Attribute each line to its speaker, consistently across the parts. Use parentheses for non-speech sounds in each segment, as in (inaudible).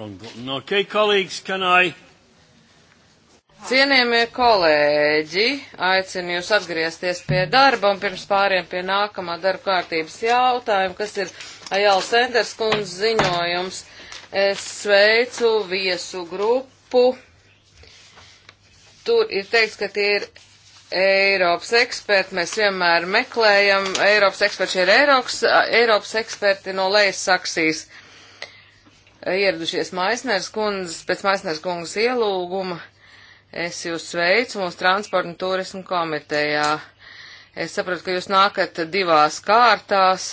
Speaker 1: wrong button. Okay, colleagues, can I?
Speaker 2: Cienījamie kolēģi, aicinu jūs atgriezties pie darba un pirms pāriem pie nākamā darba kārtības jautājuma, kas ir Ajāls Senders kundz ziņojums. Es sveicu viesu grupu. Tur ir teiks, ka tie ir Eiropas eksperti, mēs vienmēr meklējam, Eiropas eksperti šie ir Eiropas, Eiropas eksperti no Lejas Saksijas. Uh, ieradušies Maisners kundzes, pēc Maisners kungas ielūguma. Es jūs sveicu mūsu transporta un turismu komitejā. Es saprotu, ka jūs nākat divās kārtās.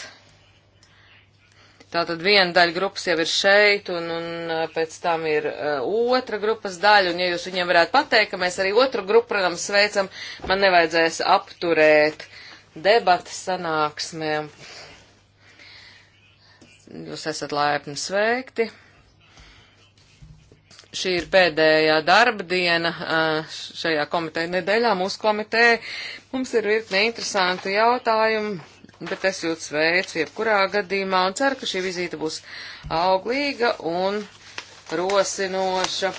Speaker 2: Tātad viena daļa grupas jau ir šeit, un, un uh, pēc tam ir uh, otra grupas daļa, un ja jūs viņiem varētu pateikt, ka mēs arī otru grupu, protams, sveicam, man nevajadzēs apturēt debatas sanāksmēm. Uh, Jūs esat laipni sveikti. Šī ir pēdējā darba diena šajā komiteja nedēļā. Mūsu komiteja mums ir virkni interesanti jautājumi, bet es jūtu sveicu jebkurā gadījumā un ceru, ka šī vizīte būs auglīga un rosinoša.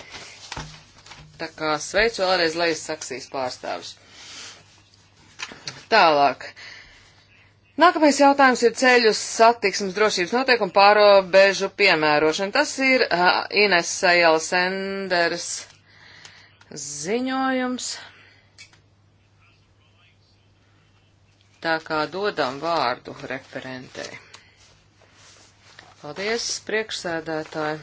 Speaker 2: Tā kā sveicu vēlreiz Leijas Saksijas pārstāvis. Tālāk. Nākamais jautājums ir ceļu satiksmes drošības noteikumu pārobežu piemērošana. Tas ir uh, Ines Sajala Senders ziņojums. Tā kā dodam vārdu referentei. Paldies, priekšsēdētāji.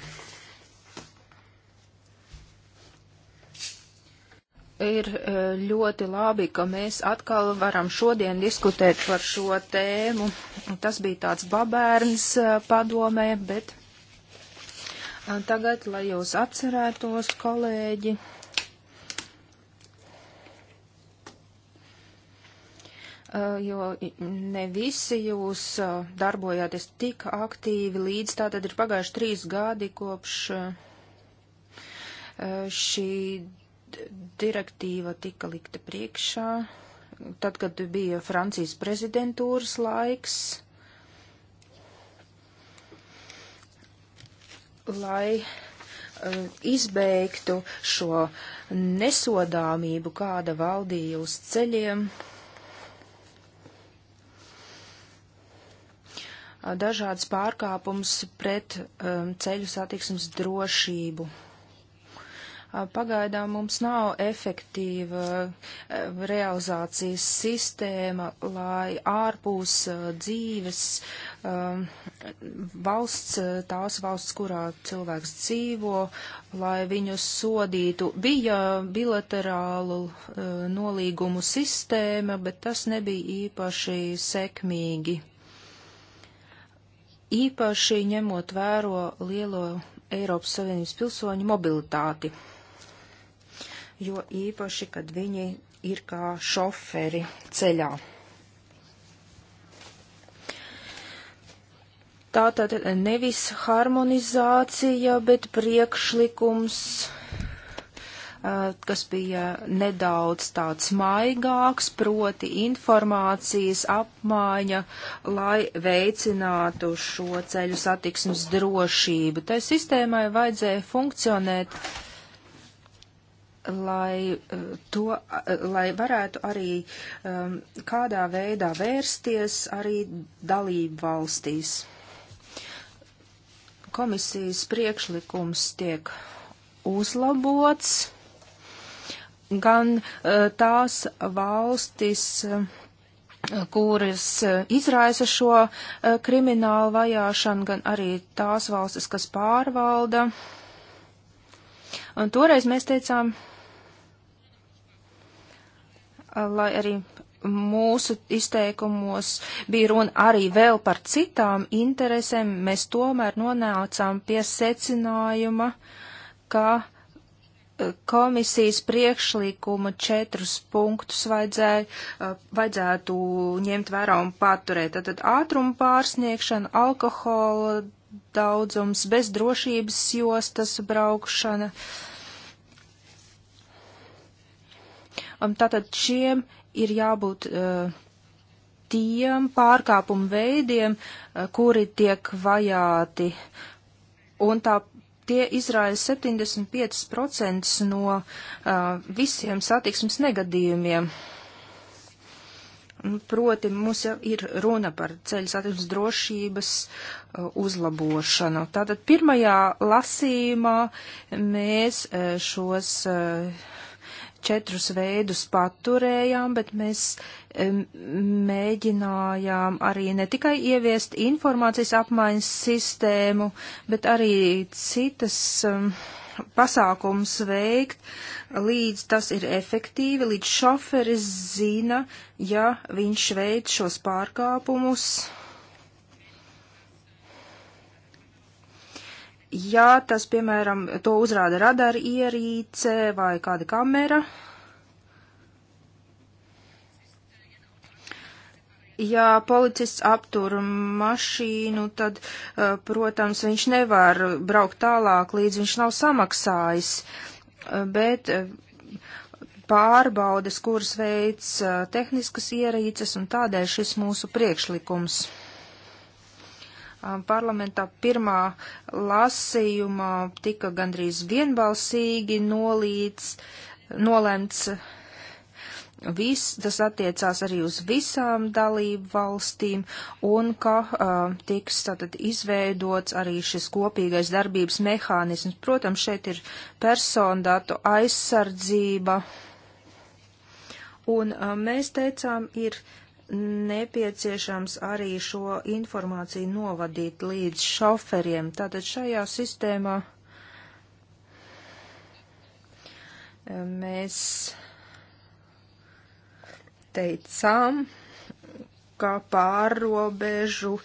Speaker 3: ir e, ļoti labi, ka mēs atkal varam šodien diskutēt par šo tēmu. Tas bija tāds babērns e, padomē, bet e, tagad, lai jūs atcerētos, kolēģi. jo ne visi jūs darbojāties tik aktīvi līdz, tātad ir pagājuši trīs gadi kopš šī direktīva tika likta priekšā, tad, kad bija Francijas prezidentūras laiks, lai uh, izbeigtu šo nesodāmību, kāda valdīja uz ceļiem. dažādas pārkāpums pret um, ceļu satiksmes drošību. Pagaidām mums nav efektīva e, realizācijas sistēma, lai ārpus e, dzīves e, valsts, tās valsts, kurā cilvēks dzīvo, lai viņus sodītu. Bija bilaterālu nolīgumu sistēma, bet tas nebija īpaši sekmīgi. Īpaši ņemot vēro lielo Eiropas Savienības pilsoņu mobilitāti jo īpaši, kad viņi ir kā šoferi ceļā. Tātad nevis harmonizācija, bet priekšlikums, kas bija nedaudz tāds maigāks, proti informācijas apmaiņa, lai veicinātu šo ceļu satiksmes drošību. Tai sistēmai vajadzēja funkcionēt lai eh, to, eh, lai varētu arī um, kādā veidā vērsties arī dalību valstīs. Komisijas priekšlikums tiek uzlabots gan uh, tās valstis, uh, kuras izraisa šo uh, kriminālu vajāšanu, gan arī tās valstis, kas pārvalda. Un toreiz mēs teicām, lai arī mūsu izteikumos bija runa arī vēl par citām interesēm, mēs tomēr nonācām pie secinājuma, ka eh, komisijas priekšlikuma četrus punktus vajadzēja, eh, vajadzētu ņemt vērā un paturēt. Tātad ātruma pārsniegšana, alkohola daudzums, bezdrošības jostas braukšana. Uh, um, tātad šiem ir jābūt uh, tiem pārkāpumu veidiem, uh, kuri tiek vajāti. Un tā tie izraisa 75% no uh, visiem satiksmes negadījumiem. Proti mums jau ir runa par ceļu satiksmes drošības uh, uzlabošanu. Tātad pirmajā lasījumā mēs uh, šos. Uh, četrus veidus paturējām, bet mēs mēģinājām arī ne tikai ieviest informācijas apmaiņas sistēmu, bet arī citas pasākums veikt, līdz tas ir efektīvi, līdz šoferis zina, ja viņš veic šos pārkāpumus ja tas, piemēram, to uzrāda radara ierīce vai kāda kamera, Ja policists aptur mašīnu, tad, eh, protams, viņš nevar braukt tālāk, līdz viņš nav samaksājis, eh, bet eh, pārbaudes, kuras veids tehniskas ierīces, un tādēļ šis mūsu priekšlikums parlamentā pirmā lasījumā tika gandrīz vienbalsīgi nolīdz, nolēmts. Vis, tas attiecās arī uz visām dalību valstīm un ka uh, tiks tātad izveidots arī šis kopīgais darbības mehānisms. Protams, šeit ir persondatu aizsardzība un uh, mēs teicām, ir uh, nepieciešams arī šo informāciju novadīt līdz šoferiem. Tātad šajā sistēmā eh, mēs teicām, ka pārrobežu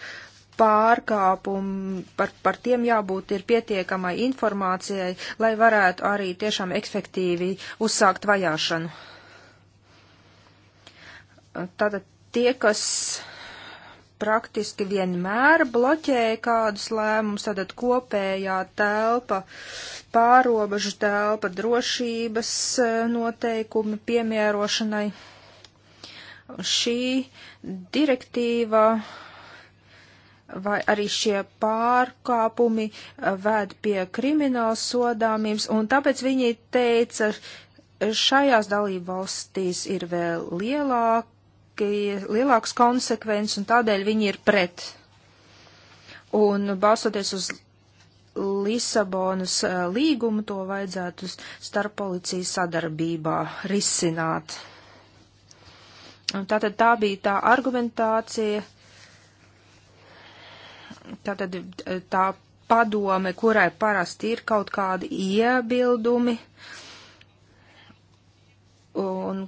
Speaker 3: pārkāpumu par, par tiem jābūt ir pietiekamai informācijai, lai varētu arī tiešām efektīvi uzsākt vajāšanu. Tātad tie, kas praktiski vienmēr bloķēja kādus lēmumus, tad kopējā telpa, pārobežu telpa, drošības e, noteikumi piemērošanai. Šī direktīva vai arī šie pārkāpumi e, vēd pie krimināls sodāmības, un tāpēc viņi teica, šajās dalību valstīs ir vēl lielāk lielāki, lielāks konsekvents, un tādēļ viņi ir pret. Un balstoties uz Lisabonas eh, līgumu, to vajadzētu starp policijas sadarbībā risināt. Un tātad tā bija tā argumentācija, tātad eh, tā padome, kurai parasti ir kaut kādi iebildumi, un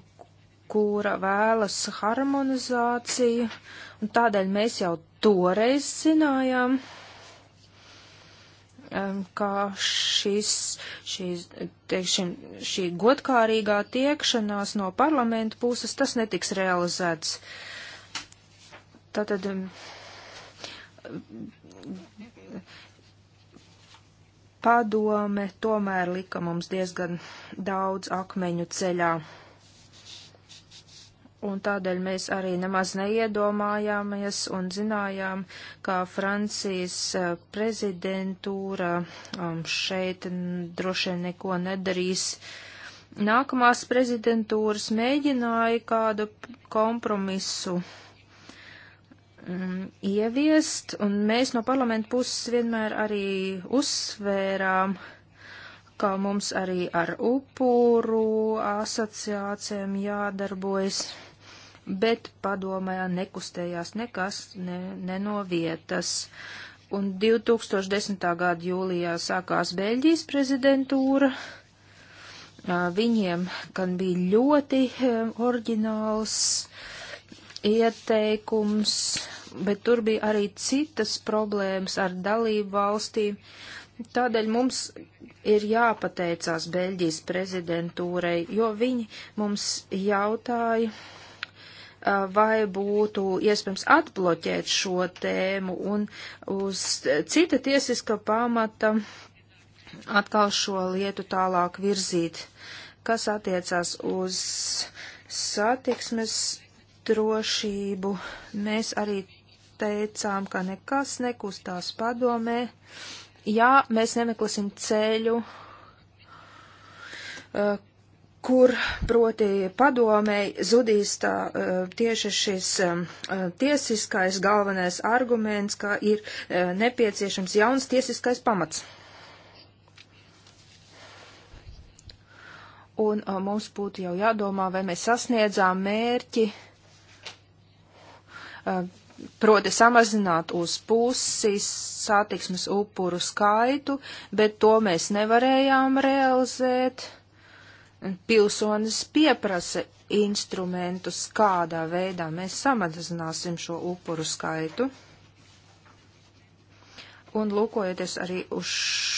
Speaker 3: kura vēlas harmonizāciju, un tādēļ mēs jau toreiz zinājām, ka šis, šis, teikšim, šī godkārīgā tiekšanās no parlamentu puses tas netiks realizēts. Tātad padome tomēr lika mums diezgan daudz akmeņu ceļā un tādēļ mēs arī nemaz neiedomājāmies un zinājām, kā Francijas eh, prezidentūra um, šeit droši vien neko nedarīs. Nākamās prezidentūras mēģināja kādu kompromisu mm, ieviest, un mēs no parlamenta puses vienmēr arī uzsvērām, kā mums arī ar upuru asociācijām jādarbojas bet padomājā nekustējās nekas ne, ne no vietas. Un 2010. gada jūlijā sākās Beļģijas prezidentūra. Viņiem, gan bija ļoti oriģināls ieteikums, bet tur bija arī citas problēmas ar dalību valstīm. Tādēļ mums ir jāpateicās Beļģijas prezidentūrai, jo viņi mums jautāja, vai būtu iespējams atbloķēt šo tēmu un uz cita tiesiska pamata atkal šo lietu tālāk virzīt, kas attiecās uz satiksmes drošību. Mēs arī teicām, ka nekas nekustās padomē. Jā, mēs nemeklēsim ceļu, kur proti padomēji zudīs tā, e, tieši šis e, e, tiesiskais galvenais arguments, ka ir nepieciešams jauns tiesiskais pamats. Un mums būtu jau jādomā, vai mēs sasniedzām mērķi, proti samazināt uz pusi satiksmes upuru skaitu, bet to mēs nevarējām realizēt pilsonis pieprasa instrumentus, kādā veidā mēs samazināsim šo upuru skaitu. Un lūkojoties arī uz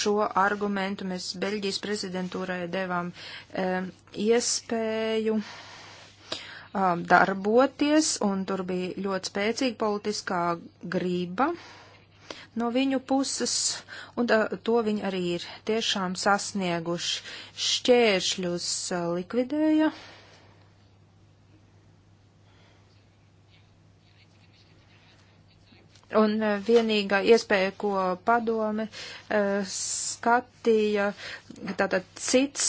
Speaker 3: šo argumentu, mēs Beļģijas prezidentūrai devām e, iespēju e, darboties, un tur bija ļoti spēcīga politiskā grība no viņu puses, un tā, uh, to viņi arī ir tiešām sasnieguši. Šķēršļus uh, likvidēja. Un uh, vienīgā iespēja, ko padome skatīja, tātad cits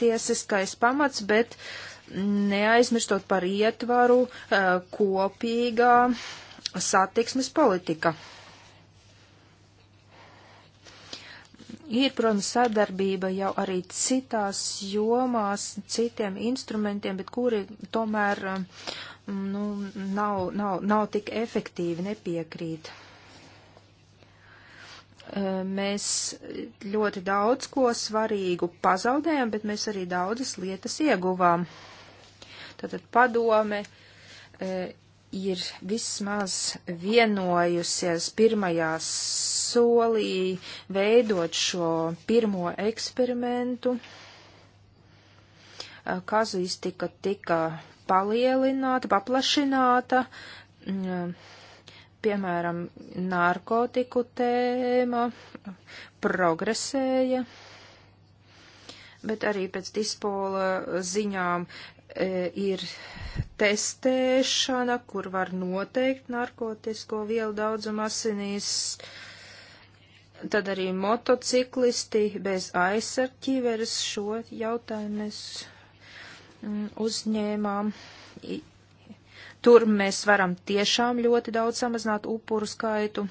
Speaker 3: tiesiskais pamats, bet neaizmirstot par ietvaru kopīgā satiksmes politika. Ir, protams, sadarbība jau arī citās jomās, citiem instrumentiem, bet kuri tomēr um, nu, nav, nav, nav tik efektīvi, nepiekrīt. Uh, mēs ļoti daudz ko svarīgu pazaudējam, bet mēs arī daudzas lietas ieguvām. Tātad padome uh, ir vismaz vienojusies pirmajā solī veidot šo pirmo eksperimentu. Kazuistika tika palielināta, paplašināta, mm, piemēram, narkotiku tēma progresēja, bet arī pēc dispola ziņām E, ir testēšana, kur var noteikt narkotisko vielu daudzumu asinīs. Tad arī motociklisti bez aizsarķīveres šo jautājumu mēs mm, uzņēmām. Tur mēs varam tiešām ļoti daudz samazināt upuru skaitu.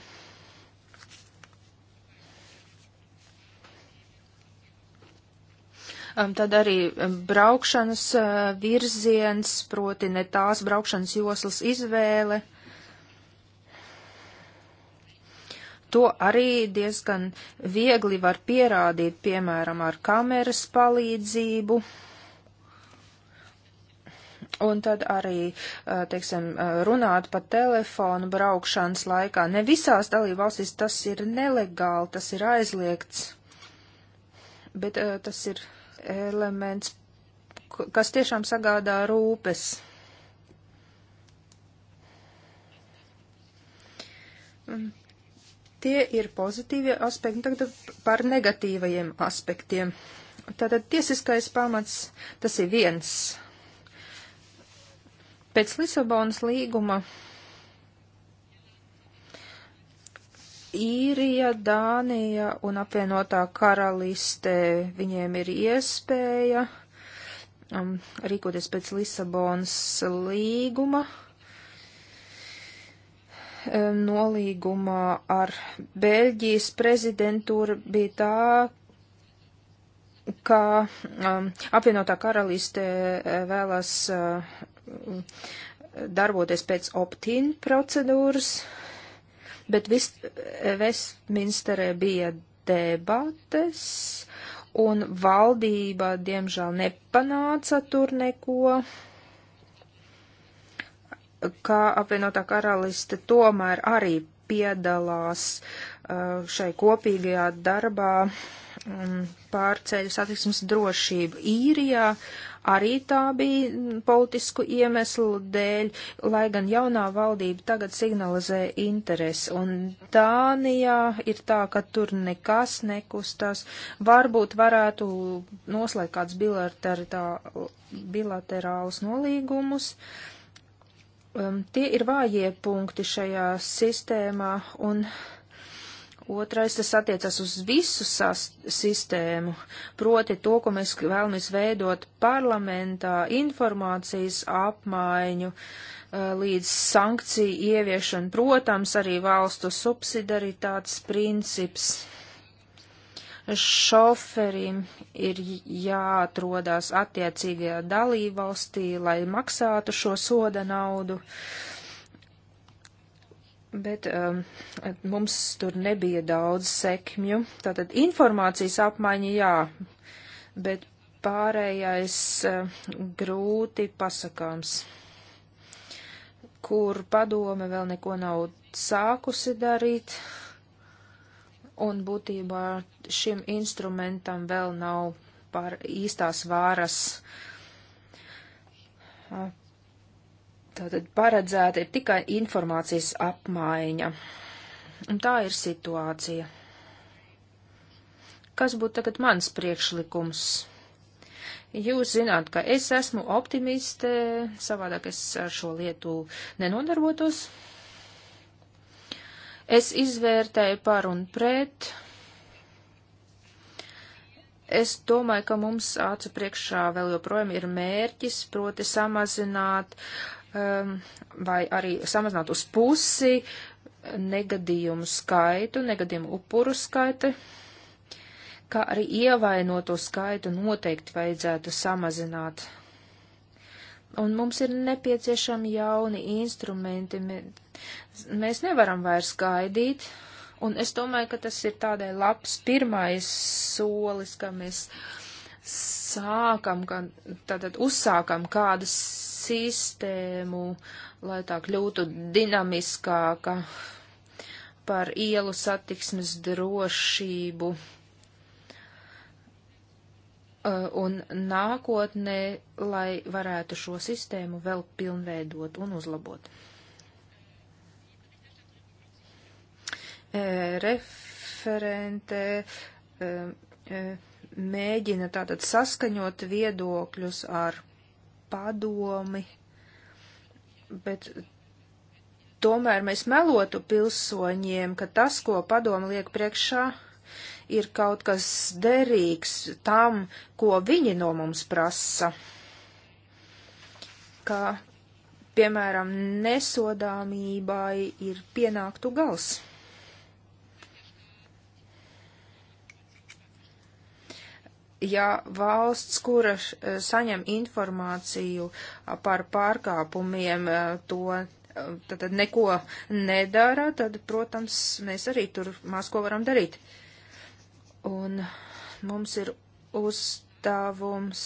Speaker 3: Um, tad arī um, braukšanas uh, virziens, proti ne tās braukšanas joslas izvēle. To arī diezgan viegli var pierādīt, piemēram, ar kameras palīdzību. Un tad arī, uh, teiksim, uh, runāt pa telefonu braukšanas laikā. Ne visās dalībvalstīs tas ir nelegāli, tas ir aizliegts, bet tas ir elements, kas tiešām sagādā rūpes. Tie ir pozitīvie aspekti, tagad par negatīvajiem aspektiem. Tātad tiesiskais pamats, tas ir viens. Pēc Lisabonas līguma Īrija, Dānija un apvienotā karalistē viņiem ir iespēja um, rīkoties pēc Lisabonas līguma, um, nolīgumā ar Beļģijas prezidentūru bija tā, ka um, apvienotā karalistē uh, vēlas uh, darboties pēc opt-in procedūras. Uh, bet Vestminsterē bija debates, un valdība, diemžēl, nepanāca tur neko, kā apvienotā karaliste tomēr arī piedalās uh, šai kopīgajā darbā um, pārceļu satiksmes drošību īrijā arī tā bija politisku iemeslu dēļ, lai gan jaunā valdība tagad signalizē interesi. Un Dānijā ir tā, ka tur nekas nekustās. Varbūt varētu noslēgt kāds bilaterālus nolīgumus. Um, tie ir vājie punkti šajā sistēmā, un Otrais, tas attiecas uz visu sistēmu, proti to, ko mēs vēlamies veidot parlamentā, informācijas apmaiņu līdz sankciju ieviešanu, protams, arī valstu subsidaritātes princips. Šoferim ir jāatrodās attiecīgajā dalībvalstī, lai maksātu šo soda naudu. Uh, bet um, mums tur nebija daudz sekmju. Tātad informācijas apmaiņa jā, bet pārējais uh, grūti pasakāms, kur padome vēl neko nav sākusi darīt, un būtībā šim instrumentam vēl nav par īstās vāras uh, Tātad paredzēta ir tikai informācijas apmaiņa. Un tā ir situācija. Kas būtu tagad mans priekšlikums? Jūs zināt, ka es esmu optimiste, savādāk es ar šo lietu nenodarbotos. Es izvērtēju par un pret. Es domāju, ka mums acu priekšā vēl joprojām ir mērķis, proti samazināt uh, Um, vai arī samazināt uz pusi negadījumu skaitu, negadījumu upuru skaitu, kā arī ievainoto skaitu noteikti vajadzētu samazināt. Un mums ir nepieciešami jauni instrumenti. Mēs nevaram vairs gaidīt, un es domāju, ka tas ir tādai labs pirmais solis, ka mēs sākam, ka, tātad uzsākam kādas sistēmu, lai tā kļūtu dinamiskāka par ielu satiksmes drošību. Un nākotnē, lai varētu šo sistēmu vēl pilnveidot un uzlabot. Referente mēģina tātad saskaņot viedokļus ar padomi, bet tomēr mēs melotu pilsoņiem, ka tas, ko padomi liek priekšā, ir kaut kas derīgs tam, ko viņi no mums prasa. Kā, piemēram, nesodāmībai ir pienāktu gals. ja valsts, kura eh, saņem informāciju eh, par pārkāpumiem, eh, to tad, tad neko nedara, tad, protams, mēs arī tur maz ko varam darīt. Un mums ir uzdevums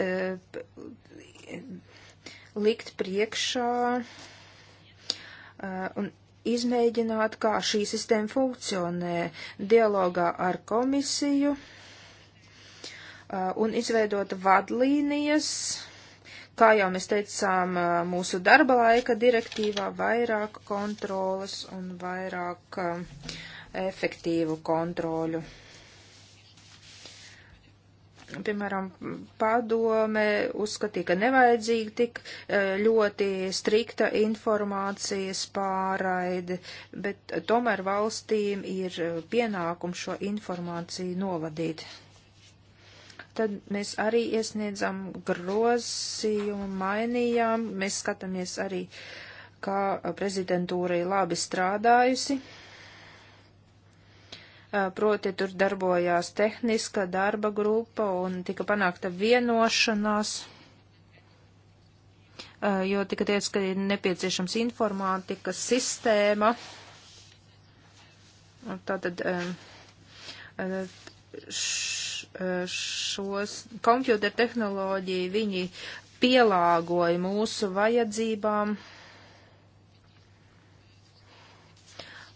Speaker 3: e, likt priekšā e, un izmēģināt, kā šī sistēma funkcionē dialogā ar komisiju un izveidot vadlīnijas, kā jau mēs teicām, mūsu darba laika direktīvā vairāk kontrolas un vairāk efektīvu kontroļu piemēram, padome uzskatīja, ka nevajadzīga tik e, ļoti strikta informācijas pārraide, bet tomēr valstīm ir e, pienākums šo informāciju novadīt. Tad mēs arī iesniedzam grozījumu, mainījām, mēs skatāmies arī, kā prezidentūra ir labi strādājusi. Uh, proti tur darbojās tehniska darba grupa un tika panākta vienošanās, jo tika teica, ka ir nepieciešams informātikas sistēma. Tātad šos kompjutertehnoloģiju viņi pielāgoja mūsu vajadzībām.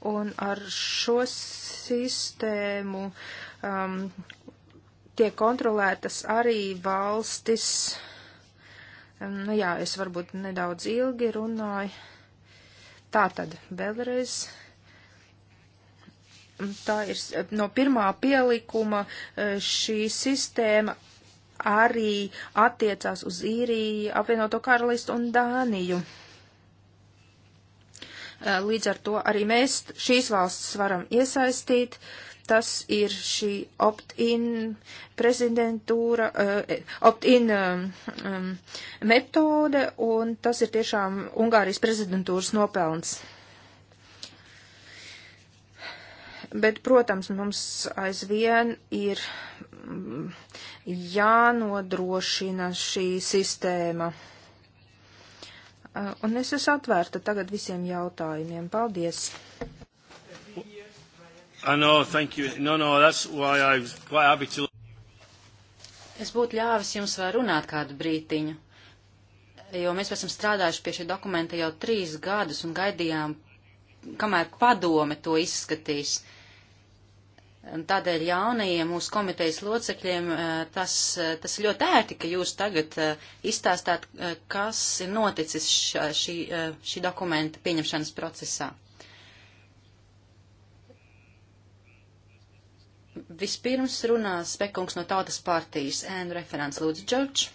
Speaker 3: un ar šo sistēmu um, tiek kontrolētas arī valstis. Um, nu jā, es varbūt nedaudz ilgi runāju. Tā tad vēlreiz. Tā ir no pirmā pielikuma e, šī sistēma arī attiecās uz īriju, apvienoto karalistu un Dāniju. Eh, līdz ar to arī mēs šīs valsts varam iesaistīt. Tas ir šī opt-in prezidentūra, eh, opt-in eh, metode, un tas ir tiešām Ungārijas prezidentūras nopelns bet, protams, mums aizvien ir mm, jānodrošina šī sistēma. Uh, un es esmu atvērta tagad visiem jautājumiem. Paldies!
Speaker 1: I know, thank you. No, no, that's why I was quite happy to...
Speaker 4: Es būtu ļāvis jums vēl runāt kādu brītiņu, jo mēs esam strādājuši pie šī dokumenta jau trīs gadus un gaidījām, kamēr padome to izskatīs. Uh, Un tādēļ jaunajiem mūsu komitejas locekļiem eh, tas, eh, tas ļoti ērti, ka jūs tagad eh, izstāstāt, kas ir noticis šā, šī, šī dokumenta pieņemšanas procesā. Vispirms
Speaker 3: runās Spekungs no Tautas partijas ēnu referents Lūdzu Džordž.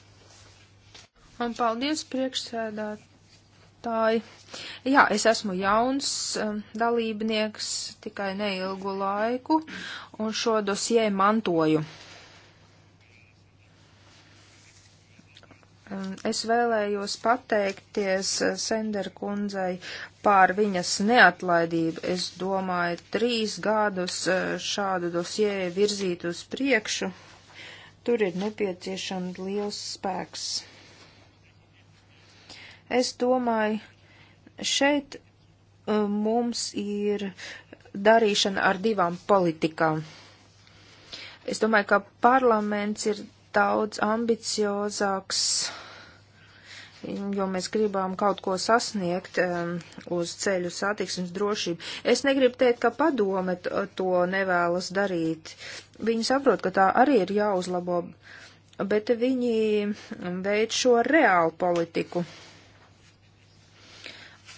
Speaker 3: Un paldies priekšsēdāt priekšsādātāji. Jā, es esmu jauns um, dalībnieks tikai neilgu laiku un šo dosie mantoju. Um, es vēlējos pateikties uh, Sender kundzei pār viņas neatlaidību. Es domāju, trīs gadus uh, šādu dosieju virzīt uz priekšu, tur ir nepieciešams liels spēks. Es domāju, šeit uh, mums ir darīšana ar divām politikām. Es domāju, ka parlaments ir daudz ambiciozāks, jo mēs gribam kaut ko sasniegt um, uz ceļu satiksmes drošību. Es negribu teikt, ka padome to nevēlas darīt. Viņi saprot, ka tā arī ir jāuzlabo, bet viņi veic šo reālu politiku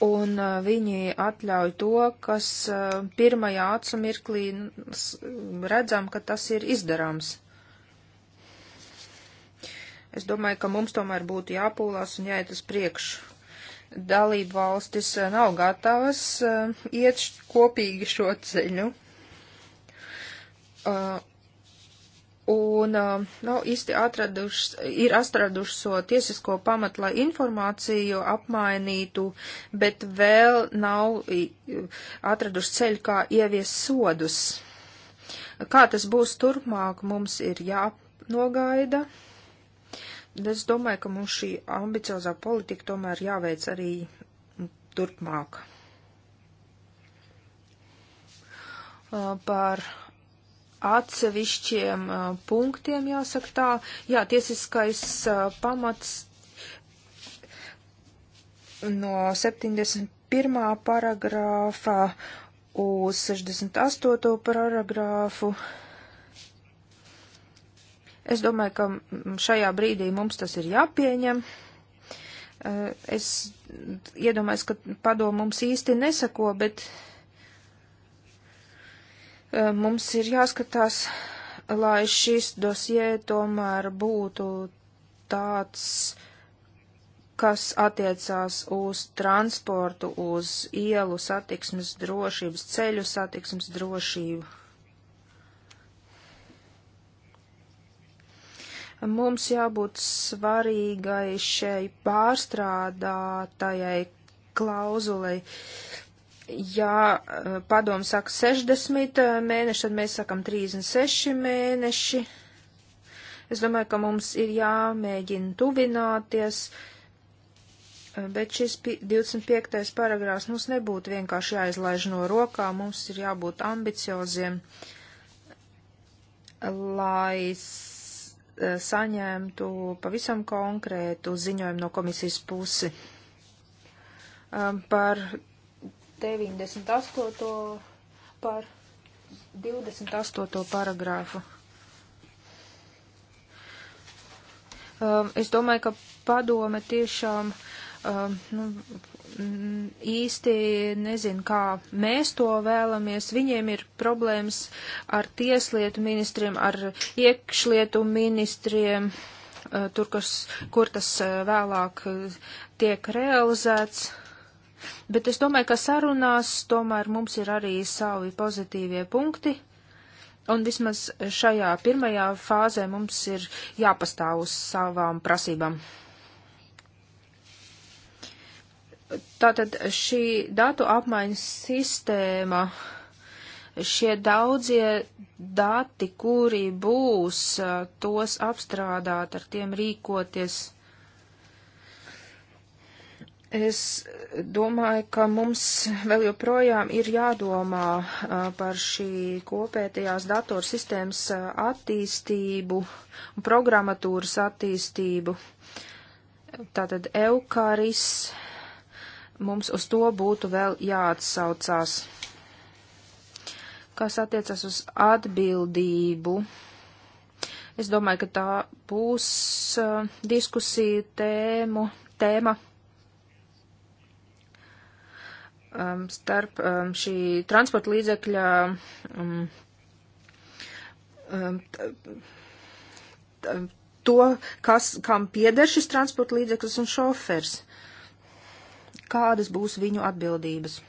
Speaker 3: un viņi atļauj to, kas pirmajā acu mirklī redzam, ka tas ir izdarāms. Es domāju, ka mums tomēr būtu jāpūlās un jāiet uz priekšu. Dalību valstis nav gatavas iet kopīgi šo ceļu un uh, nav īsti atradušas, ir atradušas so tiesisko pamatu, lai informāciju apmainītu, bet vēl nav atradušas ceļu, kā ievies sodus. Kā tas būs turpmāk, mums ir jānogaida. Es domāju, ka mums šī ambiciozā politika tomēr jāveic arī turpmāk. Uh, par atsevišķiem uh, punktiem, jāsaka tā. Jā, tiesiskais uh, pamats no 71. paragrāfā uz 68. paragrāfu. Es domāju, ka šajā brīdī mums tas ir jāpieņem. Uh, es iedomājos, ka padomu mums īsti nesako, bet Eh, mums ir jāskatās, lai šis dosie tomēr būtu tāds, kas attiecās uz transportu, uz ielu satiksmes drošības, ceļu satiksmes drošību. Mums jābūt svarīgai šai pārstrādātajai klauzulei, ja eh, padomu saka 60 eh, mēneši, tad mēs sakam 36 mēneši. Es domāju, ka mums ir jāmēģina tuvināties, eh, bet šis 25. paragrāfs mums nebūtu vienkārši jāizlaiž no rokām, mums ir jābūt ambicioziem, lai saņemtu pavisam konkrētu ziņojumu no komisijas pusi par 98. par 28. paragrāfu. Um, es domāju, ka padome tiešām um, nu, īsti nezinu, kā mēs to vēlamies. Viņiem ir problēmas ar tieslietu ministriem, ar iekšlietu ministriem, uh, tur, kas, kur tas uh, vēlāk uh, tiek realizēts. Bet es domāju, ka sarunās tomēr mums ir arī savi pozitīvie punkti. Un vismaz šajā pirmajā fāzē mums ir jāpastāv uz savām prasībām. Tātad šī datu apmaiņas sistēma, šie daudzie dati, kuri būs, tos apstrādāt, ar tiem rīkoties Es domāju, ka mums vēl joprojām ir jādomā par šī kopētajās datorsistēmas attīstību un programmatūras attīstību. Tātad Eukaris mums uz to būtu vēl jāatsaucās. Kas attiecas uz atbildību? Es domāju, ka tā būs uh, diskusija tēmu, tēma um, starp um, šī transporta līdzekļa um, um, t, t, to, kas, kam pieder šis transporta līdzeklis un šofers. Kādas būs viņu atbildības?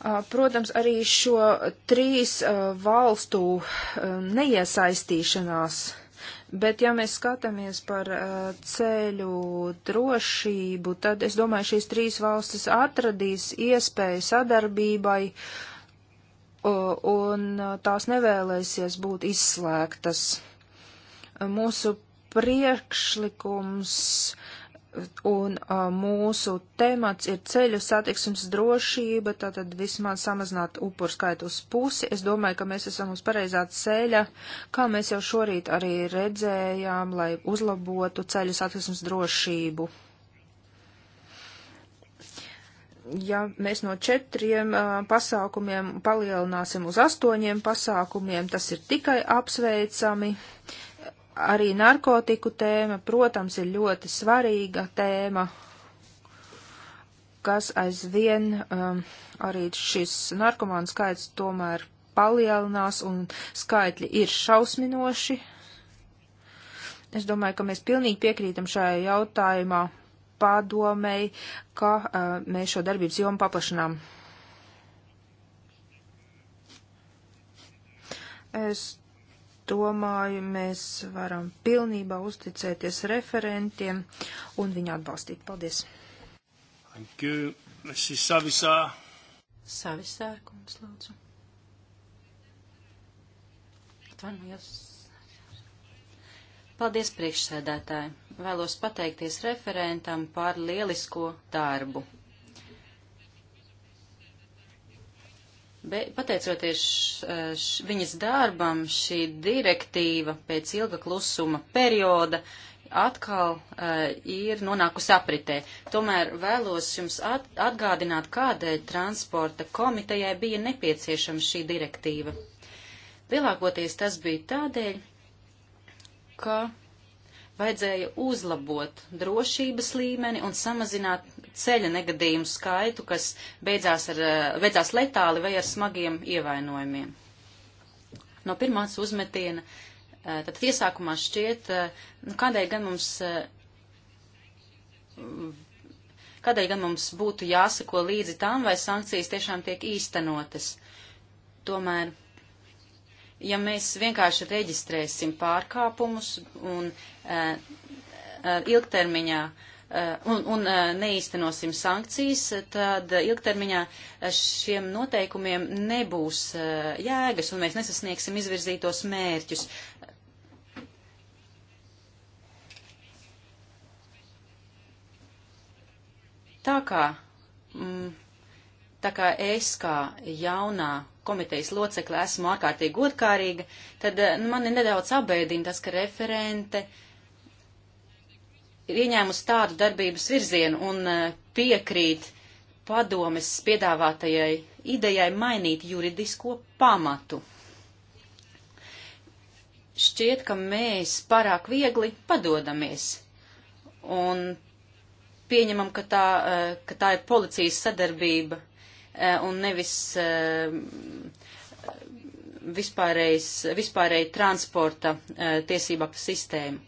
Speaker 3: Uh, protams, arī šo trīs uh, valstu uh, neiesaistīšanās uh, Bet, ja mēs skatāmies par uh, ceļu drošību, tad es domāju, šīs trīs valstis atradīs iespēju sadarbībai uh, un eh, tās nevēlēsies būt izslēgtas. Mūsu priekšlikums un a, mūsu temats ir ceļu satiksmes drošība, tātad vismaz samazināt upuru skaitu uz pusi. Es domāju, ka mēs esam uz pareizā ceļa, kā mēs jau šorīt arī redzējām, lai uzlabotu ceļu satiksmes drošību. Ja mēs no četriem a, pasākumiem palielināsim uz astoņiem pasākumiem, tas ir tikai apsveicami. Uh, arī narkotiku tēma, protams, ir ļoti svarīga tēma, kas aizvien um, arī šis narkomānu skaits tomēr palielinās un skaitļi ir šausminoši. Es domāju, ka mēs pilnīgi piekrītam šajā jautājumā padomēji, ka uh, mēs šo darbības jomu paplašinām. Es domāju, mēs varam pilnībā uzticēties referentiem un viņu atbalstīt. Paldies!
Speaker 1: Thank you. This is Savisā.
Speaker 3: Savisā, kungs, lūdzu.
Speaker 4: Atvainojos. Paldies, priekšsēdētāji. Vēlos pateikties referentam par lielisko darbu. Be, pateicoties eh, š, viņas darbam, šī direktīva pēc ilga klusuma perioda atkal uh, ir nonākusi apritē. Tomēr vēlos jums at, atgādināt, kādēļ transporta komitejai bija nepieciešama šī direktīva. Lielākoties tas bija tādēļ, ka vajadzēja uzlabot drošības līmeni un samazināt ceļa negadījumu skaitu, kas beidzās, ar, eh, beidzās letāli vai ar smagiem ievainojumiem. No pirmās uzmetiena, eh, tad iesākumā šķiet, eh, nu, kādēļ gan mums kādēļ gan mums būtu jāsako līdzi tām, vai sankcijas tiešām tiek īstenotas. Tomēr, ja mēs vienkārši reģistrēsim pārkāpumus un uh, ilgtermiņā uh, Eh, un, un eh, neīstenosim sankcijas, tad ilgtermiņā šiem noteikumiem nebūs eh, jēgas un mēs nesasniegsim izvirzītos mērķus. Tā kā, mm, tā kā es kā jaunā komitejas locekle esmu ārkārtīgi godkārīga, tad mani nedaudz abēdina tas, ka referente uh, ir ieņēmusi tādu darbības virzienu un e, piekrīt padomes piedāvātajai idejai mainīt juridisko pamatu. Šķiet, ka mēs pārāk viegli padodamies un pieņemam, ka tā, e, ka tā ir policijas sadarbība e, un nevis vispārēji transporta tiesību sistēma.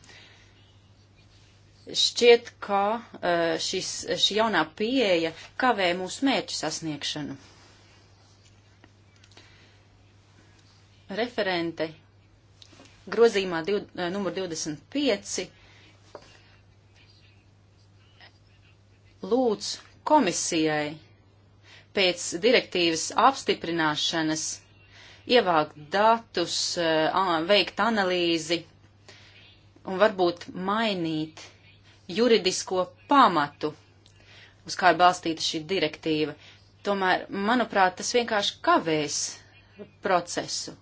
Speaker 4: Šķiet, ka eh, šis, šī jaunā pieeja kavē mūsu mērķu sasniegšanu. Referente grozījumā div, eh, numur 25 lūdz komisijai pēc direktīvas apstiprināšanas ievākt datus, eh, veikt analīzi un varbūt mainīt juridisko pamatu, uz kā ir balstīta šī direktīva. Tomēr, manuprāt, tas vienkārši kavēs procesu.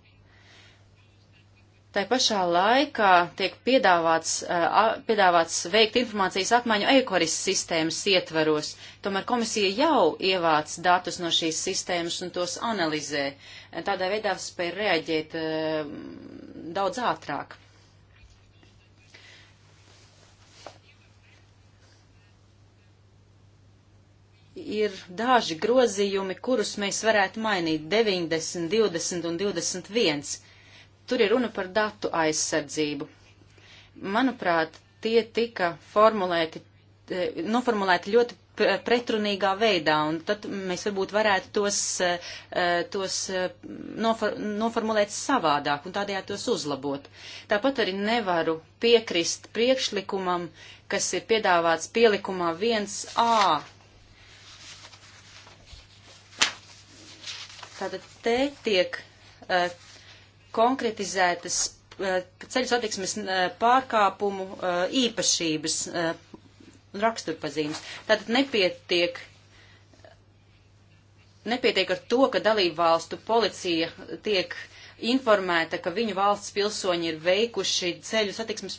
Speaker 4: Tā pašā laikā tiek piedāvāts, uh, piedāvāts veikt informācijas apmaiņu ekoris sistēmas ietvaros, tomēr komisija jau ievāc datus no šīs sistēmas un tos analizē. Tādā veidā spēja reaģēt uh, daudz ātrāk. ir daži grozījumi, kurus mēs varētu mainīt - 90, 20 un 21. Tur ir runa par datu aizsardzību. Manuprāt, tie tika formulēti, eh, noformulēti ļoti pretrunīgā veidā, un tad mēs varbūt varētu tos, eh, eh, tos nofor, noformulēt savādāk un tādējādi tos uzlabot. Tāpat arī nevaru piekrist priekšlikumam, kas ir piedāvāts pielikumā 1a Tātad te tiek uh, konkretizētas uh, ceļu satiksmes uh, pārkāpumu uh, īpašības uh, raksturpazīmes. Tātad nepietiek nepietiek ar to, ka dalību valstu policija tiek informēta, ka viņu valsts pilsoņi ir veikuši ceļu satiksmes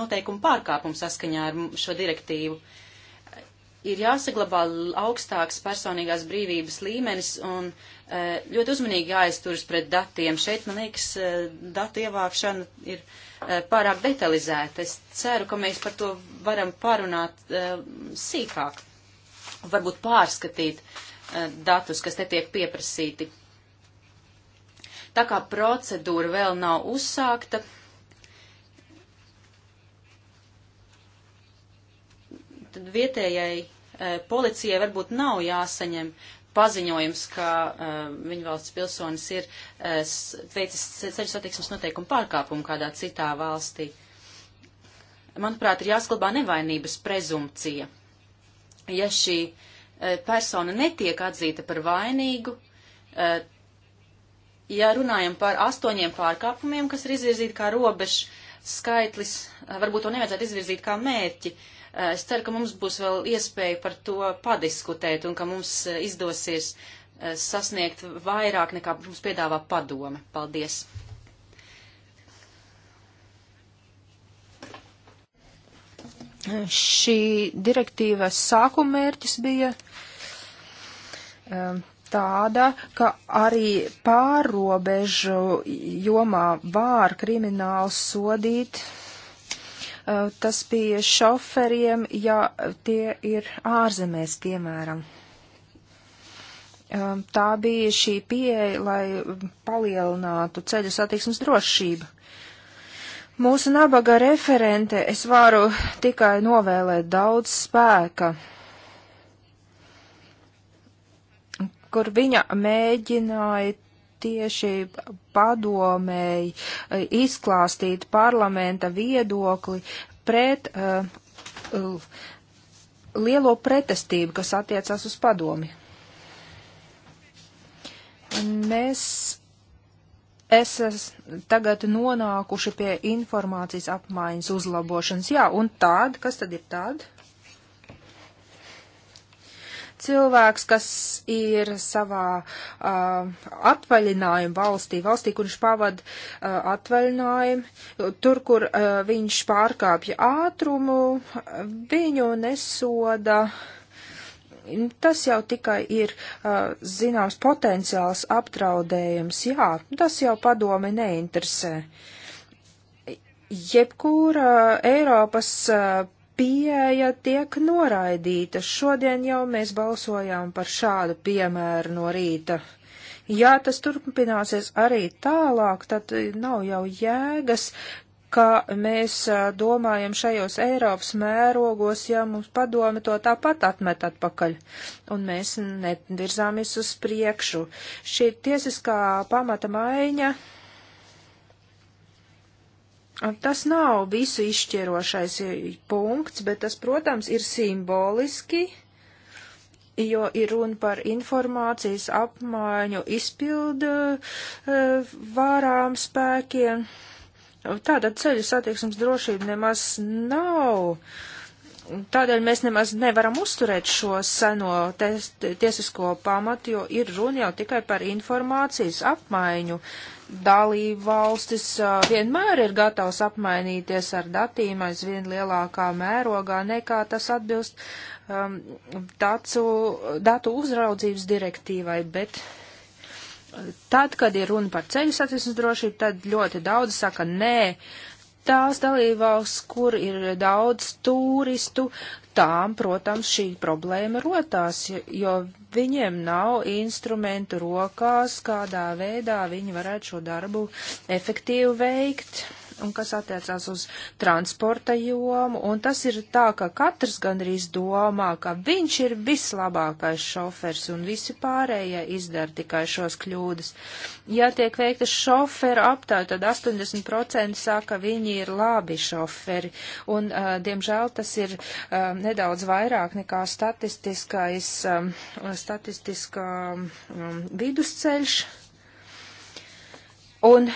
Speaker 4: noteikumu pārkāpumu saskaņā ar šo direktīvu ir jāsaglabā augstāks personīgās brīvības līmenis un e, ļoti uzmanīgi jāizturas pret datiem. Šeit, man liekas, e, datu ievākšana ir e, pārāk detalizēta. Es ceru, ka mēs par to varam parunāt sīkāk. Varbūt pārskatīt datus, kas te tiek pieprasīti. Tā kā procedūra vēl nav uzsākta, tad vietējai e, policijai varbūt nav jāsaņem paziņojums, ka uh, viņa valsts pilsonis ir uh, e, veicis ceļu satiksmes noteikumu pārkāpumu kādā citā valstī. Manuprāt, ir jāsklabā nevainības prezumcija. Ja šī uh, persona netiek atzīta par vainīgu, uh, ja runājam par astoņiem pārkāpumiem, kas ir izvirzīti kā robežs skaitlis, uh, varbūt to nevajadzētu izvirzīt kā mērķi. Uh, Eh, es ceru, ka mums būs vēl iespēja par to padiskutēt un ka mums eh, izdosies eh, sasniegt vairāk nekā mums piedāvā padome. Paldies!
Speaker 3: Šī direktīvas sākummērķis bija tāda, ka arī pārobežu jomā var krimināls sodīt Eh, tas bija šoferiem, ja tie ir ārzemēs, piemēram. Eh, tā bija šī pieeja, lai palielinātu ceļu satiksmes drošību. Mūsu nabaga referente es varu tikai novēlēt daudz spēka, kur viņa mēģināja tieši padomēji eh, izklāstīt parlamenta viedokli pret uh, lielo pretestību, kas attiecās uz padomi. Mēs esam tagad nonākuši pie informācijas apmaiņas uzlabošanas. Jā, un tāda, kas tad ir tāda? cilvēks, kas ir savā uh, atvaļinājuma valstī, valstī, kur viņš pavada uh, atvaļinājumu, tur, kur uh, viņš pārkāpja ātrumu, viņu nesoda. Tas jau tikai ir uh, zināms potenciāls apdraudējums. Jā, tas jau padome neinteresē. Jebkura Eiropas uh, pieeja tiek noraidīta. Šodien jau mēs balsojām par šādu piemēru no rīta. Ja tas turpināsies arī tālāk, tad nav jau jēgas, ka mēs domājam šajos Eiropas mērogos, ja mums padome to tāpat atmet atpakaļ, un mēs nedirzāmies uz priekšu. Šī tiesiskā pamata maiņa Tas nav visu izšķirošais e, punkts, bet tas, protams, ir simboliski, jo ir runa par informācijas apmaiņu izpildu e, vārām spēkiem. Tātad ceļu satiksmes drošība nemaz nav Tādēļ mēs nemaz nevaram uzturēt šo seno tes, tiesisko pamatu, jo ir runa jau tikai par informācijas apmaiņu. Dalība valstis vienmēr ir gatavs apmainīties ar datīm aizvien lielākā mērogā, nekā tas atbilst um, dacu, datu uzraudzības direktīvai, bet tad, kad ir runa par ceļu satiksmes drošību, tad ļoti daudz saka nē. Uh, tās dalībvalsts, kur ir daudz turistu, tām, protams, šī problēma rotās, jo viņiem nav instrumentu rokās, kādā veidā viņi varētu šo darbu efektīvi veikt un kas attiecās uz transporta jomu, un tas ir tā, ka katrs gandrīz domā, ka viņš ir vislabākais šofers, un visi pārējie izdara tikai šos kļūdas. Ja tiek veikta šoferu aptāja, tad 80% saka, ka viņi ir labi šoferi, un, uh, diemžēl, tas ir uh, nedaudz vairāk nekā statistiskais, um, statistiskā um, vidusceļš. Un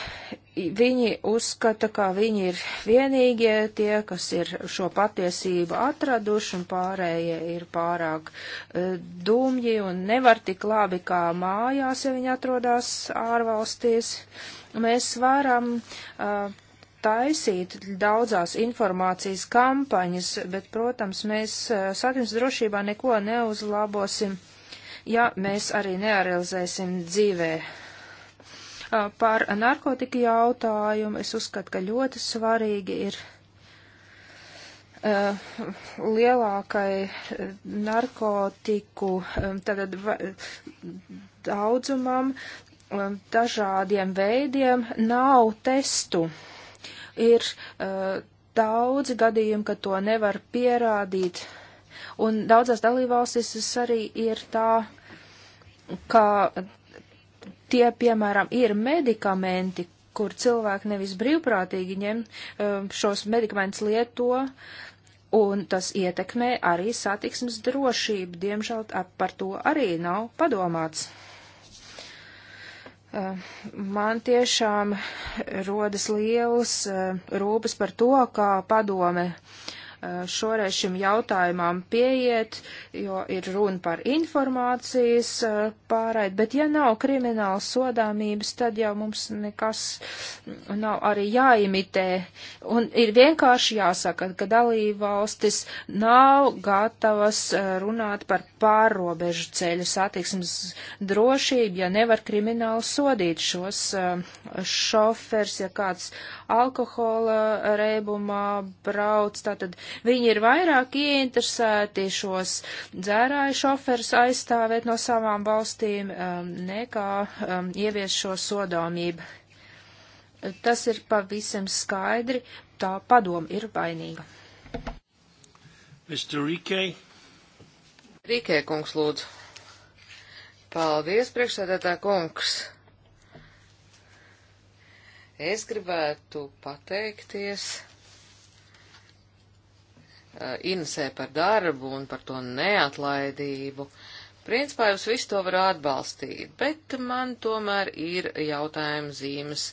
Speaker 3: viņi uzskata, ka viņi ir vienīgie tie, kas ir šo patiesību atraduši, un pārējie ir pārāk uh, e, dumji un nevar tik labi kā mājās, ja viņi atrodas ārvalstīs. Mēs varam uh, taisīt daudzās informācijas kampaņas, bet, protams, mēs uh, e, satins drošībā neko neuzlabosim, ja mēs arī nerealizēsim dzīvē Par narkotika jautājumu es uzskatu, ka ļoti svarīgi ir Uh, lielākai uh, narkotiku um, tātad va, daudzumam, um, dažādiem veidiem nav testu. Ir uh, daudzi gadījumi, ka to nevar pierādīt, un daudzās dalībvalstīs tas arī ir tā, ka tie, piemēram, ir medikamenti, kur cilvēki nevis brīvprātīgi ņem um, šos medikamentus lieto, un tas ietekmē arī satiksmes drošību. Diemžēl par to arī nav padomāts. Um, man tiešām rodas lielas um, rūpes par to, kā padome uh, Eh, šoreiz šim jautājumam pieiet, jo ir runa par informācijas eh, pārraid, bet ja nav krimināla sodāmības, tad jau mums nekas nav arī jāimitē. Un ir vienkārši jāsaka, ka dalība valstis nav gatavas eh, runāt par pārrobežu ceļu satiksmes drošību, ja nevar krimināli sodīt šos šofers, ja kāds alkohola reibumā brauc, tātad Viņi ir vairāk ieinteresēti šos dzērāju šoferus aizstāvēt no savām valstīm um, nekā um, ievies šo sodomību. Tas ir pavisam skaidri, tā padoma ir vainīga.
Speaker 2: Mr. Rikē. Rikē, kungs, lūdzu. Paldies, priekšsēdētā kungs. Es gribētu pateikties Eh, inesē par darbu un par to neatlaidību. Principā jūs visu to var atbalstīt, bet man tomēr ir jautājuma zīmes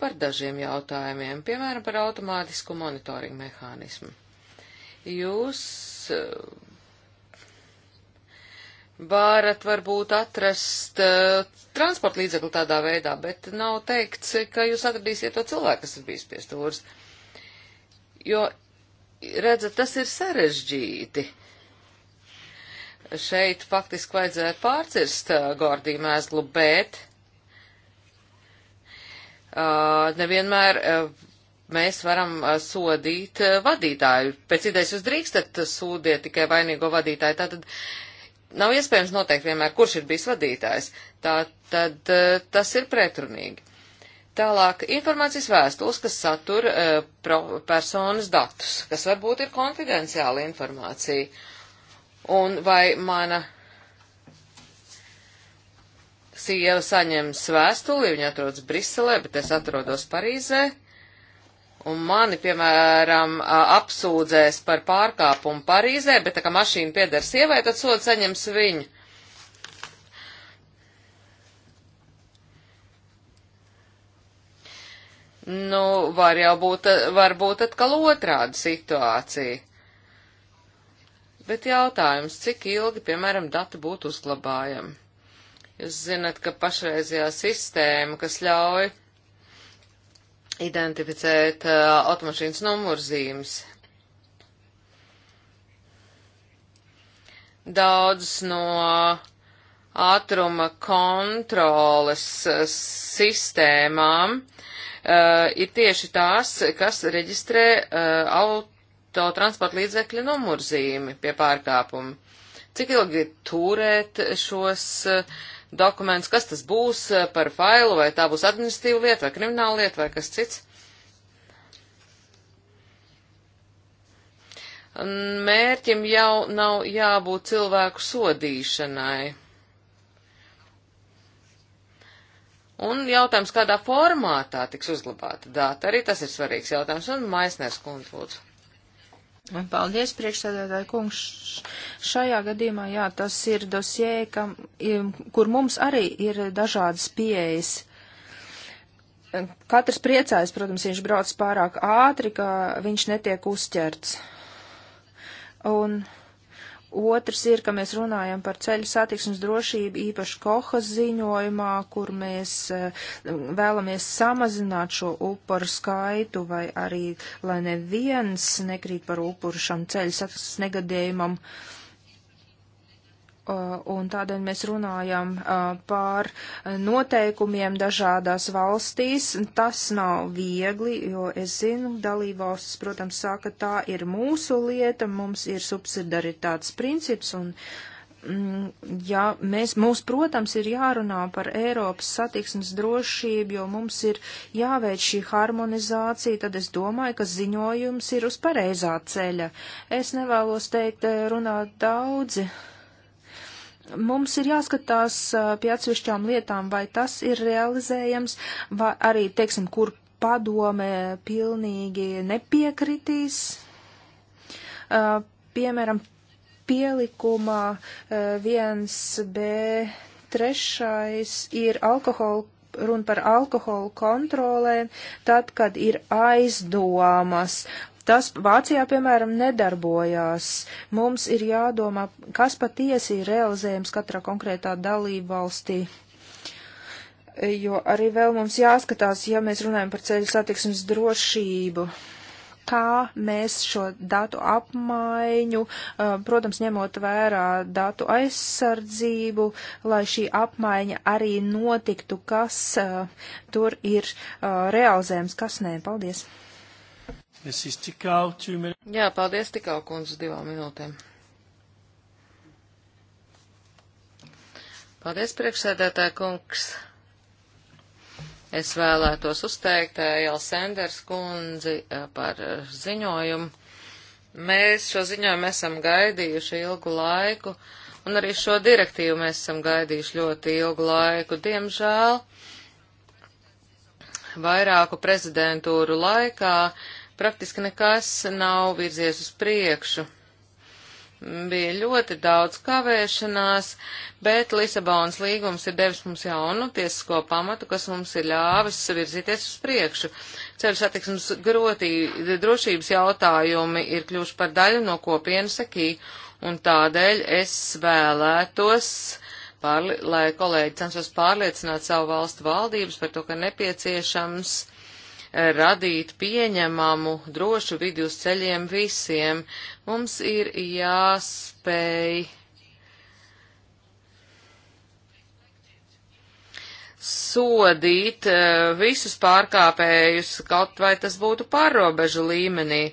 Speaker 2: par dažiem jautājumiem, piemēram, par automātisku monitoringu mehānismu. Jūs eh, varat varbūt atrast uh, transporta līdzekli tādā veidā, bet nav teikts, ka jūs atradīsiet to cilvēku, kas ir bijis pie stūras. Jo redzat, tas ir sarežģīti. Šeit faktiski vajadzētu pārcirst Gordiju mēslu, bet uh, nevienmēr uh, mēs varam uh, sodīt uh, vadītāju. Pēc idejas jūs drīkstat sūdiet tikai vainīgo vadītāju. Tātad nav iespējams noteikt vienmēr, kurš ir bijis vadītājs. Tātad uh, tas ir pretrunīgi. Tālāk informācijas vēstules, kas satur e, pro, personas datus, kas varbūt ir konfidenciāla informācija. Un vai mana sieva saņems vēstuli, viņa atrodas Briselē, bet es atrodos Parīzē, un mani, piemēram, apsūdzēs par pārkāpumu Parīzē, bet tā kā mašīna pieder sievai, tad sodu saņems viņa. Nu, var jau būt, var būt atkal otrāda situācija. Bet jautājums, cik ilgi, piemēram, dati būtu uzglabājami? Jūs zinat, ka pašreizajā sistēma, kas ļauj identificēt uh, automašīnas numurzīmes, daudz no ātruma kontroles uh, sistēmām uh, Eh, ir tieši tās, kas reģistrē eh, autotransporta līdzekļa numurzīmi pie pārkāpuma. Cik ilgi turēt šos eh, dokumentus, kas tas būs par failu, vai tā būs administratīva lieta, vai krimināla lieta, vai kas cits? mērķim jau nav jābūt cilvēku sodīšanai. Un jautājums, kādā formātā tiks uzglabāta data, arī tas ir svarīgs jautājums. Un Maisners kundz lūdzu.
Speaker 3: Paldies, priekšsēdētāji kungs. Šajā gadījumā, jā, tas ir dosie, kam, kur mums arī ir dažādas pieejas. Katrs priecājas, protams, viņš brauc pārāk ātri, ka viņš netiek uzķerts. Un Otrs ir, ka mēs runājam par ceļu satiksmes drošību, īpaši Kohas ziņojumā, kur mēs eh, vēlamies samazināt šo upuru skaitu, vai arī, lai neviens nekrīt par upuru šam ceļu satiksmes negadējumam. Uh, Uh, un tādēļ mēs runājam uh, pār noteikumiem dažādās valstīs. Tas nav viegli, jo es zinu, dalībvalstis, protams, saka, tā ir mūsu lieta, mums ir subsidaritātes princips un. Mm, ja mēs, mums, protams, ir jārunā par Eiropas satiksmes drošību, jo mums ir jāveic šī harmonizācija, tad es domāju, ka ziņojums ir uz pareizā ceļa. Es nevēlos teikt eh, runāt daudzi, uh, mums ir jāskatās pie atsevišķām lietām, vai tas ir realizējams, vai arī, teiksim, kur padome pilnīgi nepiekritīs. Piemēram, pielikuma 1b trešais ir alkohola, runa par alkoholu kontrolēm, tad, kad ir aizdomas Tas Vācijā, piemēram, nedarbojās. Mums ir jādomā, kas patiesi ir realizējams katrā konkrētā dalība valstī. Jo arī vēl mums jāskatās, ja mēs runājam par ceļu satiksmes drošību, kā mēs šo datu apmaiņu, protams, ņemot vērā datu aizsardzību, lai šī apmaiņa arī notiktu, kas tur ir realizējams, kas nē. Paldies!
Speaker 2: Jā, paldies tikau kundze divām minūtēm. Paldies, priekšsēdētāja kungs. Es vēlētos uzteikt eh, Jāla Sanders kundzi eh, par eh, ziņojumu. Mēs šo ziņojumu esam gaidījuši ilgu laiku, un arī šo direktīvu mēs esam gaidījuši ļoti ilgu laiku. Diemžēl vairāku prezidentūru laikā uh, praktiski nekas nav virzies uz priekšu. Bija ļoti daudz kavēšanās, bet Lisabonas līgums ir devis mums jaunu tiesisko pamatu, kas mums ir ļāvis virzīties uz priekšu. Ceļu satiksmes grotī, drošības jautājumi ir kļuvuši par daļu no kopienas akī, un tādēļ es vēlētos pārli, lai kolēģi censos pārliecināt savu valstu valdības par to, ka nepieciešams radīt pieņemamu, drošu vidi uz ceļiem visiem. Mums ir jāspēj sodīt eh, visus pārkāpējus, kaut vai tas būtu pārrobežu līmenī.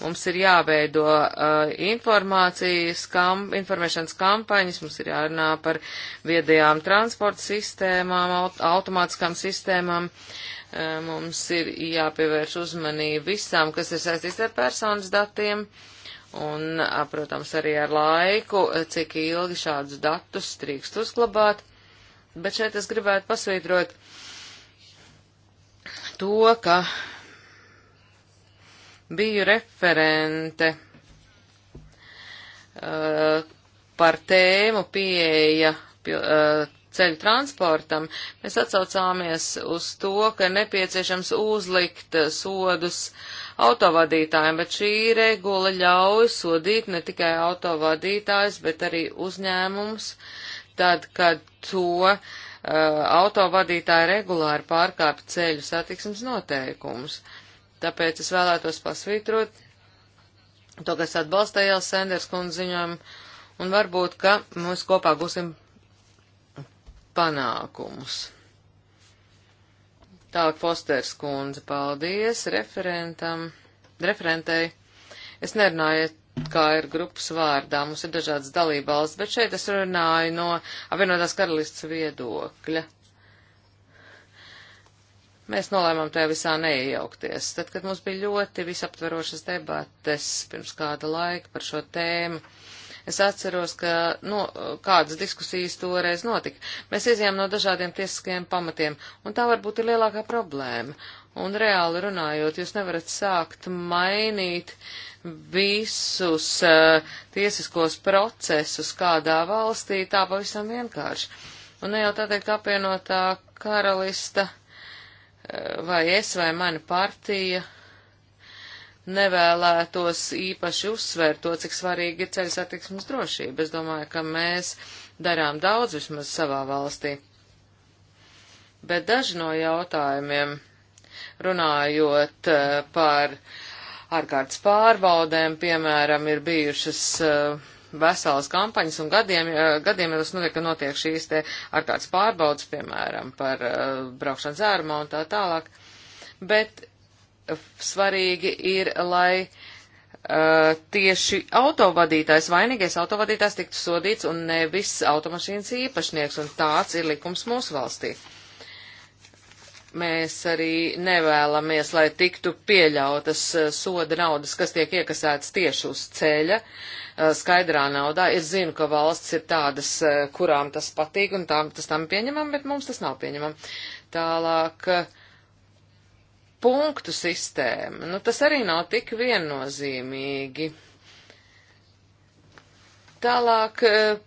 Speaker 2: Mums ir jāveido uh, informācijas, kam, informēšanas kampaņas, mums ir jārunā par viedajām transporta sistēmām, aut automātiskām sistēmām. Uh, Mums ir jāpievērš uzmanība visām, kas ir saistīts ar personas datiem un, protams, arī ar laiku, cik ilgi šādus datus drīkst uzglabāt. Bet šeit es gribētu pasvītrot to, ka biju referente uh, par tēmu pieeja pil, uh, ceļu transportam, mēs atsaucāmies uz to, ka nepieciešams uzlikt sodus autovadītājiem, bet šī regula ļauj sodīt ne tikai autovadītājs, bet arī uzņēmums, tad, kad to uh, autovadītāji regulāri pārkāp ceļu satiksmes noteikumus. Tāpēc es vēlētos pasvītrot to, kas atbalsta Jālis Sanders kundziņojumu, un varbūt, ka mēs kopā būsim panākumus. Tālāk Fosters kundze, paldies referentam, referentei. Es nerunāju, kā ir grupas vārdā, mums ir dažādas dalībvalsts, bet šeit es runāju no apvienotās karalists viedokļa. Mēs nolēmām tajā visā neiejaukties. Tad, kad mums bija ļoti visaptverošas debates pirms kāda laika par šo tēmu, uh, Es atceros, ka no, nu, kādas diskusijas toreiz notika. Mēs izjām no dažādiem tiesiskajiem pamatiem, un tā varbūt ir lielākā problēma. Un reāli runājot, jūs nevarat sākt mainīt visus uh, tiesiskos procesus kādā valstī, tā pavisam vienkārši. Un ne jau tādēļ, ka apvienotā karalista uh, vai es vai mana partija uh, nevēlētos īpaši uzsvērt to, cik svarīgi ir ceļu satiksmes drošība. Es domāju, ka mēs darām daudz vismaz savā valstī. Bet daži no jautājumiem, runājot eh, par ārkārtas pārbaudēm, piemēram, ir bijušas eh, veselas kampaņas un gadiem, eh, gadiem jau tas notiek, ka notiek šīs te ārkārtas pārbaudas, piemēram, par braukšanas ērumā un tā tālāk. Bet svarīgi ir, lai uh, tieši autovadītājs, vainīgais autovadītājs tiktu sodīts un nevis automašīnas īpašnieks, un tāds ir likums mūsu valstī. Mēs arī nevēlamies, lai tiktu pieļautas uh, soda naudas, kas tiek iekasētas tieši uz ceļa, uh, skaidrā naudā. Es zinu, ka valsts ir tādas, uh, kurām tas patīk un tām tas tam pieņemam, bet mums tas nav pieņemam. Tālāk. Uh, punktu sistēma, nu tas arī nav tik viennozīmīgi. Tālāk eh,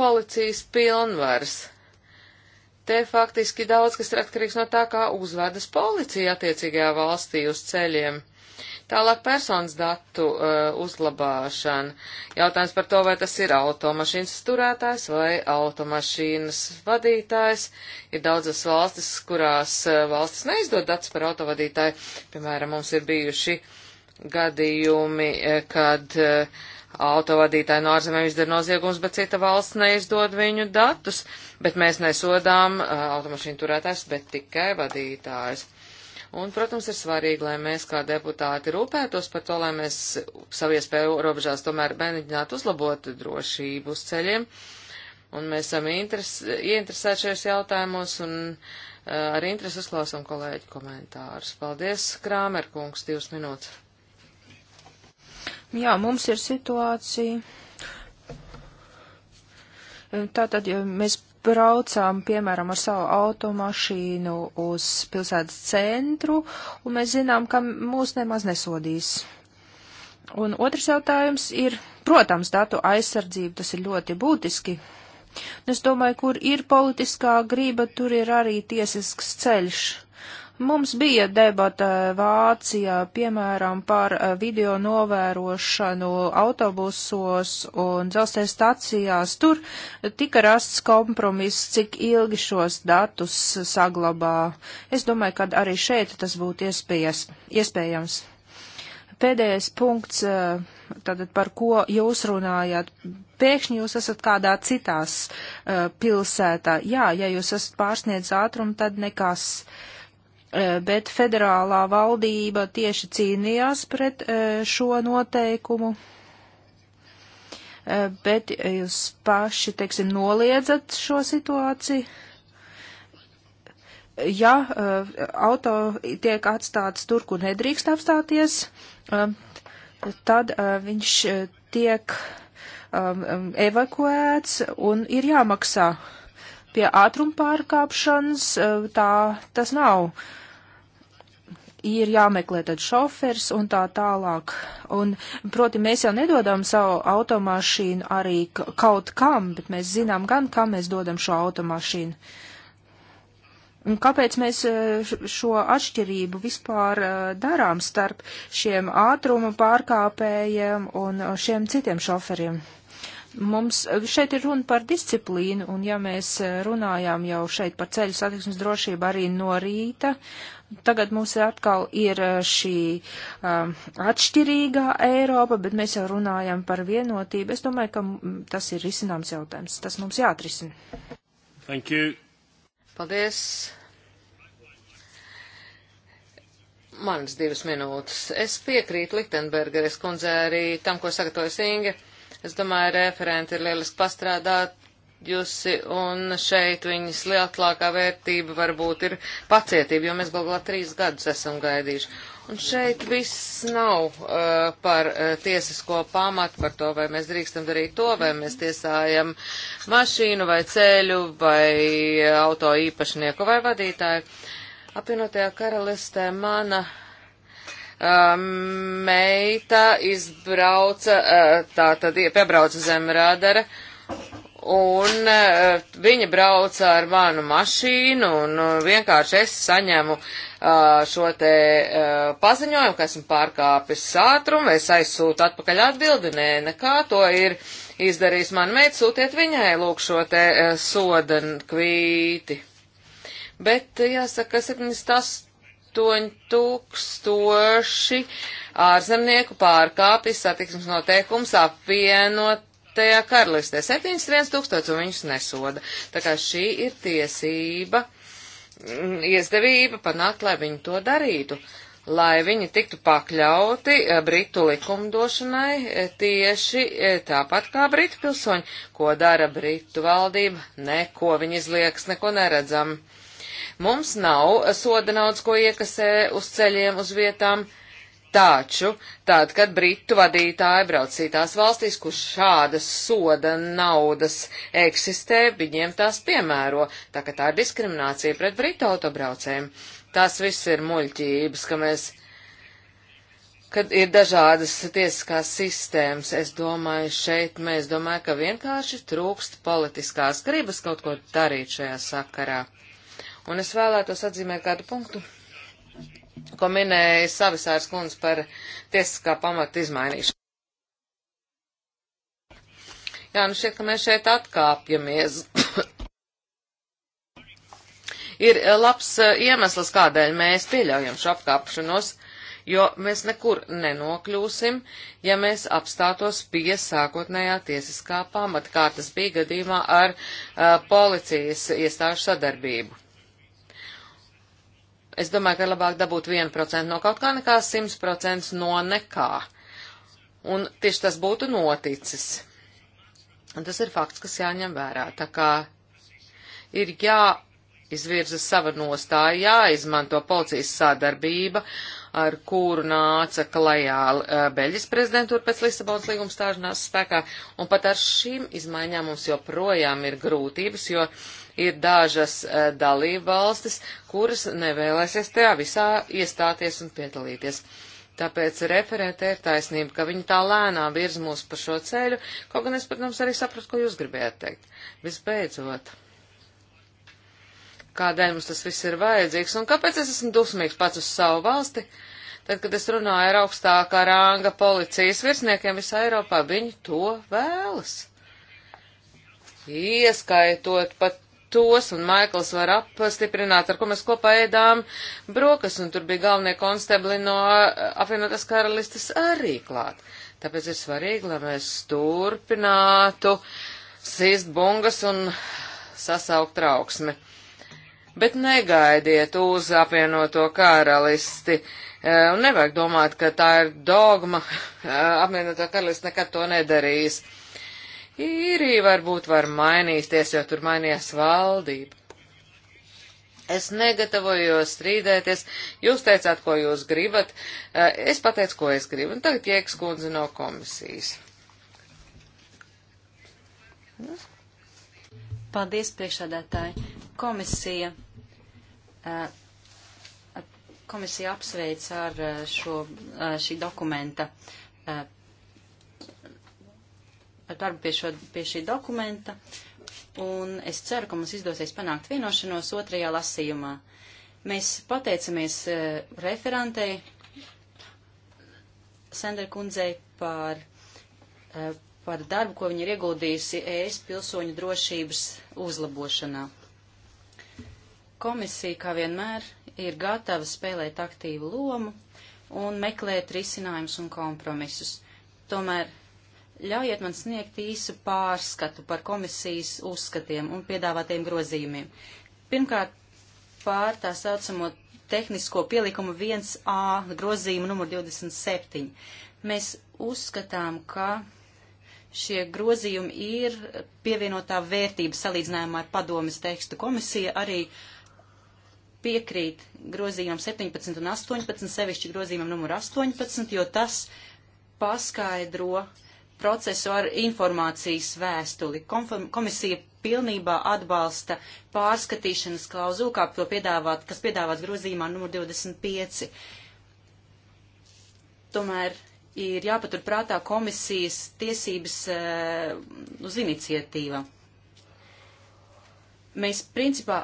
Speaker 2: policijas pilnvars. Te faktiski daudz kas ir atkarīgs no tā, kā uzvedas policija attiecīgajā valstī uz ceļiem. Tālāk personas datu uh, eh, uzglabāšana. Jautājums par to, vai tas ir automašīnas turētājs vai automašīnas vadītājs. Ir daudzas valstis, kurās uh, valstis neizdod datus par autovadītāju. Piemēram, mums ir bijuši gadījumi, eh, kad uh, autovadītāji no ārzemēm izdara noziegums, bet cita valsts neizdod viņu datus, bet mēs nesodām uh, automašīnu turētājs, bet tikai vadītājs. Un, protams, ir svarīgi, lai mēs kā deputāti rūpētos par to, lai mēs saviespēju robežās tomēr mēģinātu uzlabot drošību uz ceļiem. Un mēs esam interes, ieinteresēti šajos jautājumos un uh, ar interesi uzklausām kolēģi komentārus. Paldies, Krāmer kungs, divas minūtes.
Speaker 3: Jā, mums ir situācija. Tātad, ja mēs braucām, piemēram, ar savu automašīnu uz pilsētas centru, un mēs zinām, ka mūs nemaz nesodīs. Un otrs jautājums ir, protams, datu aizsardzība, tas ir ļoti būtiski. Es domāju, kur ir politiskā grība, tur ir arī tiesisks ceļš. Mums bija debata Vācijā, piemēram, par eh, video novērošanu autobusos un dzelzceļa stacijās. Tur tika rasts kompromiss, cik ilgi šos datus saglabā. Es domāju, ka arī šeit tas būtu iespējas, iespējams. Pēdējais punkts, eh, tātad par ko jūs runājāt, pēkšņi jūs esat kādā citās eh, pilsētā. Jā, ja jūs esat pārsniedz ātrumu, tad nekas. Uh, Eh, bet federālā valdība tieši cīnījās pret eh, šo noteikumu. Eh, bet jūs paši, teiksim, noliedzat šo situāciju. Ja auto tiek atstāts tur, kur nedrīkst apstāties, tad viņš tiek evakuēts un ir jāmaksā. Uh, pie ātruma pārkāpšanas, eh, tā tas nav. Ir jāmeklē tad šofers un tā tālāk. Un, proti, mēs jau nedodam savu automašīnu arī kaut kam, bet mēs zinām gan, kam mēs dodam šo automašīnu. Un kāpēc mēs eh, šo atšķirību vispār eh, darām starp šiem ātruma pārkāpējiem un šiem citiem šoferiem? Mums eh, šeit ir runa par disciplīnu, un ja mēs eh, runājām jau šeit par ceļu satiksmes drošību arī no rīta, tagad mums ir atkal ir eh, šī um, atšķirīgā Eiropa, bet mēs jau runājam par vienotību. Es domāju, ka tas ir risināms jautājums. Tas mums jāatrisina.
Speaker 1: Thank you.
Speaker 2: Paldies. Manas divas minūtes. Es piekrītu Liktenbergeres kundzē arī tam, ko sagatavoja Singa. Uh, Es domāju, referenti ir lieliski pastrādājusi, un šeit viņas lielākā vērtība varbūt ir pacietība, jo mēs galu galā trīs gadus esam gaidījuši. Un šeit viss nav uh, par uh, tiesisko pamatu, par to, vai mēs drīkstam darīt to, vai mēs tiesājam mašīnu vai ceļu vai auto īpašnieku vai vadītāju. Apvienotajā karalistē mana uh, meita izbrauca, tā tad piebrauca zem radara, un viņa brauca ar manu mašīnu, un nu, vienkārši es saņemu šo te paziņojumu, ka esmu pārkāpis ātrumu, es aizsūtu atpakaļ atbildi, nē, nekā to ir izdarījis man meita, sūtiet viņai lūk šo te soda kvīti. Bet jāsaka, 78 8000 ārzemnieku pārkāpis satiksmes noteikums apvienotajā karalistē. 71 tūkstoši un viņus nesoda. Tā kā šī ir tiesība, mm, iesdevība panākt, lai viņi to darītu lai viņi tiktu pakļauti eh, Britu likumdošanai eh, tieši eh, tāpat kā Britu pilsoņi. Ko dara Britu valdība? Neko viņi izlieks, neko neredzam. Uh, Mums nav soda naudas, ko iekasē uz ceļiem, uz vietām. Taču, tad, kad britu vadītāji brauc citās valstīs, kur šādas soda naudas eksistē, viņiem tās piemēro, tā ka tā ir diskriminācija pret britu autobraucējiem. Tas viss ir muļķības, ka mēs, kad ir dažādas tiesiskās sistēmas, es domāju, šeit mēs domāju, ka vienkārši trūkst politiskās gribas kaut ko darīt šajā sakarā. Un es vēlētos atzīmēt kādu punktu, ko minēja Savisārs kundze par tiesiskā pamata izmainīšanu. Jā, nu šķiet, ka mēs šeit atkāpjamies. (coughs) ir labs eh, iemesls, kādēļ mēs pieļaujam šo apkāpšanos, jo mēs nekur nenokļūsim, ja mēs apstātos pie sākotnējā tiesiskā pamata, kā tas bija gadījumā ar uh, policijas iestāžu sadarbību es domāju, ka ir labāk dabūt 1% no kaut kā nekā 100% no nekā. Un tieši tas būtu noticis. Un tas ir fakts, kas jāņem vērā. Tā kā ir jāizvirza sava nostāja, jāizmanto policijas sadarbība, ar kuru nāca klajā eh, Beļģis prezidentūra pēc Lisabonas līguma stāšanās spēkā. Un pat ar šīm izmaiņām mums joprojām ir grūtības, jo ir dažas e, dalība valstis, kuras nevēlēsies tajā visā iestāties un piedalīties. Tāpēc referentē ir taisnība, ka viņi tā lēnām virz mūs pa šo ceļu, kaut gan es, protams, arī sapratu, ko jūs gribējāt teikt. Visbeidzot, kādēļ mums tas viss ir vajadzīgs un kāpēc es esmu dusmīgs pats uz savu valsti? Tad, kad es runāju ar augstākā ranga policijas virsniekiem visā Eiropā, viņi to vēlas. Ieskaitot pat tos, un Maikls var apstiprināt, ar ko mēs kopā ēdām brokas, un tur bija galvenie konstebli no eh, apvienotās karalistas arī klāt. Tāpēc ir svarīgi, lai mēs turpinātu sīst bungas un sasaukt trauksmi. Bet negaidiet uz apvienoto karalisti. Eh, un nevajag domāt, ka tā ir dogma. (laughs) Apvienotā karalists nekad to nedarīs. Īrija varbūt var mainīties, jo tur mainījās valdība. Es negatavojos strīdēties, jūs teicāt, ko jūs gribat, eh, es pateicu, ko es gribu, un tagad Jēks kundze no komisijas. Paldies,
Speaker 4: priekšādātāji. Komisija, eh, komisija apsveic ar eh, šo, šī dokumenta par darbu pie, šo, pie šī dokumenta, un es ceru, ka mums izdosies panākt vienošanos otrajā lasījumā. Mēs pateicamies uh, referentei Sandra kundzei par, uh, par darbu, ko viņa ir ieguldījusi ES pilsoņu drošības uzlabošanā. Komisija, kā vienmēr, ir gatava spēlēt aktīvu lomu un meklēt risinājumus un kompromisus. Tomēr Ļaujiet man sniegt īsu pārskatu par komisijas uzskatiem un piedāvātiem grozījumiem. Pirmkārt, pār tā saucamo tehnisko pielikumu 1A grozījumu numur 27. Mēs uzskatām, ka šie grozījumi ir pievienotā vērtība salīdzinājumā ar padomas tekstu. Komisija arī piekrīt grozījumam 17 un 18, sevišķi grozījumam numur 18, jo tas paskaidro uh, procesu ar informācijas vēstuli. Konform, komisija pilnībā atbalsta pārskatīšanas klauzulu, kā to piedāvāt, kas piedāvāts grozījumā numur 25. Tomēr ir jāpatur prātā komisijas tiesības uh, uz iniciatīva. Mēs principā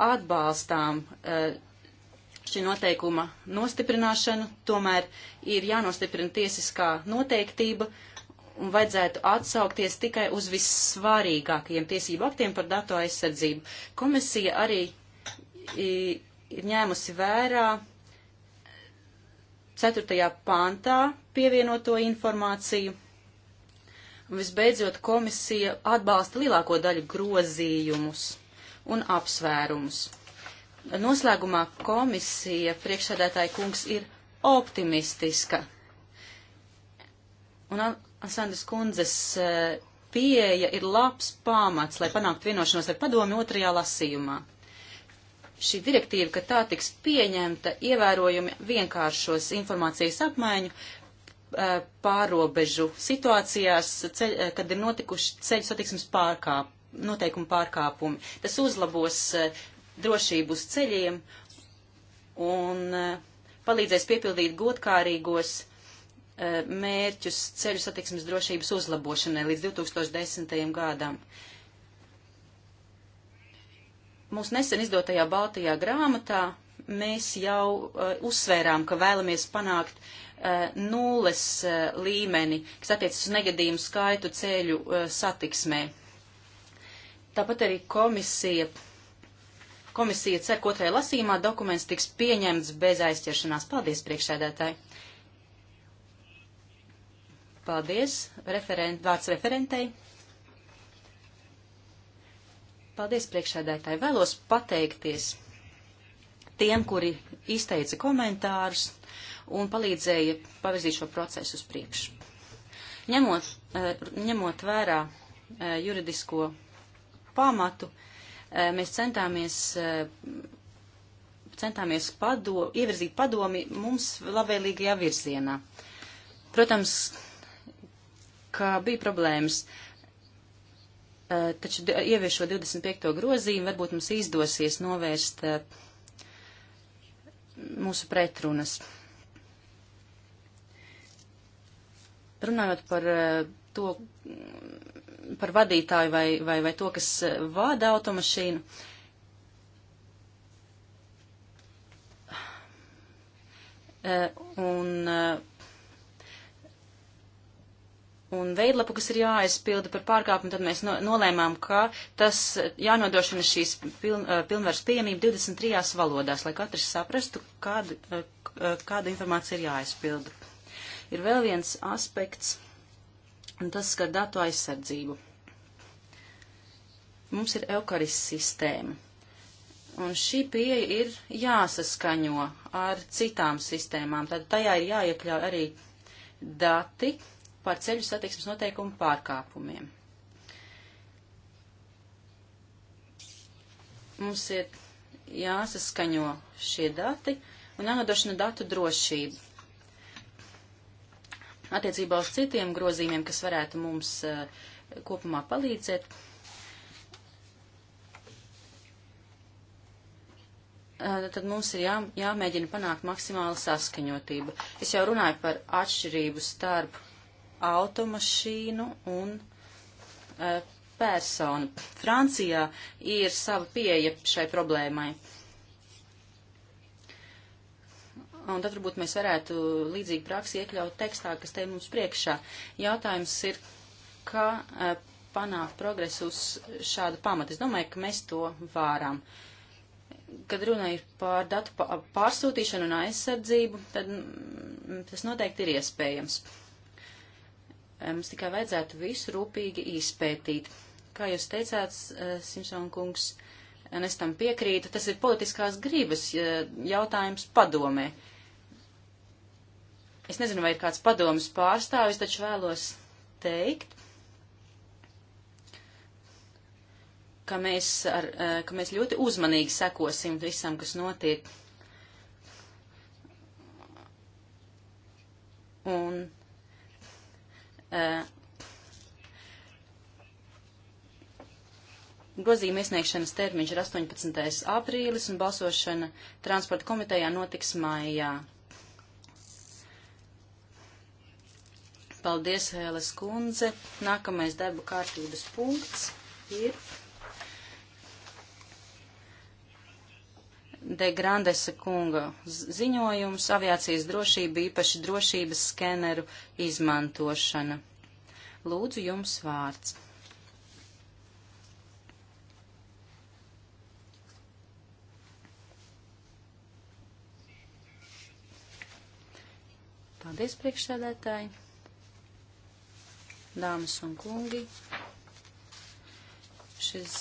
Speaker 4: atbalstām uh, šī noteikuma nostiprināšanu, tomēr ir jānostiprina tiesiskā noteiktība, uh, un vajadzētu atsaukties tikai uz vissvarīgākajiem tiesību aktiem par datu aizsardzību. Komisija arī ir ņēmusi vērā 4. pāntā pievienoto informāciju. Un visbeidzot, komisija atbalsta lielāko daļu grozījumus un apsvērumus. Noslēgumā komisija priekšsēdētāja kungs ir optimistiska un Asandas kundzes eh, pieeja ir labs pamats, lai panāktu vienošanos ar padomi otrajā lasījumā. Šī direktīva, ka tā tiks pieņemta, ievērojumi vienkāršos informācijas apmaiņu eh, pārobežu situācijās, ceļ, eh, kad ir notikuši ceļu satiksmes pārkāp, noteikumu pārkāpumi. Tas uzlabos drošību uz ceļiem un palīdzēs piepildīt godkārīgos E, mērķus ceļu satiksmes drošības uzlabošanai līdz 2010. gadam. Mūsu nesen izdotajā Baltijā grāmatā mēs jau uh, uzsvērām, ka vēlamies panākt uh, nulles uh, līmeni, kas attiecas uz negadījumu skaitu ceļu uh, satiksmē. Tāpat arī komisija, komisija cer, ka otrajā lasīmā dokuments tiks pieņemts bez aizķeršanās. Paldies, priekšsēdētāji! Paldies. Referent, vārds referentei. Paldies priekšsēdētāji. Vēlos pateikties tiem, kuri izteica komentārus un palīdzēja pavirzīt šo procesu uz priekšu. Ņemot, eh, ņemot vērā eh, juridisko pamatu, eh, mēs centāmies, centāmies pado, ievirzīt padomi mums labvēlīgajā virzienā. Protams, ka bija problēmas. Eh, taču ieviešot 25. grozījumu, varbūt mums izdosies novērst eh, mūsu pretrunas. Runājot par eh, to, mm, par vadītāju vai, vai, vai to, kas vada automašīnu, un un veidlapu, kas ir jāaizpilda par pārkāpumu, tad mēs no, nolēmām, ka tas jānodrošina šīs piln, eh, pilnvaras pieejamība 23 valodās, lai katrs saprastu, kādu, eh, eh, kāda informācija ir jāaizpilda. Ir vēl viens aspekts, un tas skar datu aizsardzību. Mums ir Eukaris sistēma. Un šī pieeja ir jāsaskaņo ar citām sistēmām, tad tajā ir jāiekļauj arī dati, par ceļu satiksmes noteikumu pārkāpumiem. Mums ir jāsaskaņo šie dati un jānodrošina datu drošība. Attiecībā uz citiem grozījumiem, kas varētu mums uh, kopumā palīdzēt, eh, tad mums ir jā, jāmēģina panākt maksimāla saskaņotība. Es jau runāju par atšķirību starp automašīnu un e, personu. Francijā ir sava pieeja šai problēmai. Un tad varbūt mēs varētu līdzīgu praksi iekļaut tekstā, kas te mums priekšā. Jautājums ir, kā e, panākt progresu uz šādu pamatu. Es domāju, ka mēs to vārām. Kad runa ir par datu pārsūtīšanu un aizsardzību, tad mm, tas noteikti ir iespējams. Eh, mums tikai vajadzētu visu rūpīgi izpētīt. Kā jūs teicāt, eh, Simpson kungs, un es tam piekrītu, tas ir politiskās grības eh, jautājums padomē. Es nezinu, vai ir kāds padomas pārstāvis, taču vēlos teikt, ka mēs, ar, ka mēs ļoti uzmanīgi sekosim visam, kas notiek. Un Eh, grozījuma iesniegšanas termiņš ir 18. aprīlis un balsošana transporta komitejā notiks maijā. Paldies, Hēles kundze. Nākamais darba kārtības punkts ir. De Grandesa kunga ziņojums - aviācijas drošība, īpaši drošības skeneru izmantošana. Lūdzu, jums vārds. Paldies, priekšsēdētāji, dāmas un kungi. Šis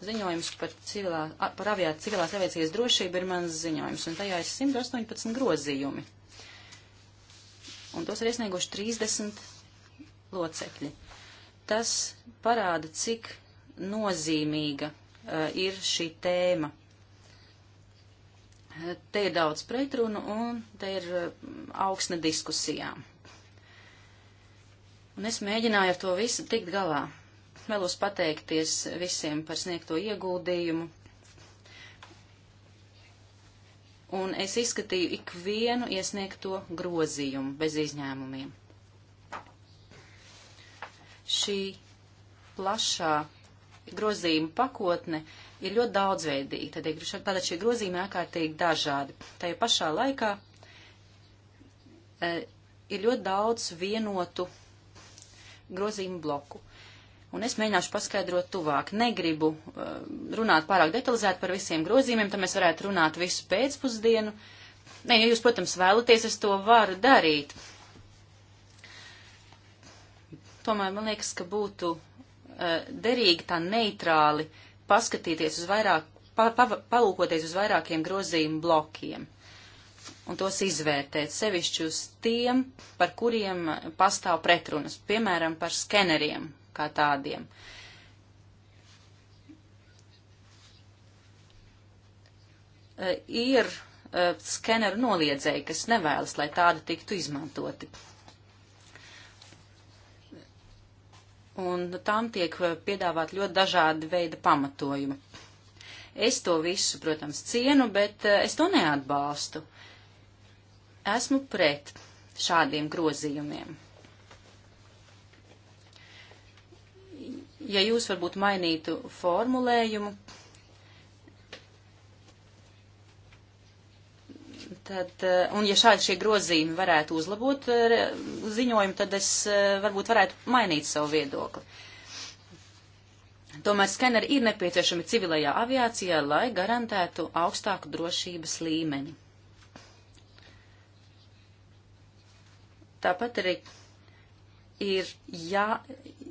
Speaker 4: Ziņojums par, civilā, par aviā, civilās aviācijas drošību ir mans ziņojums, un tajā ir 118 grozījumi. Un tos ir iesnieguši 30 locekļi. Tas parāda, cik nozīmīga uh, ir šī tēma. E, te ir daudz pretrunu un te ir uh, augsne diskusijām. Un es mēģināju ar to visu tikt galā. Vēlos pateikties visiem par sniegto ieguldījumu. Un es izskatīju ikvienu iesniegto grozījumu bez izņēmumiem. Šī plašā grozījuma pakotne ir ļoti daudzveidīga. Tātad šie grozījumi ir ārkārtīgi dažādi. Tajā pašā laikā e, ir ļoti daudz vienotu grozījumu bloku un es mēģināšu paskaidrot tuvāk. Negribu uh, runāt pārāk detalizēti par visiem grozījumiem, tad mēs varētu runāt visu pēcpusdienu. Nē, ja jūs, protams, vēlaties, es to varu darīt. Tomēr man liekas, ka būtu uh, derīgi tā neitrāli paskatīties uz vairāk, pa, pa, palūkoties uz vairākiem grozījumu blokiem un tos izvērtēt, sevišķi uz tiem, par kuriem eh, pastāv pretrunas, piemēram, par skeneriem, kā tādiem. E, ir e, skeneru noliedzēji, kas nevēlas, lai tādi tiktu izmantoti. Un tām tiek e, piedāvāt ļoti dažādi veidi pamatojumi. Es to visu, protams, cienu, bet es to neatbalstu. Esmu pret šādiem grozījumiem. ja jūs varbūt mainītu formulējumu, tad, eh, un ja šādi šie grozījumi varētu uzlabot eh, ziņojumu, tad es eh, varbūt varētu mainīt savu viedokli. Tomēr skeneri ir nepieciešami civilajā aviācijā, lai garantētu augstāku drošības līmeni. Tāpat arī ir, jā,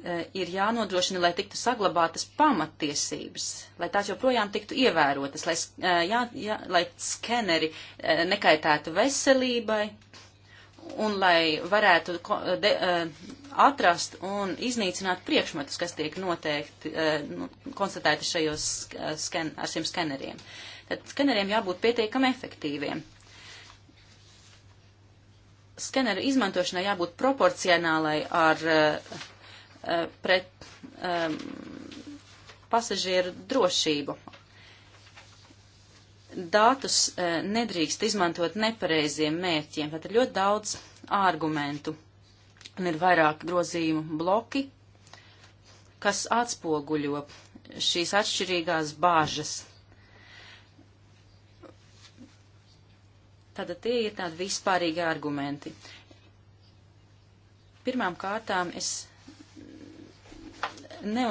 Speaker 4: e, ir jānodrošina, lai tiktu saglabātas pamatiesības, lai tās joprojām tiktu ievērotas, lai, e, jā, jā, lai skeneri e, nekaitētu veselībai un lai varētu de, atrast un iznīcināt priekšmetus, kas tiek noteikti, nu, konstatēti šajos sken, ar šiem skeneriem. Tad skeneriem jābūt pietiekami efektīviem skeneru izmantošanai jābūt proporcionālai ar eh, eh, pret um, pasažieru drošību. Datus uh, nedrīkst izmantot nepareiziem mērķiem, tad ir ļoti daudz argumentu un ir vairāk grozījumu bloki, kas atspoguļo šīs atšķirīgās bāžas Tātad tie ir tādi vispārīgi argumenti. Pirmām kārtām es ne,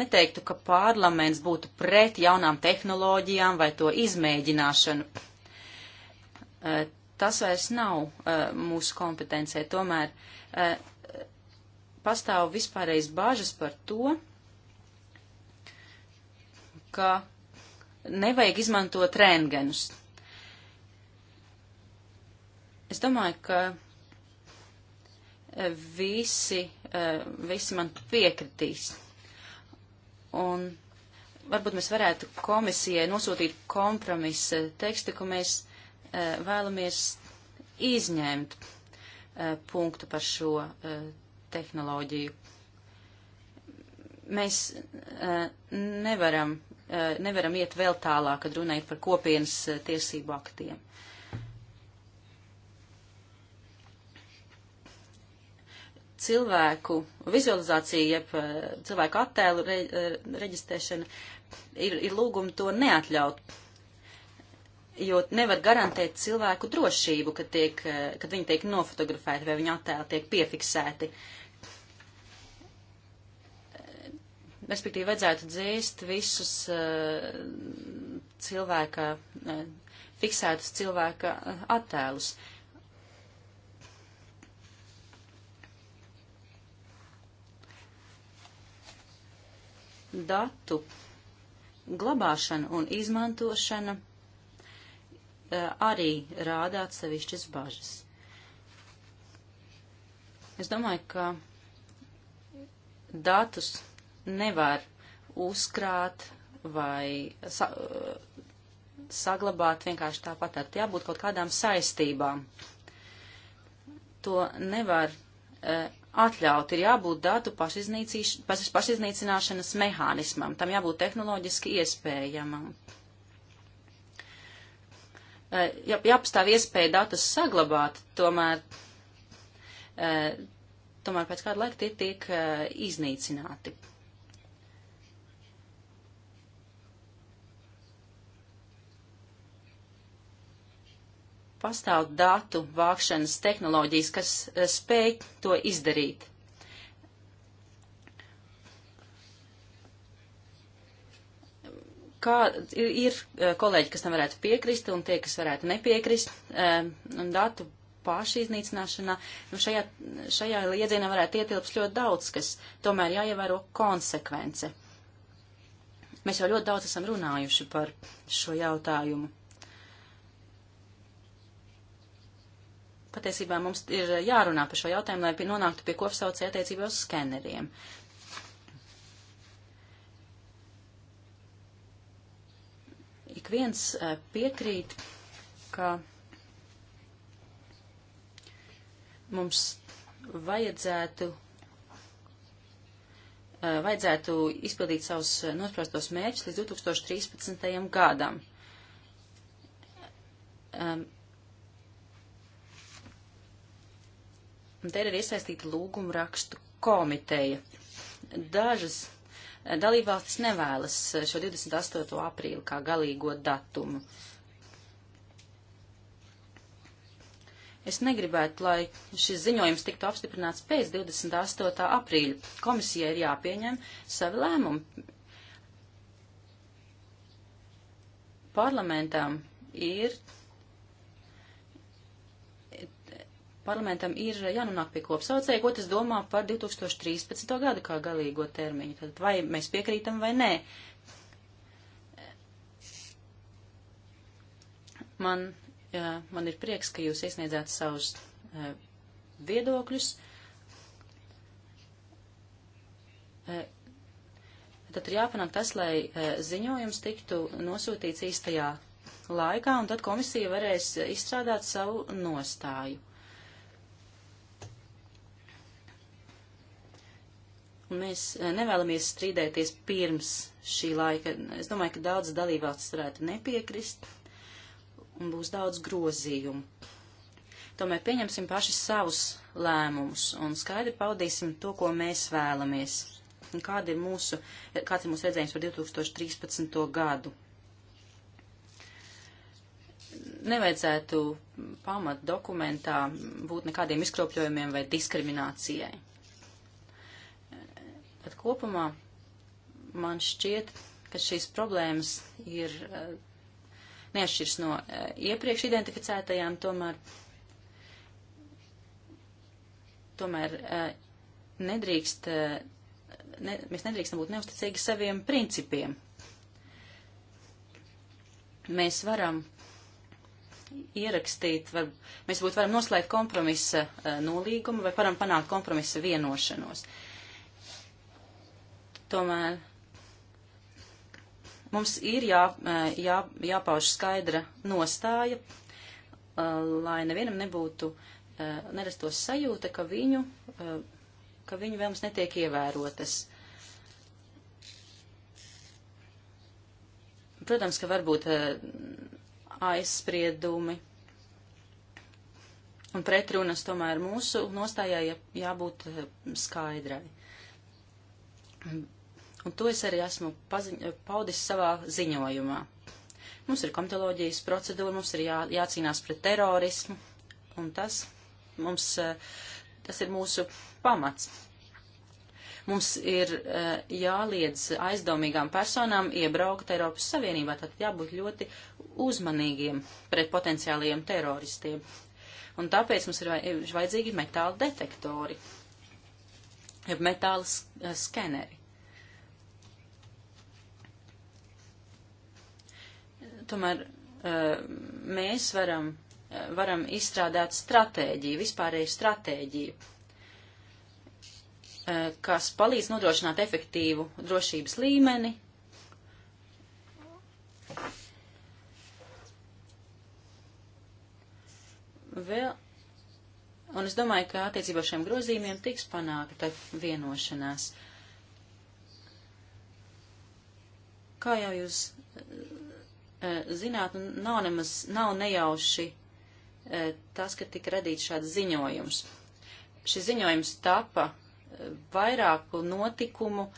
Speaker 4: neteiktu, ka parlaments būtu pret jaunām tehnoloģijām vai to izmēģināšanu. Eh, tas vairs nav eh, mūsu kompetencē. Tomēr eh, pastāv vispārreiz bažas par to, ka nevajag izmantot rēngenus. Es domāju, ka eh, visi, eh, visi man piekritīs. Un varbūt mēs varētu komisijai nosūtīt kompromisa tekstu, ko mēs eh, vēlamies izņemt punktu par šo tehnoloģiju. Mēs nevaram, nevaram iet vēl tālāk, kad runājot par kopienas tiesību aktiem. cilvēku vizualizācija, jeb eh, cilvēku attēlu re, eh, reģistrēšana, ir, ir lūgumi to neatļaut, jo nevar garantēt cilvēku drošību, kad, tiek, eh, kad viņi tiek nofotografēti vai viņa attēli tiek piefiksēti. Respektīvi, vajadzētu dzēst visus uh, cilvēka, uh, fiksētus cilvēka attēlus. Uh, datu glabāšana un izmantošana e, arī rāda atsevišķas bažas. Es domāju, ka datus nevar uzkrāt vai sa e, saglabāt vienkārši tāpat ar tie jābūt kaut kādām saistībām. To nevar e, atļauti. Ir jābūt datu pašiznīcināšanas mehānismam. Tam jābūt tehnoloģiski iespējamam. Eh, ja, ja pastāv iespēja datus saglabāt, tomēr, eh, tomēr pēc kāda laika tie tiek eh, iznīcināti. pastāv datu vākšanas tehnoloģijas, kas eh, spēj to izdarīt. Kā ir, ir eh, kolēģi, kas tam varētu piekrist, un tie, kas varētu nepiekrist, eh, un datu pašiznīcināšanā, nu šajā, šajā liedzienā varētu ietilpst ļoti daudz, kas tomēr jāievēro konsekvence. Mēs jau ļoti daudz esam runājuši par šo jautājumu. patiesībā mums ir jārunā par šo jautājumu, lai nonāktu pie kopsaucē attiecībā uz skeneriem. Ik viens eh, piekrīt, ka mums vajadzētu, eh, vajadzētu izpildīt savus nosprostos mērķus līdz 2013. gadam. Um, Un te ir iesaistīta lūguma rakstu komiteja. Dažas eh, dalībvalstis nevēlas eh, šo 28. aprīli kā galīgo datumu. Es negribētu, lai šis ziņojums tiktu apstiprināts pēc 28. aprīļa. Komisija ir jāpieņem savi lēmumi. Parlamentam ir parlamentam ir jānonāk pie kopsaucēja, ko tas domā par 2013. gadu kā galīgo termiņu. Tad vai mēs piekrītam vai nē. Man, jā, man ir prieks, ka jūs iesniedzāt savus jā, e, viedokļus. Jā, e, tad ir jāpanāk tas, lai e, ziņojums tiktu nosūtīts īstajā laikā, un tad komisija varēs izstrādāt savu nostāju. Mēs eh, nevēlamies strīdēties pirms šī laika. Es domāju, ka daudz dalībvalstis varētu nepiekrist un būs daudz grozījumu. Tomēr pieņemsim paši savus lēmumus un skaidri paudīsim to, ko mēs vēlamies. Un kāda ir mūsu, kāds ir mūsu redzējums par 2013. gadu? Nevajadzētu pamat dokumentā būt nekādiem izkropļojumiem vai diskriminācijai Bet kopumā man šķiet, ka šīs problēmas ir eh, neatšķirs no eh, iepriekš identificētajām, tomēr, tomēr eh, nedrīkst, ne, mēs nedrīkstam būt neusticīgi saviem principiem. Mēs varam ierakstīt, var, mēs būtu varam noslēgt kompromisa nolīgumu vai varam panākt kompromisa vienošanos. Uh, Tomēr mums ir jā, jā, jāpauž skaidra nostāja, lai nevienam nebūtu nerastos sajūta, ka viņu, ka viņu vēlms netiek ievērotas. Protams, ka varbūt aizspriedumi un pretrunas tomēr mūsu nostājā jābūt skaidrai un to es arī esmu paziņ, paudis savā ziņojumā. Mums ir komitoloģijas procedūra, mums ir jā, jācīnās pret terorismu, un tas, mums, eh, tas ir mūsu pamats. Mums ir eh, jāliedz aizdomīgām personām iebraukt Eiropas Savienībā, tad jābūt ļoti uzmanīgiem pret potenciālajiem teroristiem. Un tāpēc mums ir vajadzīgi metāla detektori, jeb metāla skeneri. tomēr eh, mēs varam, eh, varam izstrādāt stratēģiju, vispārēju stratēģiju, eh, kas palīdz nodrošināt efektīvu drošības līmeni. Vēl, un es domāju, ka attiecībā šiem grozījumiem tiks panākta vienošanās. Kā jau jūs Eh, zinātne nav nemaz, nav nejauši eh, tas, ka tika radīts šāds ziņojums. Šis ziņojums tapa eh, vairāku notikumu,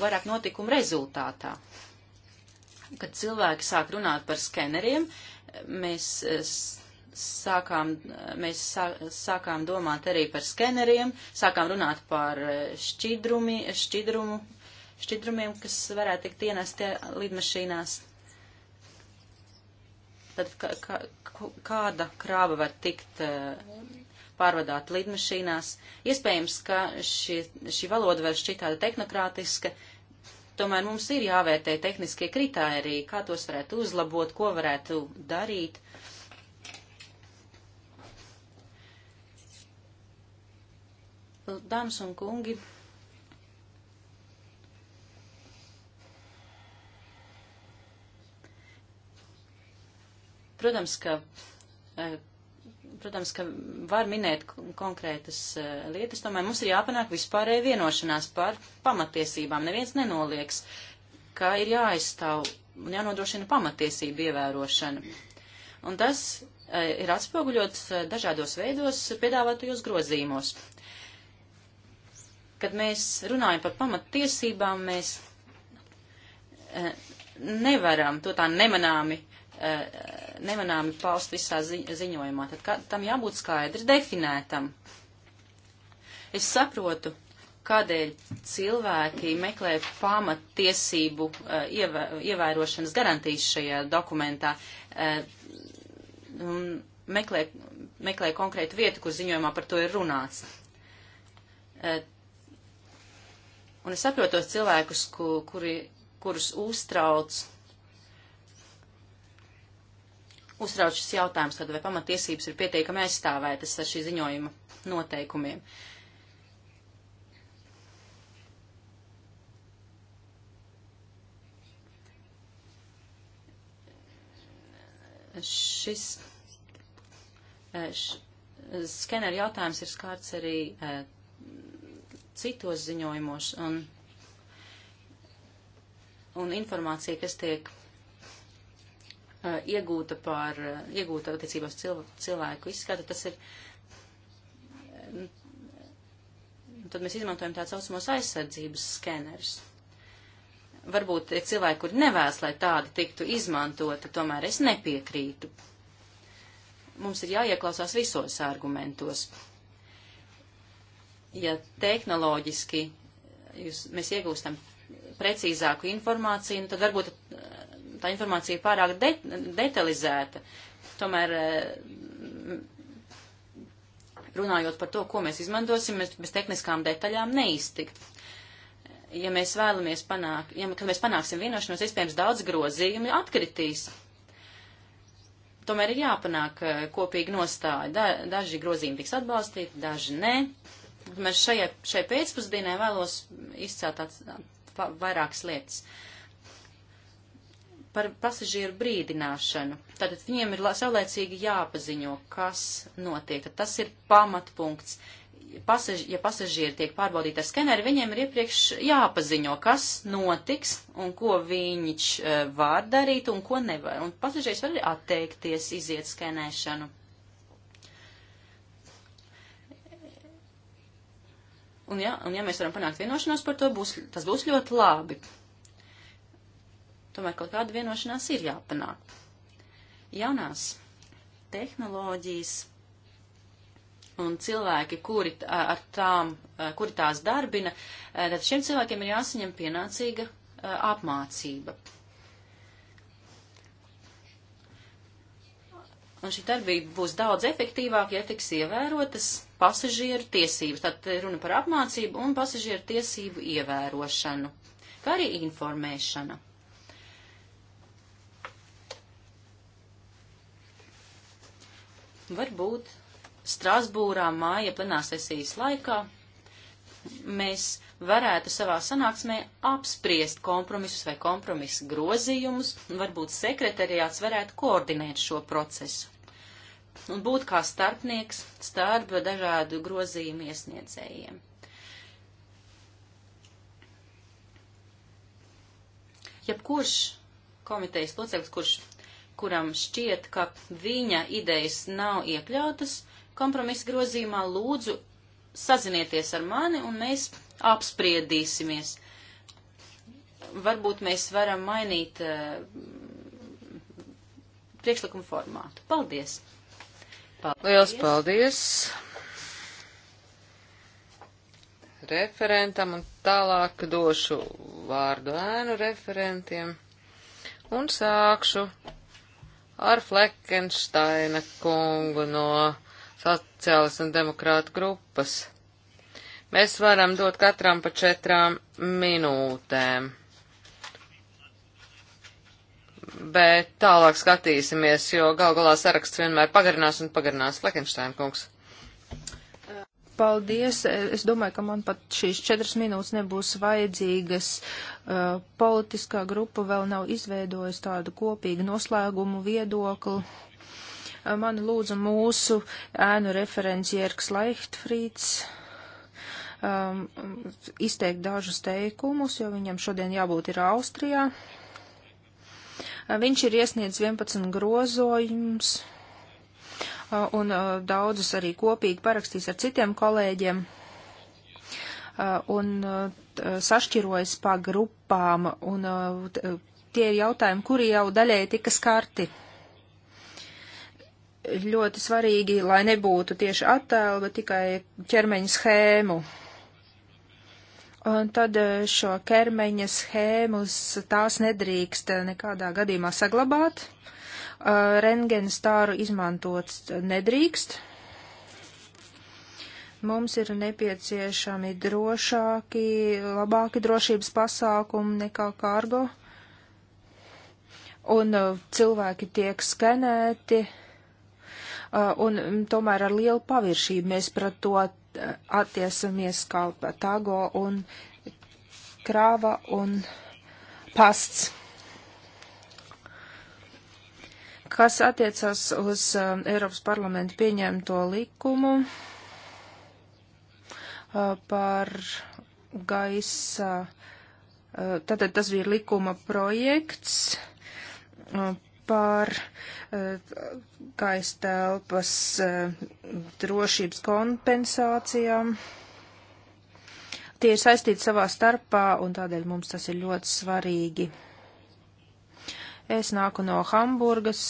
Speaker 4: vairāk notikumu rezultātā. Kad cilvēki sāk runāt par skeneriem, mēs sākām, mēs sākām domāt arī par skeneriem, sākām runāt par šķidrumi, šķidrumu, šķidrumiem, kas varētu tikt ienesti lidmašīnās. Tad kāda krāva var tikt eh, pārvadāt lidmašīnās? Iespējams, ka šie, šī valoda var šķiet tāda tehnokrātiska, tomēr mums ir jāvērtē tehniskie kritēriji, kā tos varētu uzlabot, ko varētu darīt. Dāmas un kungi! Protams, ka. E, protams, ka var minēt konkrētas e, lietas, tomēr mums ir jāpanāk vispārēja vienošanās par pamatiesībām. Neviens nenolieks, ka ir jāaizstāv un jānodrošina pamatiesību ievērošana. Un tas e, ir atspoguļots dažādos veidos piedāvātajos grozīmos. Kad mēs runājam par pamattiesībām, mēs nevaram to tā nemanāmi nemanāmi paust visā zi ziņojumā, tad kā, tam jābūt skaidri definētam. Es saprotu, kādēļ cilvēki meklē pamattiesību uh, eh, ievē, ievērošanas garantijas šajā dokumentā, uh, meklē, meklē konkrētu vietu, kur ziņojumā par to ir runāts. Uh, un es saprotu tos cilvēkus, ku, kuri, kurus uztrauc uztrauc šis jautājums, tad vai pamatiesības ir pietiekami aizstāvētas ar šī ziņojuma noteikumiem. Šis eh, š, skeneru jautājums ir skārts arī eh, citos ziņojumos, un, un informācija, kas tiek Uh, iegūta par, uh, iegūta attiecībās cilv, cilvēku izskatu, tas ir, uh, tad mēs izmantojam tāds saucamos aizsardzības skenerus. Varbūt ir cilvēki, kuri nevēlas, lai tādi tiktu izmantoti, tomēr es nepiekrītu. Mums ir jāieklausās visos argumentos. Ja tehnoloģiski jūs, mēs iegūstam precīzāku informāciju, nu tad varbūt tā informācija pārāk de, detalizēta. Tomēr eh, runājot par to, ko mēs izmantosim, mēs bez tehniskām detaļām neiztikt. Ja mēs vēlamies panākt, ja, kad mēs panāksim vienošanos, iespējams daudz grozījumi atkritīs. Tomēr ir jāpanāk eh, kopīgi nostāja. Da, daži grozījumi tiks atbalstīti, daži nē. Tomēr šajā, šai pēcpusdienai vēlos izcelt tāds, vairākas lietas. Uh, par pasažieru brīdināšanu. Tātad viņiem ir saulēcīgi jāpaziņo, kas notiek. Tad tas ir pamatpunkts. Pasaž, ja pasažieri tiek pārbaudīti ar skeneri, viņiem ir iepriekš jāpaziņo, kas notiks un ko viņš uh, eh, var darīt un ko nevar. Un pasažieris var arī atteikties iziet skenēšanu. Un ja, un ja mēs varam panākt vienošanos par to, būs, tas būs ļoti labi. Tomēr kaut kāda vienošanās ir jāpanāk. Jaunās tehnoloģijas un cilvēki, kuri ar tām, kuri tās darbina, tad šiem cilvēkiem ir jāsaņem pienācīga apmācība. Un šī darbība būs daudz efektīvāka, ja tiks ievērotas pasažieru tiesības. Tad runa par apmācību un pasažieru tiesību ievērošanu, kā arī informēšana. Varbūt Strasbūrā māja plenāsesijas laikā mēs varētu savā sanāksmē apspriest kompromisus vai kompromisu grozījumus, un varbūt sekretariāts varētu koordinēt šo procesu un būt kā starpnieks starp dažādu grozījumu iesniedzējiem. Jebkurš komitejas loceklis, kurš kuram šķiet, ka viņa idejas nav iekļautas kompromisa grozījumā, lūdzu sazinieties ar mani un mēs apspriedīsimies. Varbūt mēs varam mainīt uh, priekšlikumu formātu. Paldies!
Speaker 2: paldies. Liels paldies! referentam un tālāk došu vārdu ēnu referentiem un sākšu ar Fleckensteina kungu no sociālas un demokrāta grupas. Mēs varam dot katram pa četrām minūtēm. Bet tālāk skatīsimies, jo gal galā saraksts vienmēr pagarinās un pagarinās Fleckensteina kungs.
Speaker 3: Paldies. Es domāju, ka man pat šīs četras minūtes nebūs vajadzīgas. Uh, politiskā grupa vēl nav izveidojusi tādu kopīgu noslēgumu viedokli. Uh, mani lūdza mūsu ēnu referents Jērgs Laichtfrīds um, izteikt dažus teikumus, jo viņam šodien jābūt ir Austrijā. Uh, viņš ir iesniedzis 11 grozojums. Uh, Uh, un uh, daudzus arī kopīgi parakstīs ar citiem kolēģiem. Uh, un sašķirojas pa grupām, un tie ir jautājumi, kuri jau daļēji tika skarti ļoti svarīgi, lai nebūtu tieši attēlu, bet tikai ķermeņa schēmu. Un tad šo ķermeņa schēmus tās nedrīkst nekādā gadījumā saglabāt. Uh, Rengena stāru izmantot nedrīkst. Mums ir nepieciešami drošāki, labāki drošības pasākumi nekā kārgo. Un cilvēki tiek skenēti, un tomēr ar lielu paviršību mēs pret to attiesamies kā tago un krāva un pasts. Kas attiecas uz uh, Eiropas parlamentu pieņemto likumu uh, par gaisa, uh, tātad tas bija likuma projekts uh, par uh, gaisa telpas uh, drošības kompensācijām. Tie ir saistīti savā starpā, un tādēļ mums tas ir ļoti svarīgi. Es nāku no Hamburgas.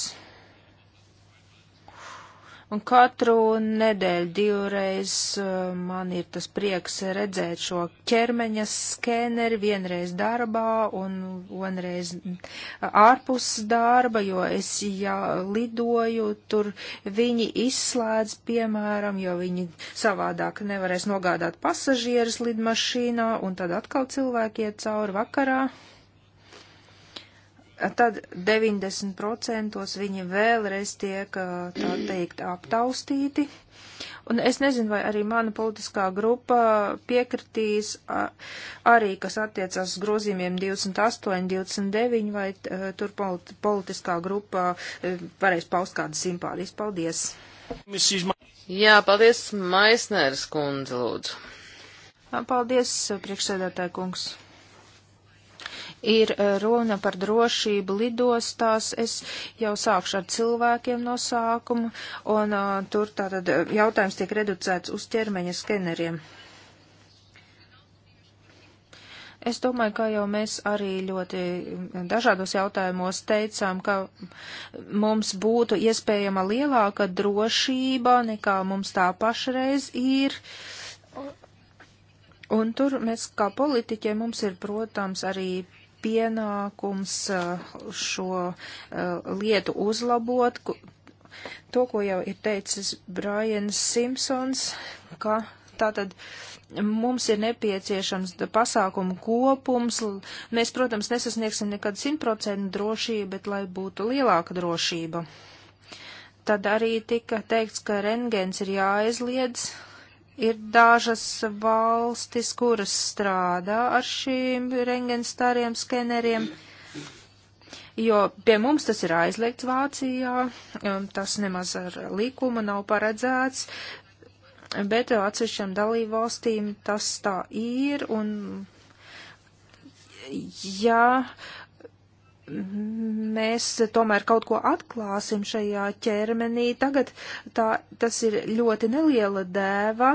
Speaker 3: Un katru nedēļu divreiz eh, man ir tas prieks redzēt šo ķermeņa skēneri, vienreiz darbā un vienreiz eh, ārpus darba, jo es jā, lidoju, tur viņi izslēdz, piemēram, jo viņi savādāk nevarēs nogādāt pasažierus lidmašīnā, un tad atkal cilvēki iet cauri vakarā tad 90% viņi vēlreiz tiek, tā teikt, aptaustīti. Un es nezinu, vai arī mana politiskā grupa piekritīs arī, kas attiecas uz grozījumiem 28, 29, vai tur politiskā grupa varēs paust kādas simpātijas. Paldies! Jā, paldies, Maisnēras kundze, lūdzu. Paldies, priekšsēdētāja kungs ir eh, runa par drošību lidostās. Es jau sākšu ar cilvēkiem no sākuma, un uh, tur tātad eh, jautājums tiek reducēts uz ķermeņa skeneriem. Es domāju, ka jau mēs arī ļoti dažādos jautājumos teicām, ka mums būtu iespējama lielāka drošība nekā mums tā pašreiz ir. Un tur mēs kā politiķiem mums ir, protams, arī pienākums eh, šo eh, lietu uzlabot, to, ko jau ir teicis Brians Simpsons, ka tātad mums ir nepieciešams pasākumu kopums. Mēs, protams, nesasniegsim nekad 100% drošību, bet lai būtu lielāka drošība. Tad arī tika teikts, ka rengens ir jāaizliedz, Ir dažas valstis, kuras strādā ar šīm rengenstāriem skeneriem, jo pie mums tas ir aizliegts Vācijā, tas nemaz ar likuma nav paredzēts, bet atsevišķām dalību valstīm tas tā ir, un ja mēs tomēr kaut ko atklāsim šajā ķermenī. Tagad tā, tas ir ļoti neliela dēva,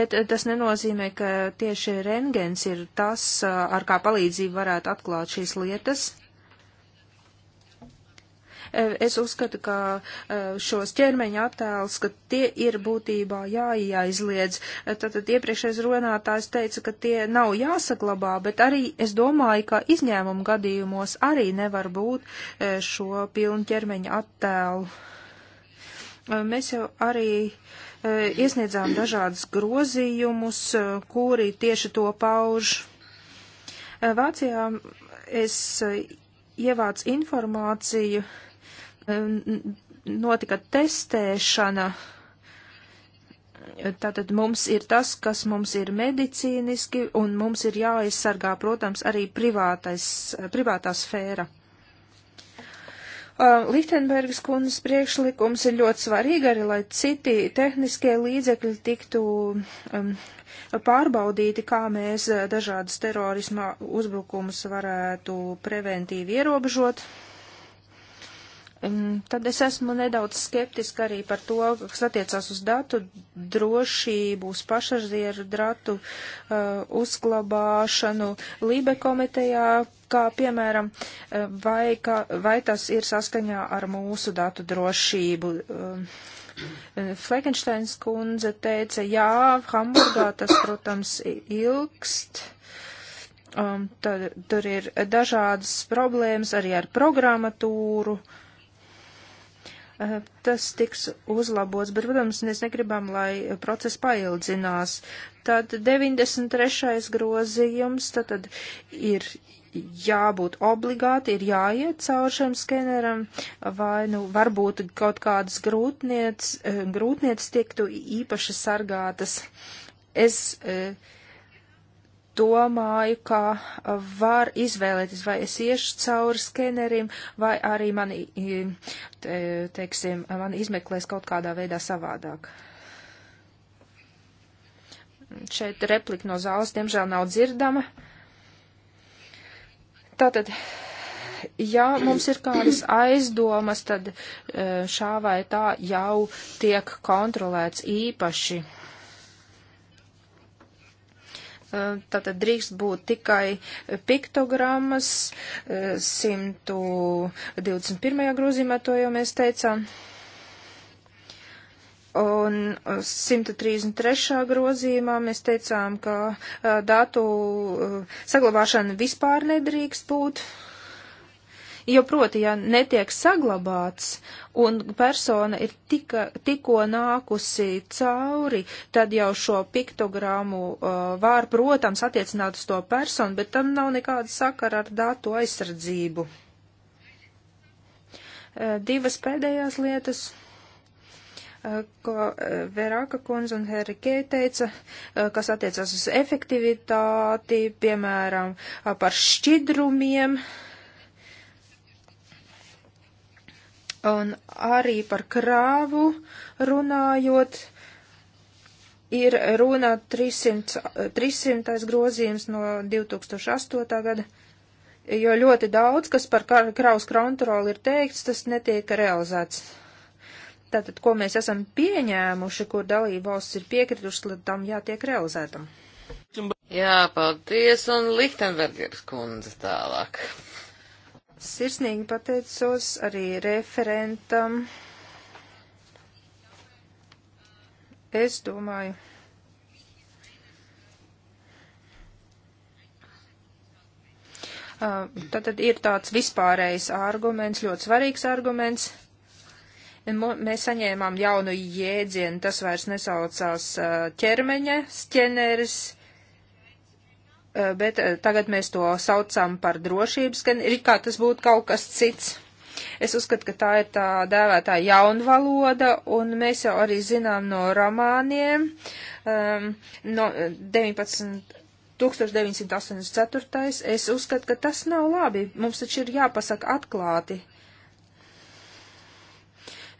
Speaker 3: bet tas nenozīmē, ka tieši rengens ir tas, ar kā palīdzību varētu atklāt šīs lietas. Es uzskatu, ka e, šos ķermeņa attēlus, ka tie ir būtībā jāieaizliedz. E, tātad iepriekšējais runātājs teica, ka tie nav jāsaglabā, bet arī es domāju, ka izņēmumu gadījumos arī nevar būt e, šo pilnu ķermeņa attēlu. Mēs jau arī iesniedzām dažādus grozījumus, kuri tieši to pauž. Vācijā es ievācu informāciju notika testēšana. Tātad mums ir tas, kas mums ir medicīniski, un mums ir jāaizsargā, protams, arī privātais, privātā sfēra. Lihtenbergas kundzes priekšlikums ir ļoti svarīgi arī, lai citi tehniskie līdzekļi tiktu um, pārbaudīti, kā mēs dažādas terorisma uzbrukumus varētu preventīvi ierobežot. Uh, Um, tad es esmu nedaudz skeptiska arī par to, kas attiecās uz datu drošību, uz pašažieru datu uh, uzglabāšanu Lībe komitejā, kā piemēram, uh, vai, kā, vai tas ir saskaņā ar mūsu datu drošību. Uh, Fleckensteins kundze teica, jā, Hamburgā tas, protams, ilgst. Um, tad, tur ir dažādas problēmas arī ar programmatūru. Uh, Eh, tas tiks uzlabots, bet, protams, mēs negribam, lai process paildzinās. Tad 93. grozījums, tad, tad ir jābūt obligāti, ir jāiet caur šiem skeneram, vai, nu, varbūt kaut kādas grūtniec, eh, grūtniec tiktu īpaši sargātas. Es, eh, domāju, ka var izvēlēties, vai es iešu cauri skenerim, vai arī mani, te, teiksim, mani izmeklēs kaut kādā veidā savādāk. Šeit replika no zāles, diemžēl, nav dzirdama. Tātad, ja mums ir kādas aizdomas, tad eh, šā vai tā jau tiek kontrolēts īpaši Eh, tātad drīkst būt tikai piktogrammas, 121. Eh, grozījumā to jau mēs teicām. Un 133. Eh, grozījumā mēs teicām, ka datu saglabāšana vispār nedrīkst būt. Uh, Jo proti, ja netiek saglabāts un persona ir tika, tikko nākusi cauri, tad jau šo piktogramu uh, var, protams, attiecināt uz to personu, bet tam nav nekāda sakara ar datu aizsardzību. Uh, divas pēdējās lietas uh, ko uh, Verāka kundze un Herikē teica, uh, kas attiecās uz efektivitāti, piemēram, par šķidrumiem. Uh, Un arī par krāvu runājot, ir runa 300, 300. grozījums no 2008. gada, jo ļoti daudz, kas par kraus kontroli ir teikts, tas netiek realizēts. Tātad, ko mēs esam pieņēmuši, kur dalība valsts ir piekritušas, tad tam jātiek realizētam.
Speaker 2: Jā, paldies, un Lichtenbergers kundze tālāk.
Speaker 3: Sirsnīgi pateicos arī referentam. Es domāju. Tātad ir tāds vispārējs arguments, ļoti svarīgs arguments. Mēs saņēmām jaunu jēdzienu, tas vairs nesaucās ķermeņa skeneris, Eh, bet eh, tagad mēs to saucam par drošības, gan ir kā tas būtu kaut kas cits. Es uzskatu, ka tā ir tā dēvētā jaunvaloda, un mēs jau arī zinām no romāniem, um, no 19. Eh, 1984. Es uzskatu, ka tas nav labi. Mums taču ir jāpasaka atklāti.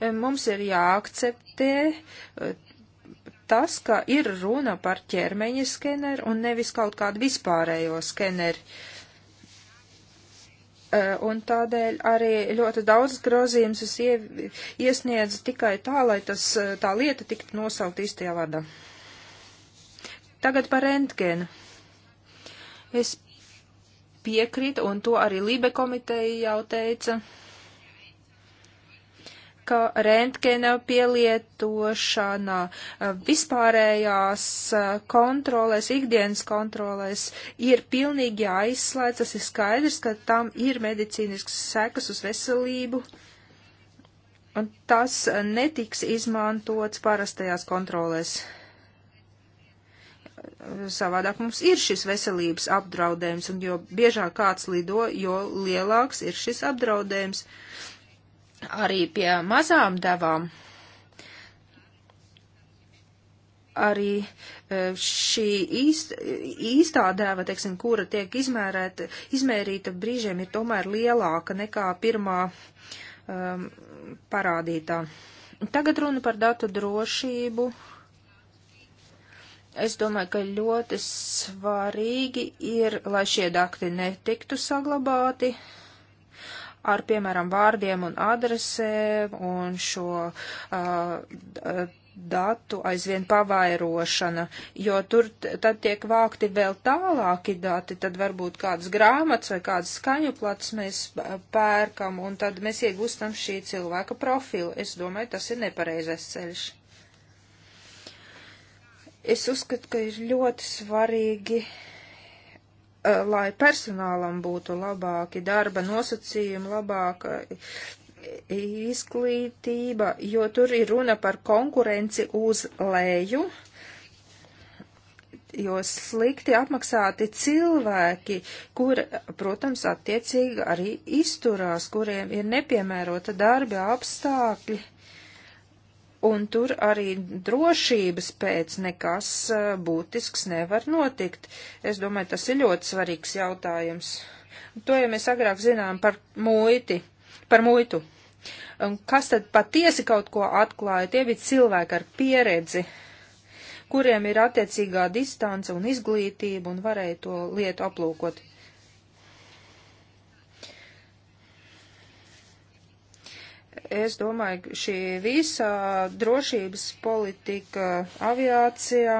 Speaker 3: Ehm, mums ir jāakceptē tas, ka ir runa par ķermeņa skeneru un nevis kaut kādu vispārējo skeneri. E, un tādēļ arī ļoti daudz grozījums es iesniedzu tikai tā, lai tas, e, tā lieta tiktu nosaukt īstajā vārdā. Tagad par rentgenu. Es piekrītu, un to arī Lībe komiteja jau teica ka rentgena pielietošana eh, vispārējās eh, kontrolēs, ikdienas kontrolēs ir pilnīgi aizslēdz. Tas ir skaidrs, ka tam ir medicīnisks sekas uz veselību. Un tas eh, netiks izmantots parastajās kontrolēs savādāk mums ir šis veselības apdraudējums, un jo biežāk kāds lido, jo lielāks ir šis apdraudējums arī pie mazām devām arī e, šī īst, īstā dēva, teiksim, kura tiek izmērēta, izmērīta brīžiem ir tomēr lielāka nekā pirmā um, parādītā. Tagad runa par datu drošību. Es domāju, ka ļoti svarīgi ir, lai šie dakti netiktu saglabāti. Uh, ar, piemēram, vārdiem un adresēm un šo uh, uh, datu aizvien pavairošana, jo tur tad tiek vākti vēl tālāki dati, tad varbūt kādas grāmatas vai kādas skaņu plats mēs uh, pērkam, un tad mēs iegūstam šī cilvēka profilu. Es domāju, tas ir nepareizais ceļš. Es uzskatu, ka ir ļoti svarīgi uh, Eh, lai personālam būtu labāki darba nosacījumi, labāka izglītība, jo tur ir runa par konkurenci uz leju, jo slikti apmaksāti cilvēki, kur, protams, attiecīgi arī izturās, kuriem ir nepiemērota darba apstākļi un tur arī drošības pēc nekas būtisks nevar notikt. Es domāju, tas ir ļoti svarīgs jautājums. To jau mēs agrāk zinām par muiti, par muitu. Un kas tad patiesi kaut ko atklāja? Tie bija cilvēki ar pieredzi, kuriem ir attiecīgā distance un izglītība un varēja to lietu aplūkot. es domāju, šī visa drošības politika aviācijā,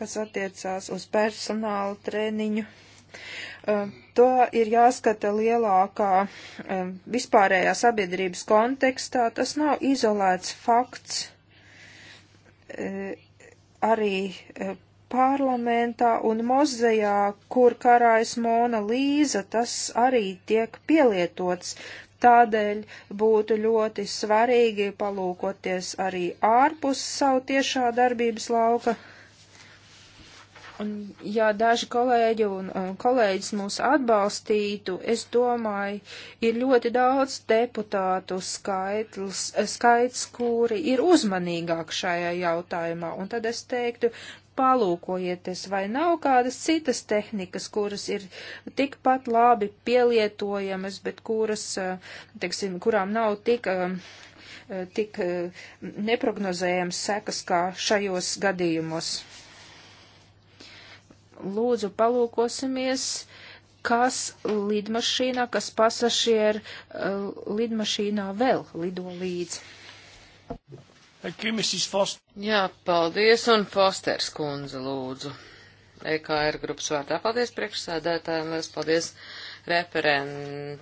Speaker 3: kas attiecās uz personāla treniņu, eh, to ir jāskata lielākā eh, vispārējā sabiedrības kontekstā. Tas nav izolēts fakts. Eh, arī parlamentā un mozejā, kur karājas Mona Līza, tas arī tiek pielietots. Tādēļ būtu ļoti svarīgi palūkoties arī ārpus savu tiešā darbības lauka. Un, ja daži kolēģi un kolēģis mūs atbalstītu, es domāju, ir ļoti daudz deputātu skaitls, skaits, kuri ir uzmanīgāk šajā jautājumā. Un tad es teiktu, palūkojieties, vai nav kādas citas tehnikas, kuras ir tikpat labi pielietojamas, bet kuras, eh, teiksim, kurām nav tik, eh, eh, tik neprognozējams sekas kā šajos gadījumos. Lūdzu, palūkosimies, kas lidmašīnā, kas pasažieru lidmašīnā vēl lido līdzi.
Speaker 2: Jā, paldies, un Fosters kundze lūdzu. EKR grupas vārdā paldies priekšsēdētājiem, liels paldies referentam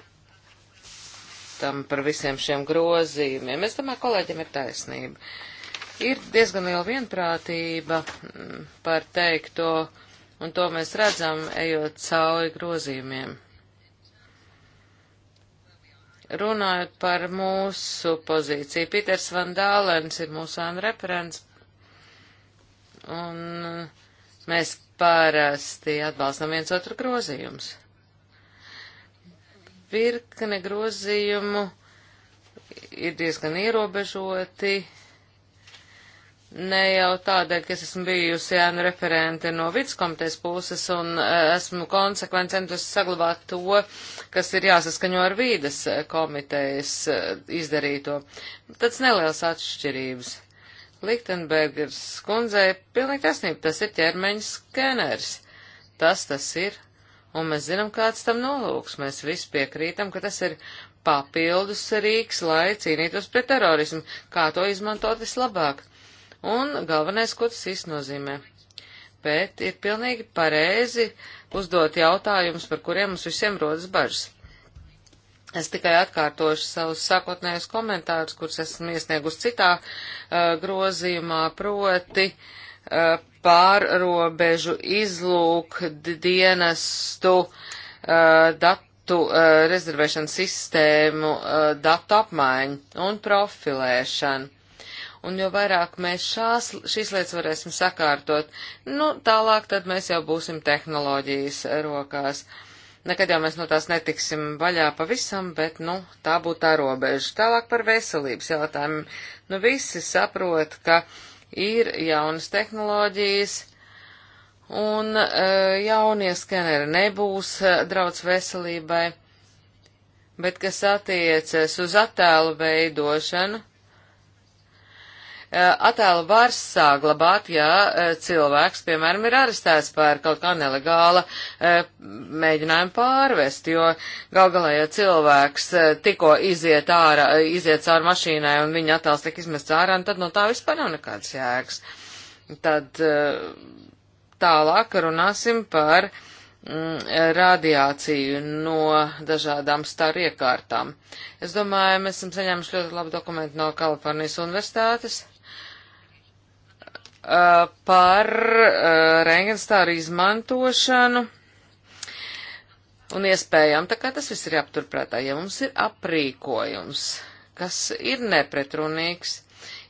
Speaker 2: par visiem šiem grozījumiem. Es domāju, kolēģiem ir taisnība. Ir diezgan liela vienprātība mm, par teikto, un to mēs redzam, ejot cauri grozījumiem. Runājot par mūsu pozīciju, Pīters Van Dālens ir mūsu anreferents, un mēs parasti atbalstam viens otru grozījumus. Virkne grozījumu ir diezgan ierobežoti, ne jau tādēļ, ka es esmu bijusi ēnu referente no vidskomitejas puses un eh, esmu konsekventi centusi saglabāt to, uh, kas ir jāsaskaņo ar vīdes eh, komitejas eh, izdarīto. Tāds neliels atšķirības. Liktenbergers kundzei pilnīgi taisnība, tas ir ķermeņa skeners. Tas tas ir. Un mēs zinām, kāds tam nolūks. Mēs visi piekrītam, ka tas ir papildus rīks, lai cīnītos pret terorismu, kā to izmantot vislabāk. Un galvenais, ko tas īsti nozīmē. Bet ir pilnīgi pareizi uh, uzdot jautājumus, par kuriem mums visiem rodas bažas. Es tikai atkārtošu savus sākotnējos komentārus, kurus esmu iesniegusi citā uh, grozījumā, proti uh, pārrobežu izlūk dienestu uh, datu uh, rezervēšanas sistēmu uh, datu apmaiņu un profilēšanu un jo vairāk mēs šās, šīs lietas varēsim sakārtot, nu, tālāk tad mēs jau būsim tehnoloģijas rokās. Nekad jau mēs no tās netiksim vaļā pavisam, bet, nu, tā būtu tā robeža. Tālāk par veselības jautājumu. Nu, visi saprot, ka ir jaunas tehnoloģijas, un e, jaunie skeneri nebūs eh, draudz veselībai, bet kas attiecas uz attēlu veidošanu, Eh, attēlu var saglabāt, ja eh, cilvēks, piemēram, ir arestēts par kaut kā nelegāla eh, mēģinājumu pārvest, jo gal galā, ja cilvēks tikko iziet ārā, iziet cauri mašīnai un viņa attēls tiek izmests ārā, nu, tad no tā vispār nav nekāds jēgas. Tad tālāk runāsim par mm, radiāciju no dažādām staru iekārtām. Es domāju, mēs esam saņēmuši ļoti labu dokumentu no Kalifornijas universitātes. Uh, par uh, rengenstāru izmantošanu un iespējām. Tā kā tas viss ir jāpaturprātā, ja mums ir aprīkojums, kas ir nepretrunīgs,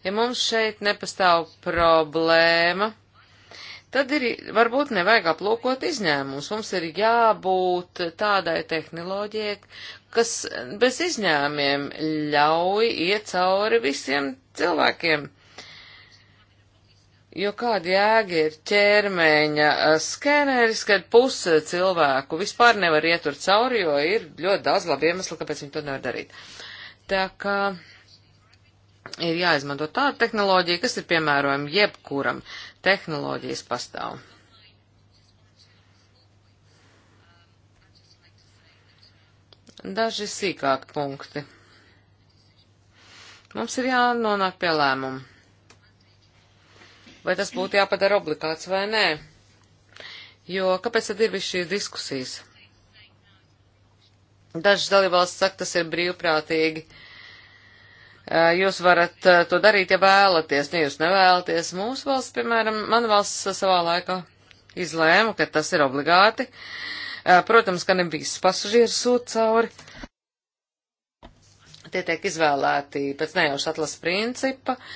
Speaker 2: ja mums šeit nepastāv problēma, tad ir, varbūt nevajag aplūkot izņēmumus. Mums ir jābūt tādai tehnoloģijai, kas bez izņēmiem ļauj iet cauri visiem cilvēkiem. Jo kāda jēga ir ķermeņa eh, skeneris, kad puse cilvēku vispār nevar ietur cauri, jo ir ļoti daudz labi iemesli, kāpēc viņi to nevar darīt. Tā kā ir jāizmanto tāda tehnoloģija, kas ir piemērojama jebkuram. Tehnoloģijas pastāv. Daži sīkāki punkti. Mums ir jānonāk pie lēmumu vai tas būtu jāpadara obligāts vai nē. Jo kāpēc tad ir viss šīs diskusijas? Dažas dalībvalsts saka, tas ir brīvprātīgi. Jūs varat to darīt, ja vēlaties, ja jūs nevēlaties. Mūsu valsts, piemēram, man valsts savā laikā izlēma, ka tas ir obligāti. Protams, ka ne visus pasažierus sūt cauri. Tie tiek izvēlēti pēc nejauša atlases principa. Uh,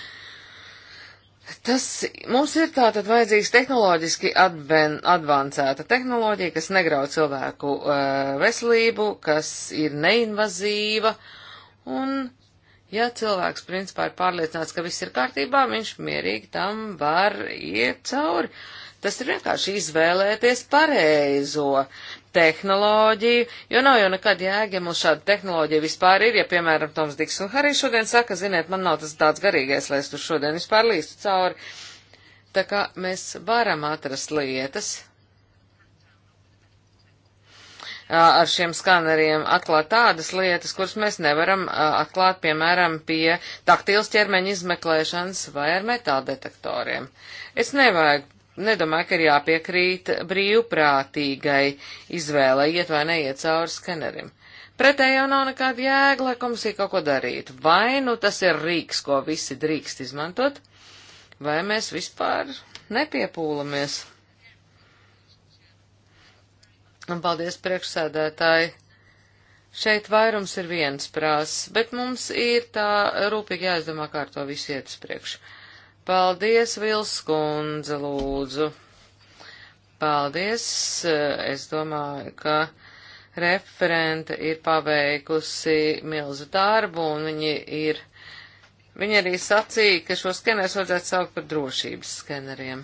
Speaker 2: Tas mums ir tātad vajadzīgs tehnoloģiski adven, advancēta tehnoloģija, kas negrauj cilvēku uh, veselību, kas ir neinvazīva, un ja cilvēks principā ir pārliecināts, ka viss ir kārtībā, viņš mierīgi tam var iet cauri. Tas ir vienkārši izvēlēties pareizo tehnoloģiju, jo nav jau nekad jēga, ja mums šāda tehnoloģija vispār ir, ja, piemēram, Toms Diks un Harijs šodien saka, ziniet, man nav tas tāds garīgais, lai es tur šodien vispār līstu cauri. Tā kā mēs varam atrast lietas ar šiem skaneriem atklāt tādas lietas, kuras mēs nevaram atklāt, piemēram, pie taktīls ķermeņa izmeklēšanas vai ar metāldetektoriem. Es nevajag nedomāju, ka ir jāpiekrīt brīvprātīgai izvēlei iet vai neiet cauri skanerim. Pretēji jau nav nekāda jēga, lai komisija kaut ko darītu. Vai nu tas ir rīks, ko visi drīkst izmantot, vai mēs vispār nepiepūlamies. Un paldies priekšsēdētāji. Šeit vairums ir viens prās, bet mums ir tā rūpīgi jāizdomā, kā ar to visu iet uz priekšu. Paldies, Vilskundze, lūdzu. Paldies. Es domāju, ka referente ir paveikusi milzu darbu, un viņi ir, viņi arī sacīja, ka šo skeneru vajadzētu saukt par drošības skeneriem.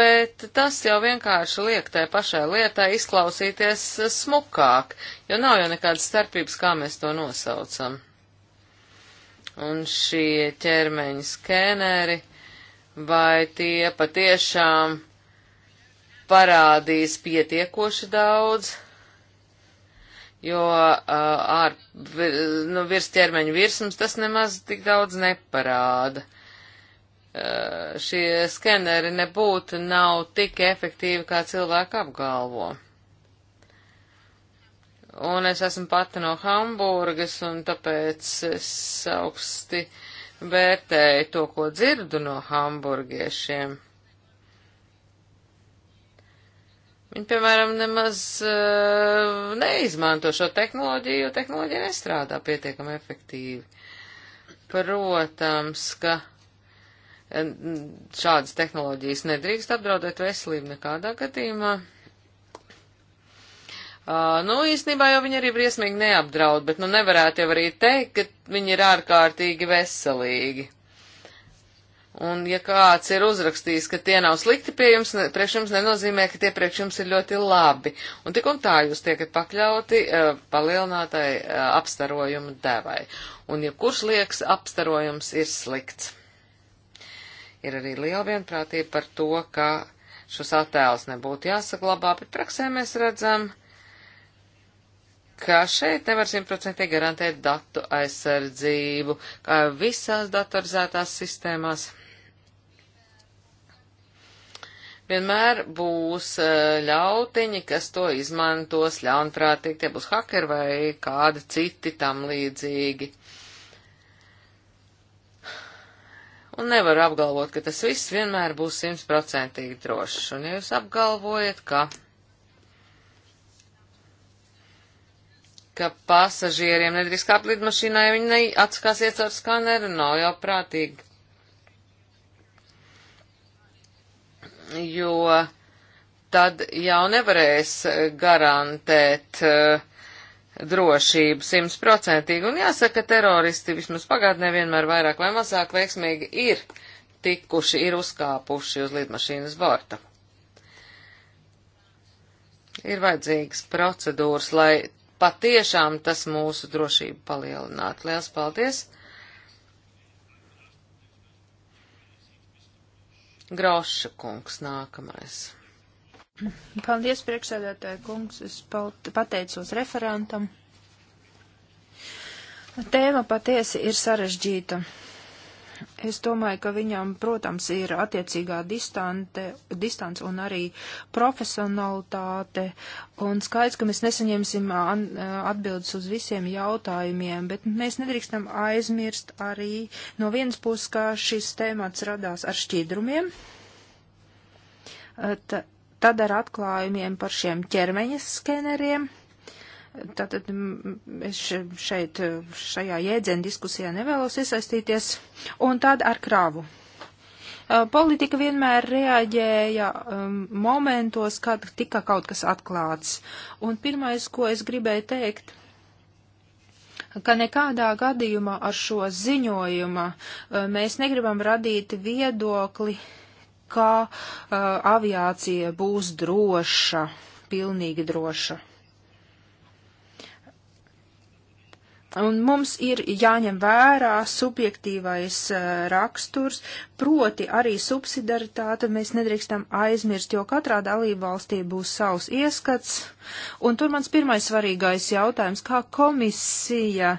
Speaker 2: Bet tas jau vienkārši liek tai pašai lietai izklausīties smukāk, jo nav jau nekādas starpības, kā mēs to nosaucam un šie ķermeņa skeneri, vai tie patiešām parādīs pietiekoši daudz, jo uh, ār, vir, nu, virs ķermeņa virsmas tas nemaz tik daudz neparāda. Uh, šie skeneri nebūtu nav tik efektīvi, kā cilvēki apgalvo. Un es esmu pati no Hamburgas, un tāpēc es augsti vērtēju to, ko dzirdu no hamburgiešiem. Viņi, piemēram, nemaz uh, neizmanto šo tehnoloģiju, jo tehnoloģija nestrādā pietiekami efektīvi. Protams, ka eh, šādas tehnoloģijas nedrīkst apdraudēt veselību nekādā gadījumā. Uh, nu, īstenībā jau viņi arī briesmīgi neapdraud, bet nu nevarētu jau arī teikt, ka viņi ir ārkārtīgi veselīgi. Un ja kāds ir uzrakstījis, ka tie nav slikti pie jums, priekš jums nenozīmē, ka tie priekš jums ir ļoti labi. Un tik un tā jūs tiekat pakļauti uh, palielinātai uh, apstarojuma devai. Un ja kurš liekas, apstarojums ir slikts. Ir arī liela vienprātība par to, ka šos attēlus nebūtu jāsaglabā, bet praksē mēs redzam, uh, ka šeit nevar simtprocentīgi garantēt datu aizsardzību, kā visās datorizētās sistēmās. Vienmēr būs e, ļautiņi, kas to izmantos ļaunprātīgi, tie būs hakeri vai kādi citi tam līdzīgi. un nevar apgalvot, ka tas viss vienmēr būs simtprocentīgi drošs. Un ja jūs apgalvojat, ka ka pasažieriem nedrīkst kāpt lidmašīnā, ja viņi neatskāsies ar skaneru, nav jau prātīgi. Jo tad jau nevarēs garantēt uh, drošību simtprocentīgi. Un jāsaka, teroristi vismaz pagātnē vienmēr vairāk vai mazāk veiksmīgi ir tikuši, ir uzkāpuši uz lidmašīnas borta. Ir vajadzīgas procedūras, lai patiešām tas mūsu drošību palielinātu. Liels paldies! Grauša kungs nākamais.
Speaker 3: Paldies, priekšsēdētāja kungs. Es pateicos referentam. Tēma patiesi ir sarežģīta. Es domāju, ka viņam, protams, ir attiecīgā distante, distance un arī profesionalitāte. Un skaidrs, ka mēs nesaņemsim uh, uh, atbildes uz visiem jautājumiem, bet mēs nedrīkstam aizmirst arī no vienas puses, kā šis tēmats radās ar šķidrumiem, uh, tad ar atklājumiem par šiem ķermeņa skeneriem. Tātad mm, es šeit šajā jēdzienu diskusijā nevēlos iesaistīties. Un tad ar kravu. Politika vienmēr reaģēja um, momentos, kad tika kaut kas atklāts. Un pirmais, ko es gribēju teikt, ka nekādā gadījumā ar šo ziņojumu mēs negribam radīt viedokli, ka uh, aviācija būs droša, pilnīgi droša. Un mums ir jāņem vērā subjektīvais uh, raksturs, proti arī subsidaritāte mēs nedrīkstam aizmirst, jo katrā dalība valstī būs savs ieskats. Un tur mans pirmais svarīgais jautājums, kā komisija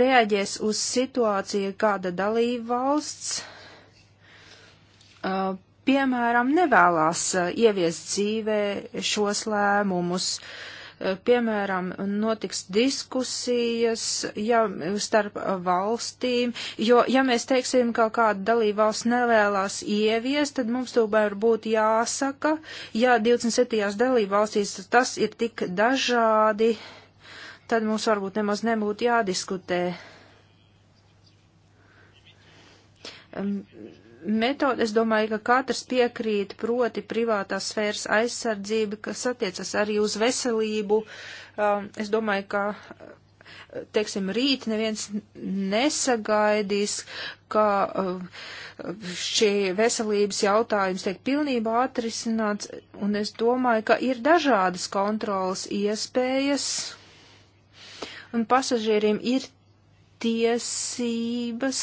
Speaker 3: reaģēs uz situāciju, kāda dalība valsts, uh, eh, piemēram, nevēlās uh, ieviest dzīvē šos lēmumus. Uh, Eh, piemēram, notiks diskusijas ja, starp eh, valstīm, jo, ja mēs teiksim, ka kāda dalībvalsts nevēlās ievies, tad mums tomēr būtu jāsaka, ja 27. dalībvalstīs tas ir tik dažādi, tad mums varbūt nemaz nebūtu jādiskutē. Um, metodi, es domāju, ka katrs piekrīt proti privātās sfēras aizsardzība, kas attiecas arī uz veselību. Um, es domāju, ka, teiksim, rīt neviens nesagaidīs, ka um, šī veselības jautājums tiek pilnībā atrisināts, un es domāju, ka ir dažādas kontrolas iespējas un pasažieriem ir tiesības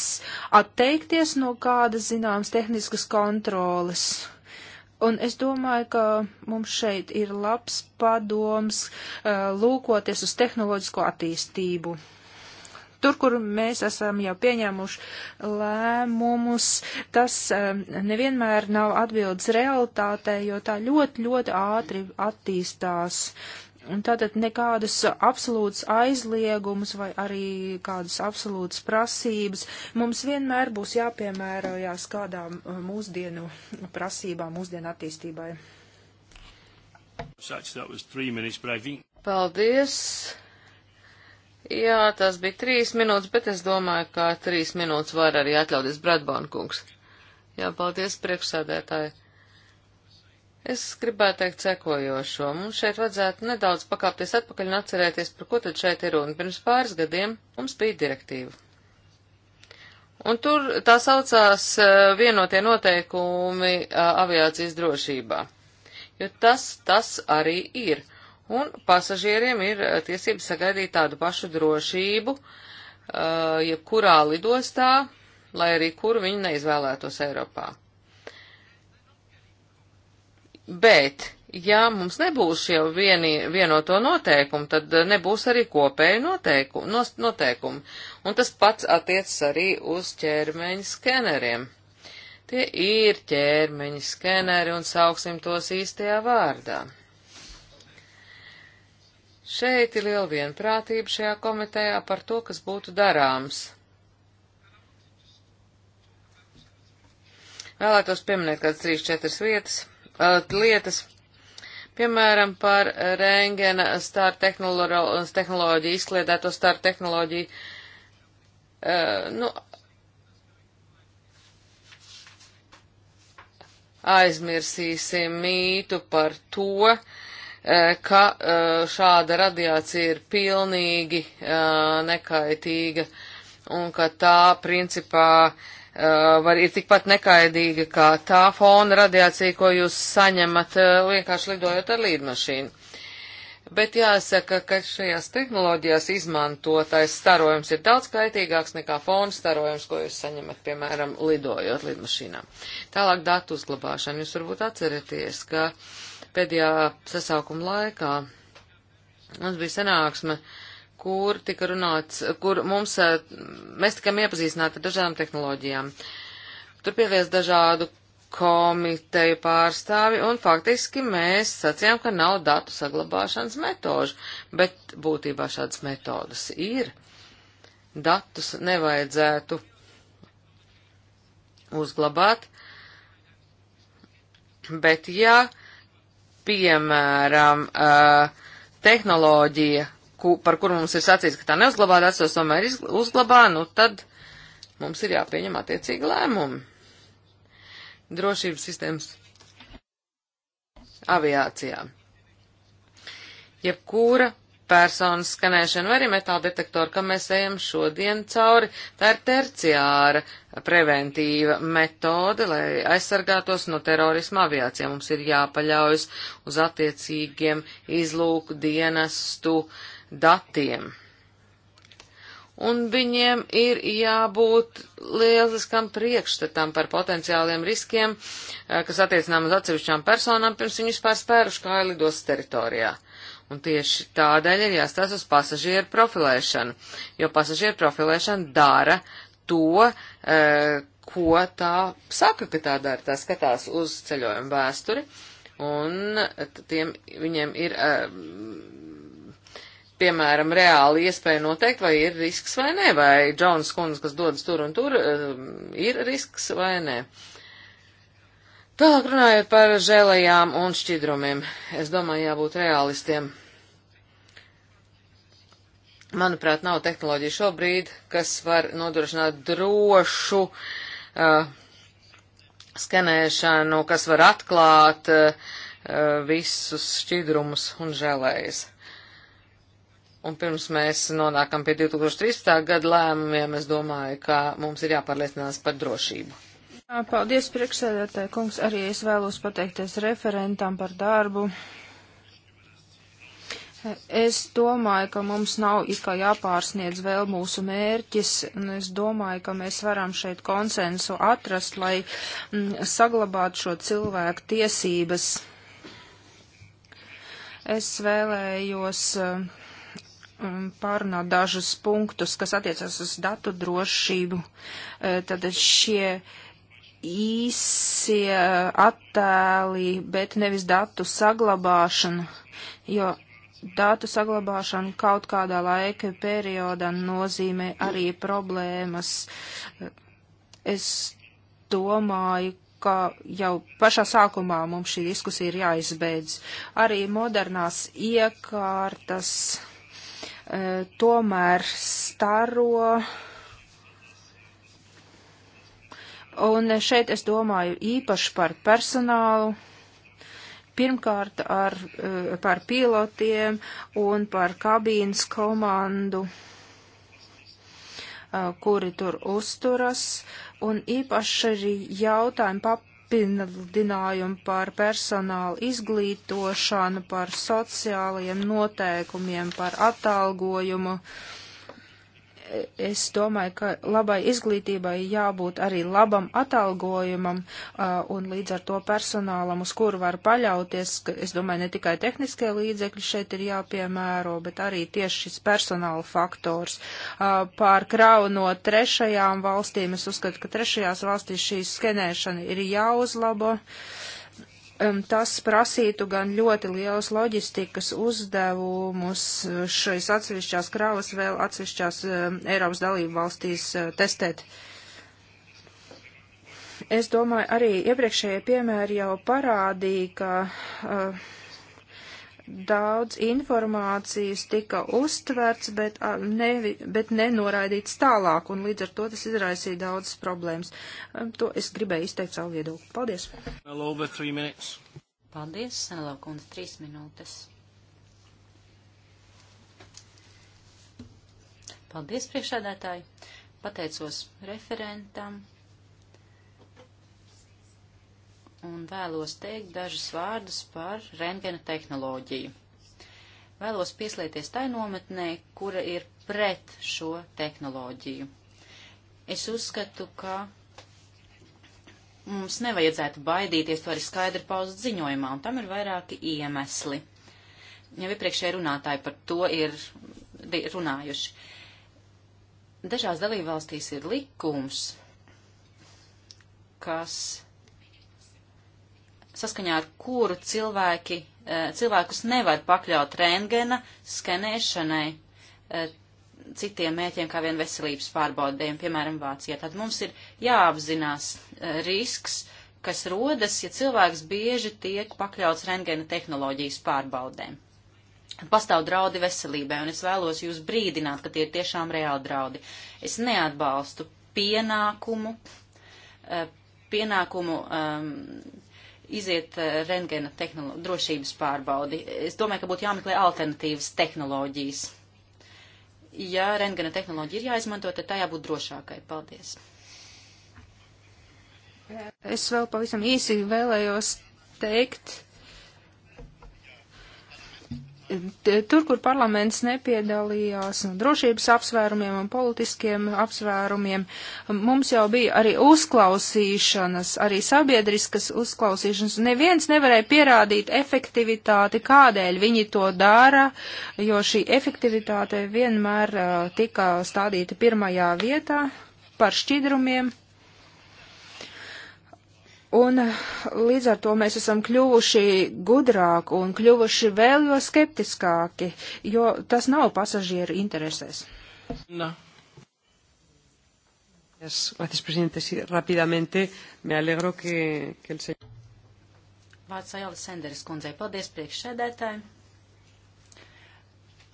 Speaker 3: atteikties no kādas zināmas tehniskas kontroles. Un es domāju, ka mums šeit ir labs padoms eh, lūkoties uz tehnoloģisko attīstību. Tur, kur mēs esam jau pieņēmuši lēmumus, tas eh, nevienmēr nav atbildes realitātei, jo tā ļoti, ļoti ātri attīstās. Uh, Tātad nekādus absolūtus aizliegumus vai arī kādus absolūtus prasības. Mums vienmēr būs jāpiemērojās kādām uh, mūsdienu prasībām,
Speaker 2: mūsdienu attīstībai. Paldies! Jā, tas bija trīs minūtes, bet es domāju, ka trīs minūtes var arī atļauties Bradbānkungs. Jā, paldies priekšsēdētāji. Es gribētu teikt sekojošo. Mums šeit vajadzētu nedaudz pakāpties atpakaļ un atcerēties, par ko tad šeit ir runa. Pirms pāris gadiem mums bija direktīva. Un tur tā saucās eh, vienotie noteikumi eh, aviācijas drošībā. Jo tas, tas arī ir. Un pasažieriem ir eh, tiesības sagaidīt tādu pašu drošību, jebkurā lidostā, lai arī kuru viņi neizvēlētos Eiropā. Bet, ja mums nebūs jau vieni, vienoto noteikumu, tad eh, nebūs arī kopēji noteikumi, noteikumi. Un tas pats attiecas arī uz ķermeņa skeneriem. Tie ir ķermeņa skeneri un sauksim tos īstajā vārdā. Šeit ir liela vienprātība šajā komitejā par to, kas būtu darāms. Vēlētos pieminēt kādas 3-4 vietas, Uh, lietas. Piemēram, par rengena stāru tehnoloģiju, izkliedēto stāru tehnoloģiju. Uh, nu, aizmirsīsim mītu par to, uh, ka uh, šāda radiācija ir pilnīgi uh, nekaitīga un ka tā principā uh, Uh, var ir tikpat nekaidīga kā tā fona radiācija, ko jūs saņemat uh, vienkārši lidojot ar līdmašīnu. Bet jāsaka, ka šajās tehnoloģijās izmantotais starojums ir daudz kaitīgāks nekā fona starojums, ko jūs saņemat, piemēram, lidojot lidmašīnā. Tālāk datu uzglabāšana. Jūs varbūt atceraties, ka pēdējā sasaukuma laikā mums bija sanāksme uh, kur tika runāts, kur mums, eh, mēs tikam iepazīstināti ar dažādām tehnoloģijām. Tur piedalījās dažādu komiteju pārstāvi, un faktiski mēs sacījām, ka nav datu saglabāšanas metožu, bet būtībā šādas metodas ir. Datus nevajadzētu uzglabāt, bet ja, piemēram, eh, tehnoloģija ku, par kur mums ir sacīts, ka tā neuzglabā datus, tomēr uzglabā, nu tad mums ir jāpieņem attiecīgi lēmumi. Drošības sistēmas aviācijā. Jebkura personas skanēšana vai arī metāla detektora, kam mēs ejam šodien cauri, tā ir terciāra preventīva metode, lai aizsargātos no terorisma aviācijā. Mums ir jāpaļaujas uz attiecīgiem izlūku dienestu uh, datiem. Un viņiem ir jābūt lieliskam priekšstatam par potenciāliem riskiem, eh, kas attiecinām uz atsevišķām personām, pirms viņi vispār spēruši kāju lidos teritorijā. Un tieši tādēļ ir jāstāsta uz pasažieru profilēšanu, jo pasažieru profilēšana dara to, eh, ko tā saka, ka tā dara. Tā skatās uz ceļojumu vēsturi, un tiem, viņiem ir eh, piemēram, reāli iespēja noteikt, vai ir risks vai nē, vai Džons kundze, kas dodas tur un tur, um, ir risks vai nē. Tālāk runājot par žēlējām un šķidrumiem, es domāju, jābūt realistiem. Manuprāt, nav tehnoloģija šobrīd, kas var nodrošināt drošu uh, skanēšanu, kas var atklāt uh, uh, visus šķidrumus un žēlējas. Uh, Un pirms mēs nonākam pie 2013. gada lēmumiem, es domāju, ka mums ir jāpārliecinās par drošību.
Speaker 3: Paldies, priekšsēdētāji kungs. Arī es vēlos pateikties referentam par darbu. Es domāju, ka mums nav it kā jāpārsniedz vēl mūsu mērķis, un es domāju, ka mēs varam šeit konsensu atrast, lai m, mm, saglabātu šo cilvēku tiesības. Es vēlējos uh, pārunāt dažus punktus, kas attiecas uz datu drošību. E, tad šie īsie attēli, bet nevis datu saglabāšana, jo datu saglabāšana kaut kādā laika periodā nozīmē arī problēmas. E, es domāju, ka jau pašā sākumā mums šī diskusija ir jāizbeidz. Arī modernās iekārtas E, tomēr staro. Un šeit es domāju īpaši par personālu, pirmkārt ar, e, par pilotiem un par kabīnas komandu, e, kuri tur uzturas, un īpaši arī jautājumi papildinājumu par personālu izglītošanu, par sociālajiem noteikumiem, par atalgojumu. Uh, es domāju, ka labai izglītībai jābūt arī labam atalgojumam un līdz ar to personālam, uz kuru var paļauties. Es domāju, ne tikai tehniskie līdzekļi šeit ir jāpiemēro, bet arī tieši šis personāla faktors. Pār kravu no trešajām valstīm es uzskatu, ka trešajās valstīs šī skenēšana ir jāuzlabo. Uh, um, tas prasītu gan ļoti lielus loģistikas uzdevumus šais atsevišķās kravas vēl atsevišķās um, Eiropas dalību valstīs uh, testēt. Es domāju, arī iepriekšējie piemēri jau parādīja, ka uh, daudz informācijas tika uztverts, bet, ne, bet nenoraidīts tālāk, un līdz ar to tas izraisīja daudzas problēmas. To es gribēju izteikt savu viedokli. Paldies! Paldies, Sēlā kundze, trīs minūtes.
Speaker 4: Paldies, priekšādātāji! Pateicos referentam un vēlos teikt dažus vārdus par rentgena tehnoloģiju. Vēlos pieslēties tai nometnē, kura ir pret šo tehnoloģiju. Es uzskatu, ka mums nevajadzētu baidīties, to arī skaidri paust ziņojumā, un tam ir vairāki iemesli. Jau iepriekšēji runātāji par to ir runājuši. Dažās dalībvalstīs ir likums, kas saskaņā ar kuru cilvēki, e, cilvēkus nevar pakļaut rengena skenēšanai e, citiem mēķiem kā vien veselības pārbaudēm, piemēram, Vācijā. Tad mums ir jāapzinās e, risks, kas rodas, ja cilvēks bieži tiek pakļauts rengena tehnoloģijas pārbaudēm. Pastāv draudi veselībai, un es vēlos jūs brīdināt, ka tie ir tiešām reāli draudi. Es neatbalstu pienākumu, pienākumu um, iziet eh, rentgena drošības pārbaudi. Es domāju, ka būtu jāmeklē alternatīvas tehnoloģijas. Ja rentgena tehnoloģija ir jāizmanto, tad tā jābūt drošākai. Paldies!
Speaker 3: Es vēl pavisam īsi vēlējos teikt, Tur, kur parlaments nepiedalījās no drošības apsvērumiem un politiskiem apsvērumiem, mums jau bija arī uzklausīšanas, arī sabiedriskas uzklausīšanas. Neviens nevarēja pierādīt efektivitāti, kādēļ viņi to dara, jo šī efektivitāte vienmēr tika stādīta pirmajā vietā par šķidrumiem Un eh, līdz ar to mēs esam kļuvuši gudrāki un kļuvuši vēl jo skeptiskāki, jo tas
Speaker 2: nav pasažieru interesēs. No. Gracias, gracias, presidente. Sí, rápidamente me alegro que, que el señor.
Speaker 4: Vārds Aila Senderes kundzei. Paldies priekšsēdētājiem.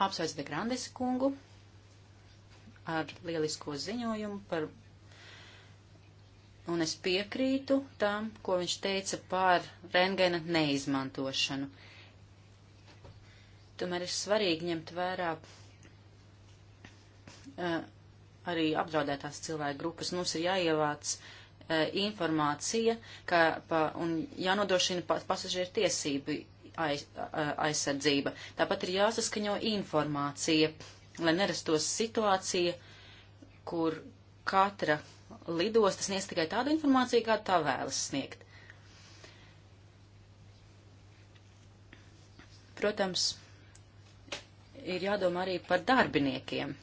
Speaker 4: Apsveic de Grandes kungu ar lielisko ziņojumu par un es piekrītu tam, ko viņš teica par rengena neizmantošanu. Tomēr ir svarīgi ņemt vērā uh, arī apdraudētās cilvēku grupas. Mums ir jāievāc uh, informācija ka, pa, un jānodrošina pa, pasažieru tiesību aiz, uh, aizsardzība. Tāpat ir jāsaskaņo informācija, lai nerastos situācija, kur katra lidosta sniedz tikai tādu informāciju, kā tā vēlas sniegt. Protams, ir jādomā arī par darbiniekiem.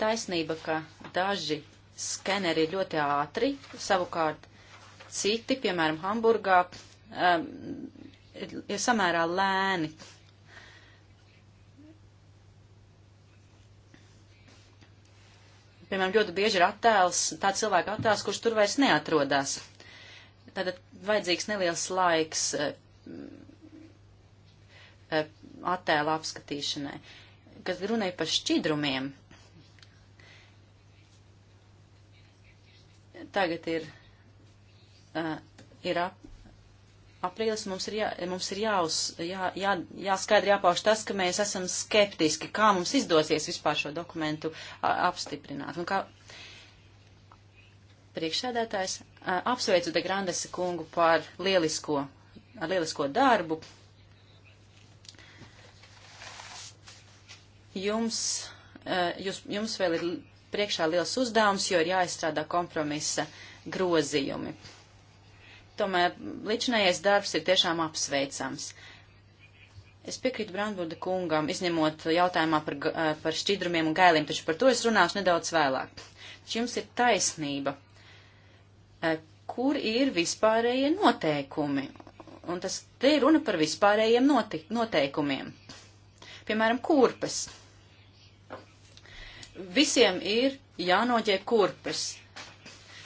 Speaker 4: Taisnība, ka daži skeneri ir ļoti ātri, savukārt citi, piemēram, Hamburgā, um, ir, ir samērā lēni piemēram, ļoti bieži ir attēls, tāds cilvēka attēls, kurš tur vairs neatrodas. Tātad vajadzīgs neliels laiks eh, eh, attēla apskatīšanai. Kad runāja par šķidrumiem, tagad ir, eh, ir ap, aprīlis mums ir, jā, mums ir jāuz, jā, jā, jāskaidri jāpauž tas, ka mēs esam skeptiski, kā mums izdosies vispār šo dokumentu a, apstiprināt. Un kā priekšsēdētājs a, apsveicu De Grandesa kungu par lielisko, ar lielisko darbu. Jums, a, jūs, jums vēl ir priekšā liels uzdevums, jo ir jāizstrādā kompromisa grozījumi tomēr ličinējies darbs ir tiešām apsveicams. Es piekrītu Brandbuda kungam, izņemot jautājumā par, eh, par šķidrumiem un gailiem, taču par to es runāšu nedaudz vēlāk. Taču jums ir taisnība. Eh, kur ir vispārējie noteikumi? Un tas te ir runa par vispārējiem noti, noteikumiem. Piemēram, kurpes. Visiem ir jānoģē kurpes.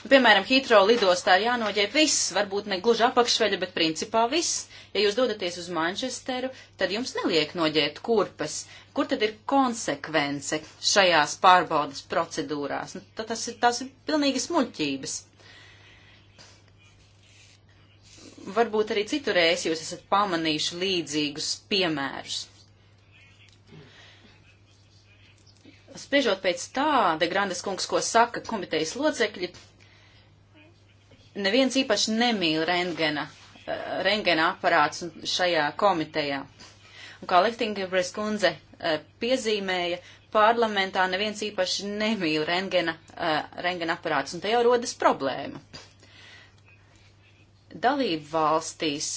Speaker 4: Nu, piemēram, Hitro lidostā jānoģēp viss, varbūt ne gluži apakšveļa, bet principā viss. Ja jūs dodaties uz Manchesteru, tad jums neliek noģēt kurpes. Kur tad ir konsekvence šajās pārbaudas procedūrās? Nu, tas, ir, tas ir pilnīgi smuļķības. Varbūt arī citurēs jūs esat pamanījuši līdzīgus piemērus. Spriežot pēc tā, de Grandes kungs, ko saka komitejas locekļi, neviens īpaši nemīl rengena, eh, rengena aparāts šajā komitejā. Un kā Lektingebres kundze eh, piezīmēja, parlamentā neviens īpaši nemīl rengena, eh, rengena aparāts, un te jau rodas problēma. Dalību valstīs.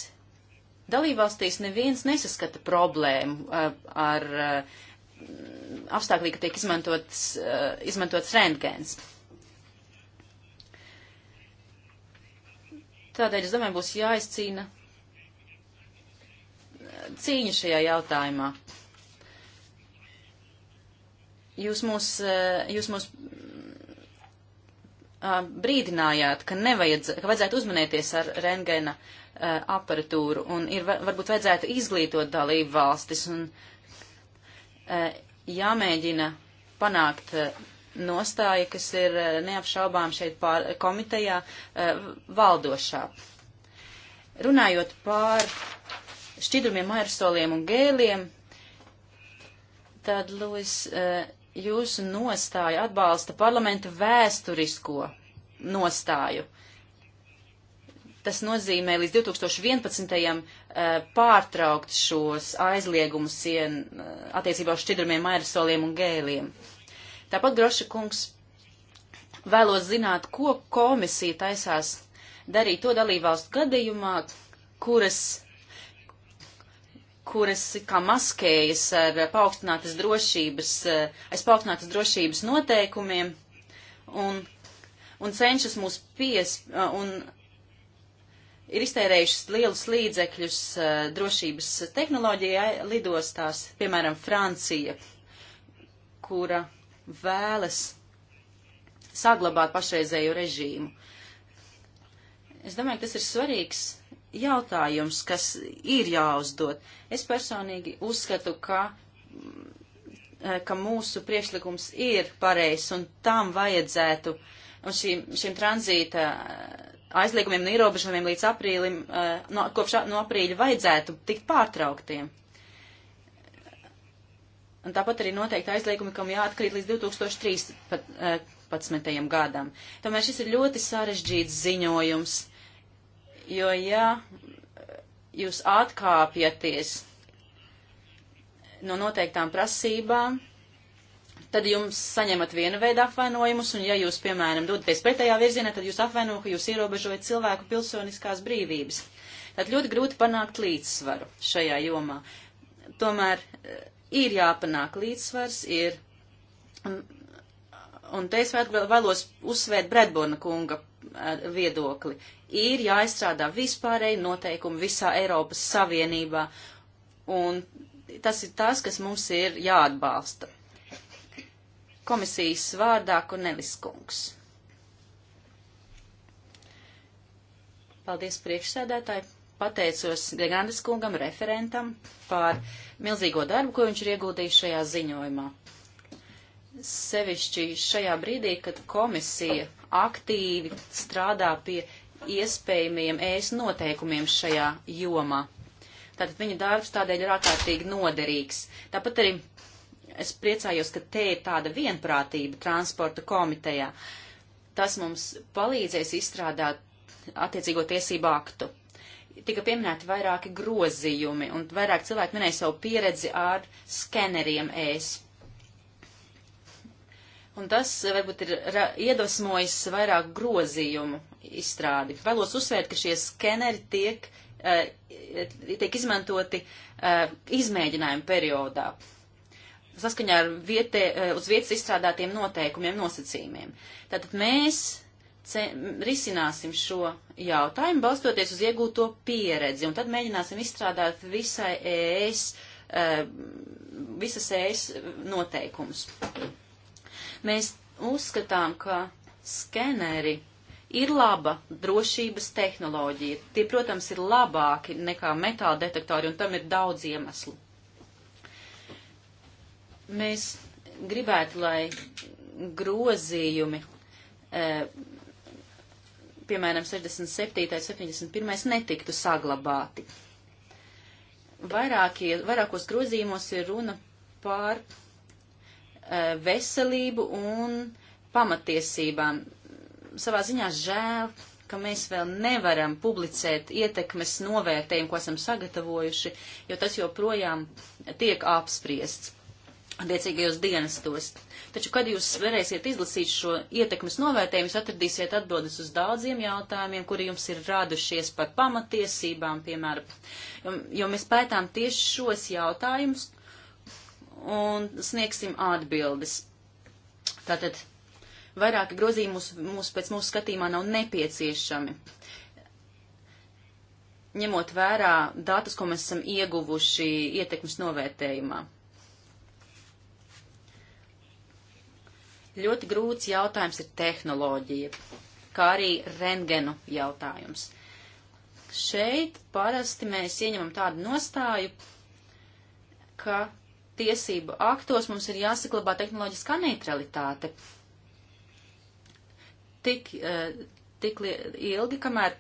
Speaker 4: Dalību valstīs neviens nesaskata problēmu ar apstākļī, ka tiek izmantots, izmantots rengēns. Tādēļ, es domāju, būs jāizcīna cīņa šajā jautājumā. Jūs mūs, eh, jūs mūs eh, brīdinājāt, ka, nevajadz, ka vajadzētu uzmanēties ar rengēna eh, aparatūru un ir, varbūt vajadzētu izglītot dalību valstis un jāmēģina panākt nostāja, kas ir eh, neapšaubām šeit pār, komitejā eh, valdošā. Runājot pār šķidrumiem, aerosoliem un gēliem, tad, Lūis, eh, jūsu nostāja atbalsta parlamenta vēsturisko nostāju. Tas nozīmē līdz 2011. pārtraukt šos aizliegumus attiecībā uz šķidrumiem, aerosoliem un gēliem. Uh, Tāpat Groša kungs vēlos zināt, ko komisija taisās darīt to dalībvalstu gadījumā, kuras, kuras kā maskējas ar paaugstinātas drošības, aiz paaugstinātas drošības noteikumiem un, un cenšas mūs pies un ir iztērējušas lielus līdzekļus eh, drošības tehnoloģijai lidostās, piemēram, Francija, kura vēlas saglabāt pašreizējo režīmu. Es domāju, ka tas ir svarīgs jautājums, kas ir jāuzdod. Es personīgi uzskatu, ka, mm, ka mūsu priekšlikums ir pareizs un tam vajadzētu, un šīm, šīm tranzīta eh, aizliegumiem un ierobežojumiem līdz aprīlim, eh, no, kopš no aprīļa vajadzētu tikt pārtrauktiem. Un tāpat arī noteikti aizliegumi, kam jāatkrīt līdz 2013. gadam. Tomēr šis ir ļoti sarežģīts ziņojums, jo ja jūs atkāpjaties no noteiktām prasībām, tad jums saņemat viena veida apvainojumus, un ja jūs, piemēram, dodaties pretējā virzienā, tad jūs apvaino, ka jūs ierobežojat cilvēku pilsoniskās brīvības. Tad ļoti grūti panākt līdzsvaru šajā jomā. Tomēr ir jāpanāk līdzsvars, ir, un, un te es vēlos uzsvērt Bredbona kunga eh, viedokli, ir jāizstrādā vispārēji noteikumi visā Eiropas Savienībā, un tas ir tas, kas mums ir jāatbalsta. Komisijas vārdā Kornelis Kungs. Paldies priekšsēdētāji pateicos Degandes kungam, referentam, par milzīgo darbu, ko viņš ir ieguldījis šajā ziņojumā. Sevišķi šajā brīdī, kad komisija aktīvi strādā pie iespējamiem ēs noteikumiem šajā jomā. Tātad viņa darbs tādēļ ir ārkārtīgi noderīgs. Tāpat arī es priecājos, ka te ir tāda vienprātība transporta komitejā. Tas mums palīdzēs izstrādāt attiecīgo tiesību aktu tika pieminēti vairāki grozījumi, un vairāk cilvēki minēja savu pieredzi ar skeneriem ēs. Un tas varbūt ir iedvesmojis vairāk grozījumu izstrādi. Vēlos uzsvērt, ka šie skeneri tiek, eh, tiek izmantoti eh, izmēģinājumu periodā saskaņā ar vietē, eh, uz vietas izstrādātiem noteikumiem, nosacījumiem. Tātad mēs risināsim šo jautājumu, balstoties uz iegūto pieredzi, un tad mēģināsim izstrādāt visai ES, e, visas ES noteikumus. Mēs uzskatām, ka skeneri ir laba drošības tehnoloģija. Tie, protams, ir labāki nekā metāla detektori, un tam ir daudz iemeslu. Mēs gribētu, lai grozījumi e, piemēram, 67. un 71. netiktu saglabāti. Vairākie, vairākos grozījumos ir runa par e, veselību un pamatiesībām. Savā ziņā žēl, ka mēs vēl nevaram publicēt ietekmes novērtējumu, ko esam sagatavojuši, jo tas joprojām tiek apspriests attiecīgajos dienestos. Taču, kad jūs varēsiet izlasīt šo ietekmes novērtējumu, jūs atradīsiet atbildes uz daudziem jautājumiem, kuri jums ir radušies par pamatiesībām, piemēram. Jo, jo mēs pētām tieši šos jautājumus un sniegsim atbildes. Tātad vairāki grozījumi mūs, mūs pēc mūsu skatījumā nav nepieciešami. Ņemot vērā datus, ko mēs esam ieguvuši ietekmes novērtējumā. Ļoti grūts jautājums ir tehnoloģija, kā arī rengenu jautājums. Šeit parasti mēs ieņemam tādu nostāju, ka tiesību aktos mums ir jāsaglabā tehnoloģiskā neutralitāte. Tik, eh, tik ilgi, kamēr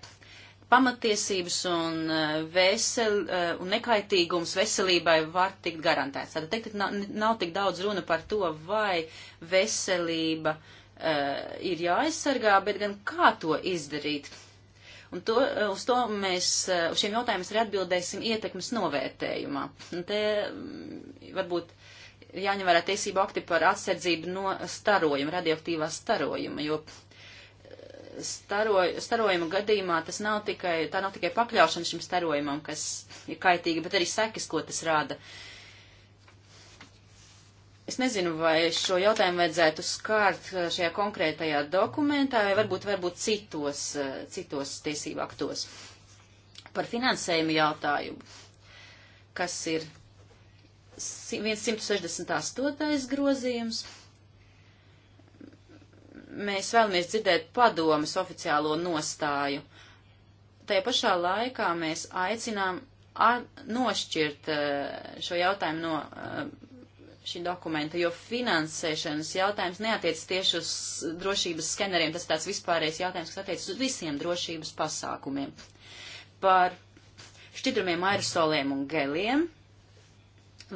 Speaker 4: pamatiesības un, eh, vesel, eh, un nekaitīgums veselībai var tikt garantēts. Tātad teikt, nav, nav tik daudz runa par to, vai veselība uh, ir jāaizsargā, bet gan kā to izdarīt. Un to, uz to mēs, uz šiem jautājumiem arī atbildēsim ietekmes novērtējumā. Un te mm, varbūt jāņem vērā tiesību akti par atsardzību no starojuma, radioaktīvā starojuma, jo staro, starojuma gadījumā tas nav tikai, tā nav tikai pakļaušana šim starojumam, kas ir kaitīga, bet arī sekas, ko tas rada. Es nezinu, vai šo jautājumu vajadzētu skārt uh, šajā konkrētajā dokumentā, vai varbūt, varbūt citos, uh, citos tiesību aktos. Par finansējumu jautājumu, kas ir 168. grozījums mēs vēlamies dzirdēt padomas oficiālo nostāju. Tajā pašā laikā mēs aicinām nošķirt e, šo jautājumu no e, šī dokumenta, jo finansēšanas jautājums neatiec tieši uz drošības skeneriem. Tas ir tāds vispārējais jautājums, kas attiecas uz visiem drošības pasākumiem. Par šķidrumiem, aerosoliem un geliem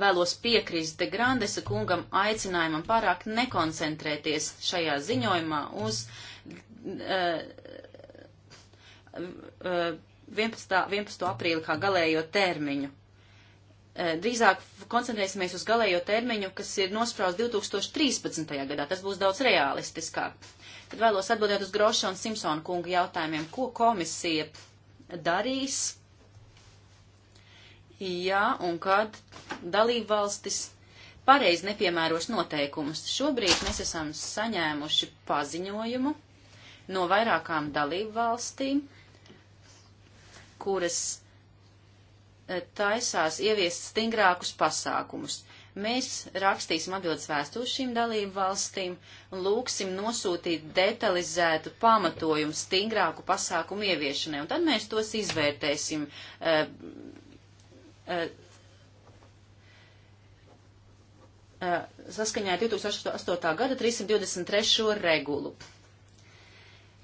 Speaker 4: vēlos piekrist De Grandesa kungam aicinājumam pārāk nekoncentrēties šajā ziņojumā uz uh, uh, 11. 11. aprīli kā galējo termiņu. Uh, drīzāk koncentrēsimies uz galējo termiņu, kas ir nospraust 2013. gadā. Tas būs daudz realistiskāk. Tad vēlos atbildēt uz Groša un Simpsona kunga jautājumiem, ko komisija darīs ja un kad dalībvalstis pareizi nepiemēros noteikumus. Šobrīd mēs esam saņēmuši paziņojumu no vairākām dalībvalstīm, kuras e, taisās ieviest stingrākus pasākumus. Mēs rakstīsim atbildes vēstules šīm dalību valstīm un lūksim nosūtīt detalizētu pamatojumu stingrāku pasākumu ieviešanai, un tad mēs tos izvērtēsim e, Eh, eh, saskaņā ar 2008. gada 323. regulu.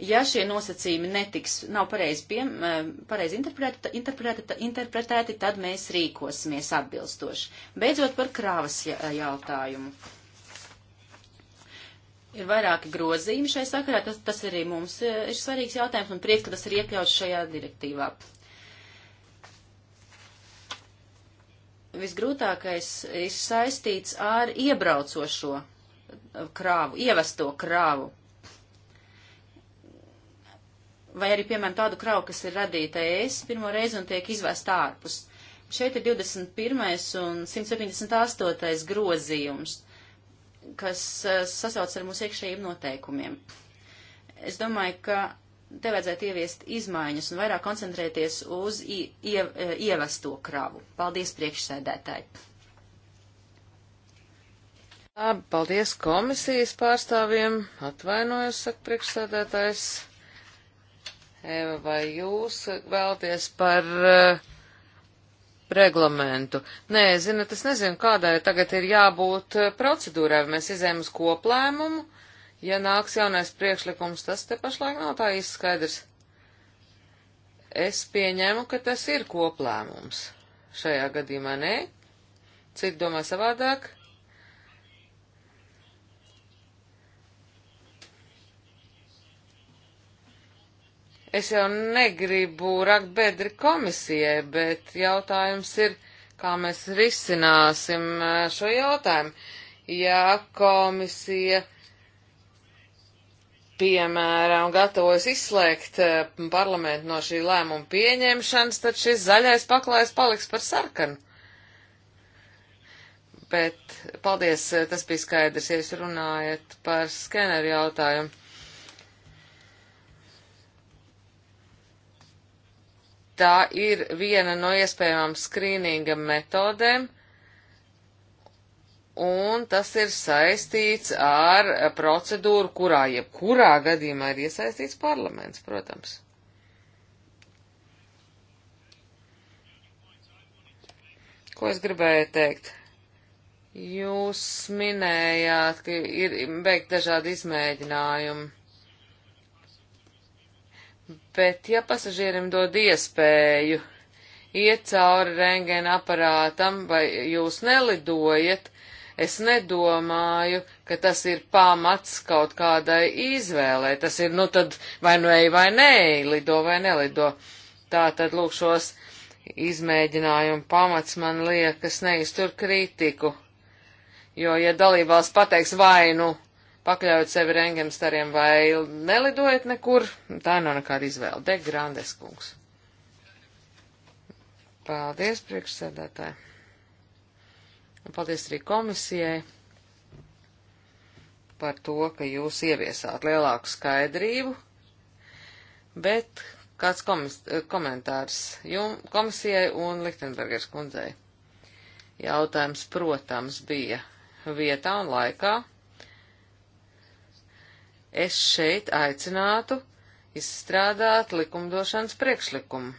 Speaker 4: Ja šie nosacījumi netiks, nav pareizi, piem, eh, pareizi interpretēti, interpretēti, interpretēti, tad mēs rīkosimies atbilstoši. Beidzot par krāvas jautājumu. Ir vairāki grozījumi šai sakarā, tas, tas arī mums ir svarīgs jautājums un prieks, ka tas ir iekļauts šajā direktīvā. visgrūtākais ir saistīts ar iebraucošo krāvu, ievesto krāvu. Vai arī, piemēram, tādu kravu, kas ir radīta ēs pirmo reizi un tiek izvest ārpus. Šeit ir 21. un 178. grozījums, kas eh, sasauc ar mūsu iekšējiem noteikumiem. Es domāju, ka te vajadzētu ieviest izmaiņas un vairāk koncentrēties uz ie, ie, ievesto kravu. Paldies priekšsēdētāji!
Speaker 2: Paldies komisijas pārstāvjiem. Atvainojos, saka priekšsēdētājs. Eva, vai jūs vēlties par uh, reglamentu? Nē, zinat, es nezinu, kādai tagad ir jābūt e, procedūrai. Mēs izējām uz koplēmumu ja nāks jaunais priekšlikums, tas te pašlaik nav tā īsti skaidrs. Es pieņemu, ka tas ir koplēmums. Šajā gadījumā nē, citi domā savādāk. Es jau negribu rakt bedri komisijai, bet jautājums ir, kā mēs risināsim eh, šo jautājumu. Ja komisija uh, piemēram, gatavojas izslēgt eh, parlamentu no šī lēmuma pieņemšanas, tad šis zaļais paklājs paliks par sarkanu. Bet, paldies, eh, tas bija skaidrs, ja jūs runājat par skeneru jautājumu. Tā ir viena no iespējamām skrīninga metodēm un tas ir saistīts ar procedūru, kurā jebkurā gadījumā ir iesaistīts parlaments, protams. Ko es gribēju teikt? Jūs minējāt, ka ir veikt dažādi izmēģinājumi. Bet, ja pasažierim dod iespēju iet cauri rengēna aparātam, vai jūs nelidojat, Es nedomāju, ka tas ir pamats kaut kādai izvēlē. Tas ir, nu tad vai nu ej vai nē, lido vai nelido. Tā tad lūk šos izmēģinājumu pamats man liekas neiztur kritiku. Jo, ja dalībvalsts pateiks vai nu pakļaujot sevi rengenstariem vai nelidojat nekur, tā nav nekāda izvēle. Deg Grandes kungs. Paldies, priekšsēdētāji. Un paldies arī komisijai par to, ka jūs ieviesāt lielāku skaidrību, bet kāds komis, komentārs jum, komisijai un Lichtenbergers kundzei? Jautājums, protams, bija vietā un laikā. Es šeit aicinātu izstrādāt likumdošanas priekšlikumu.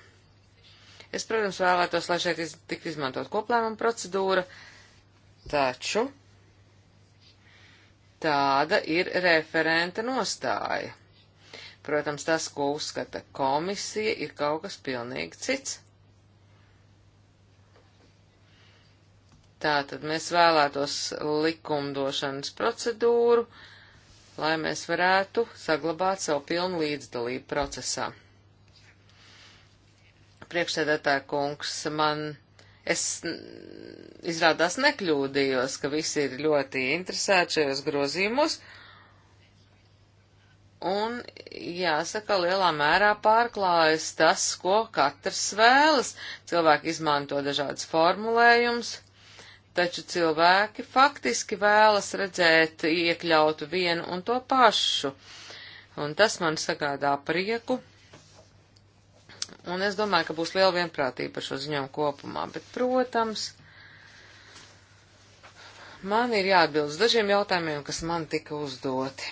Speaker 2: Es, protams, vēlētos, lai šeit iz, tiktu izmantot koplēmuma procedūra, uh, Taču tāda ir referenta nostāja. Protams, tas, ko uzskata komisija, ir kaut kas pilnīgi cits. Tātad mēs vēlētos likumdošanas procedūru, lai mēs varētu saglabāt savu pilnu līdzdalību procesā. Priekšsēdētāja kungs, man Es izrādās nekļūdījos, ka visi ir ļoti interesēti šajos grozījumus, un jāsaka, lielā mērā pārklājas tas, ko katrs vēlas. Cilvēki izmanto dažādas formulējumus, taču cilvēki faktiski vēlas redzēt iekļautu vienu un to pašu, un tas man sagādā prieku un es domāju, ka būs liela vienprātība par šo ziņojumu kopumā, bet, protams, man ir jāatbild uz dažiem jautājumiem, kas man tika uzdoti.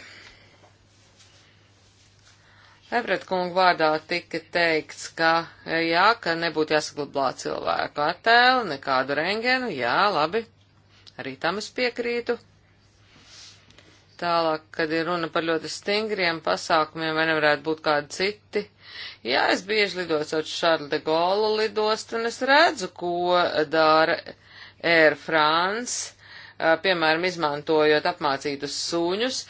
Speaker 2: Ebret kungu vārdā tika teikts, ka jā, ka nebūtu jāsaglabā cilvēku attēlu, nekādu rengenu, jā, labi, arī tam es piekrītu. Tālāk, kad ir runa par ļoti stingriem pasākumiem, vai nevarētu būt kādi citi Jā, es bieži lidoju caur Šarlu de Gaulle lidostu, un es redzu, ko dara Air France, piemēram, izmantojot apmācītus suņus.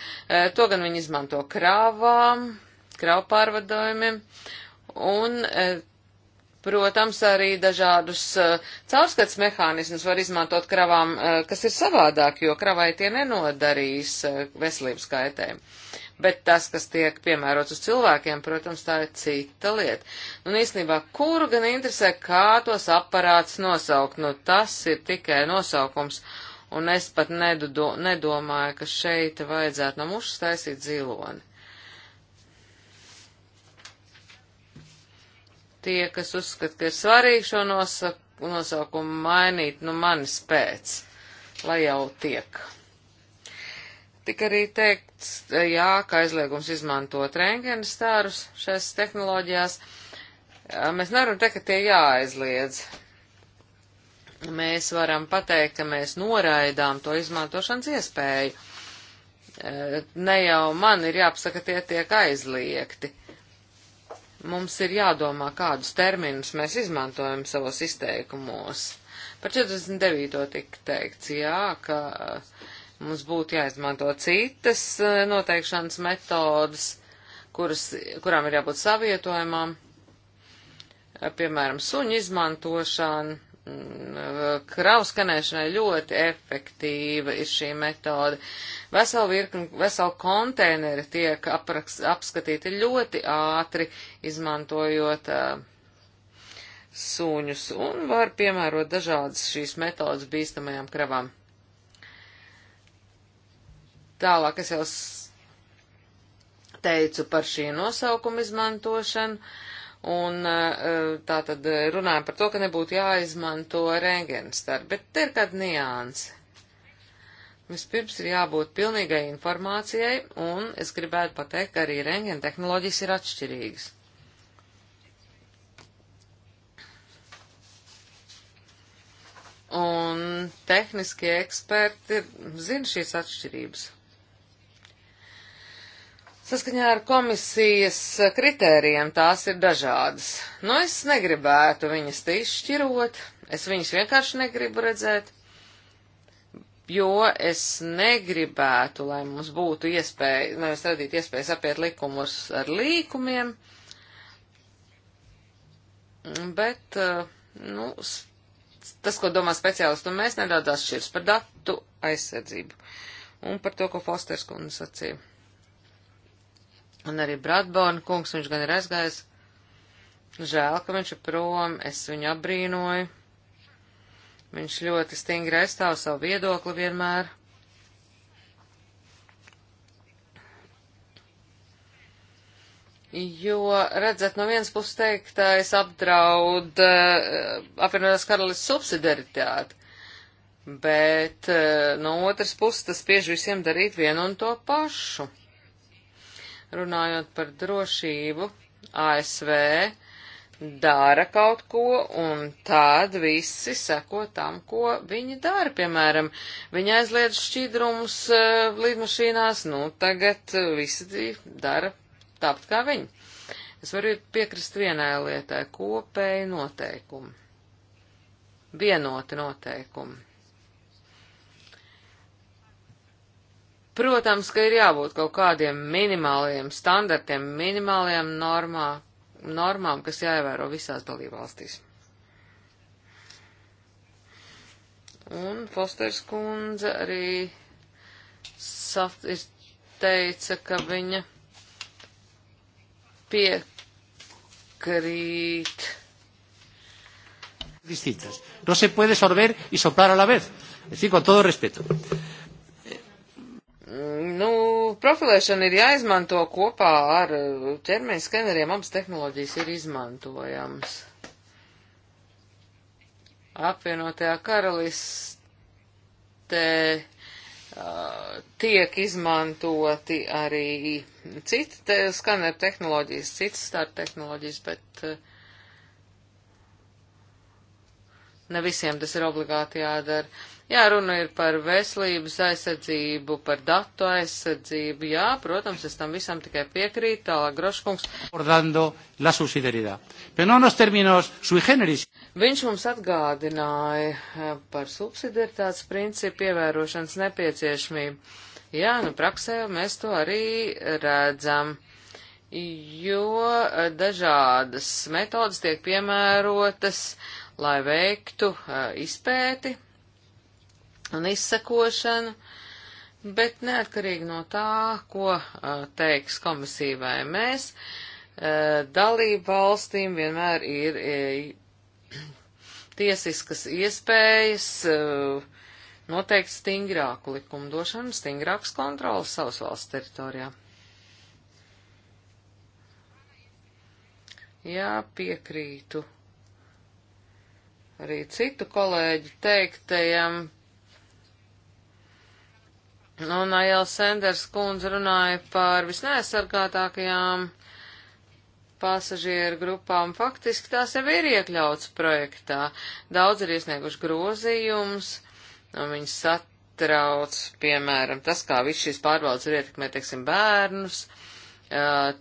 Speaker 2: To gan viņi izmanto krāvām, kravu pārvadojumiem, un Protams, arī dažādus uh, caurskats mehānismus var izmantot kravām, uh, kas ir savādāk, jo kravai tie nenodarīs uh, veselības kaitēm. Bet tas, kas tiek piemērots uz cilvēkiem, protams, tā ir cita lieta. Un īstenībā, kuru gan interesē, kā tos aparāts nosaukt, nu tas ir tikai nosaukums. Un es pat nedu, nedomāju, ka šeit vajadzētu no mušas taisīt ziloni. Tie, kas uzskata, ka ir svarīgi šo nosaukumu, nosaukumu mainīt, nu manis pēc, lai jau tiek. Tik arī teikts, jā, ka aizliegums izmantot rengēnas stārus šajās tehnoloģijās. Mēs nevaram teikt, ka tie jāaizliedz. Mēs varam pateikt, ka mēs noraidām to izmantošanas iespēju. E, ne jau man ir jāpasaka, tie tiek aizliegti. Mums ir jādomā, kādus terminus mēs izmantojam savos izteikumos. Par 49. tik teikts, jā, ka uh, mums būtu jāizmanto citas uh, noteikšanas metodas, kuras, kurām ir jābūt savietojumam, uh, piemēram, suņu izmantošana kravu skanēšanai ļoti efektīva ir šī metode. Veseli virkni, veseli konteineri tiek apraks, apskatīti ļoti ātri, izmantojot uh, sūņus un var piemērot dažādas šīs metodas bīstamajām kravām. Tālāk es jau teicu par šī nosaukuma izmantošanu. Uh, Un eh, tā tad eh, runājam par to, ka nebūtu jāizmanto rengens darbi, bet te ir kāda nianse. Vispirms ir jābūt pilnīgai informācijai, un es gribētu pateikt, ka arī rengen tehnoloģijas ir atšķirīgas. Un tehniskie eksperti zina šīs atšķirības. Saskaņā ar komisijas kritērijiem tās ir dažādas. Nu, es negribētu viņas te izšķirot, es viņas vienkārši negribu redzēt, jo es negribētu, lai mums būtu iespēja, lai mēs radītu iespējas apiet likumus ar līkumiem, bet, eh, nu, tas, ko domā speciālisti, un mēs nedaudz atšķirs par datu aizsardzību un par to, ko Fosters kundze sacīja. Un arī Bradborna kungs, viņš gan ir aizgājis. Žēl, ka viņš ir prom, es viņu apbrīnoju. Viņš ļoti stingri aizstāv savu viedokli vienmēr. Jo, redzat, no vienas puses teiktais apdraud uh, apvienotās karalistas subsidiaritāti, bet uh, no otras puses tas spiež visiem darīt vienu un to pašu runājot par drošību, ASV dara kaut ko, un tad visi seko tam, ko viņi dara. Piemēram, viņi aizliedz šķidrumus uh, e, līdmašīnās, nu tagad e, visi dara tāpat kā viņi. Es varu piekrist vienai lietai - kopēji noteikumi. Vienoti noteikumi. Protams, ka ir jābūt kaut kādiem minimāliem standartiem, minimāliem normā, normām, kas jāievēro visās dalībvalstīs. Un Fosters kundze arī saft, ir teica, ka viņa piekrīt. Distintas. No se puede sorber y soplar a la vez. Es decir, con todo respeto. Mm, nu, profilēšana ir jāizmanto kopā ar uh, ķermeņa skaneriem, abas tehnoloģijas ir izmantojamas. Apvienotajā karalistē uh, tiek izmantoti arī citi te, skaneru tehnoloģijas, citas starta tehnoloģijas, bet uh, ne visiem tas ir obligāti jādara. Jā, runa ir par veselības aizsardzību, par datu aizsardzību. Jā, protams, es tam visam tikai piekrītu, tālāk Groškungs. Viņš mums atgādināja eh, par subsidiaritātes principu ievērošanas nepieciešamību. Jā, nu praksē mēs to arī redzam jo eh, dažādas metodas tiek piemērotas, lai veiktu uh, izpēti un izsekošanu, bet neatkarīgi no tā, ko uh, teiks komisija vai mēs, uh, dalību valstīm vienmēr ir uh, tiesiskas iespējas noteikt stingrāku likumdošanu, stingrākas kontrolas savas valsts teritorijā. Jā, piekrītu arī citu kolēģu teiktajam Nu, un Aijala Sanders kundze runāja par visneaizsargātākajām pasažieru grupām. Faktiski tās jau ir iekļauts projektā. Daudz ir iesnieguši grozījums, un viņas satrauc, piemēram, tas, kā viss šīs pārbaudas ir ietekmē, teiksim, bērnus,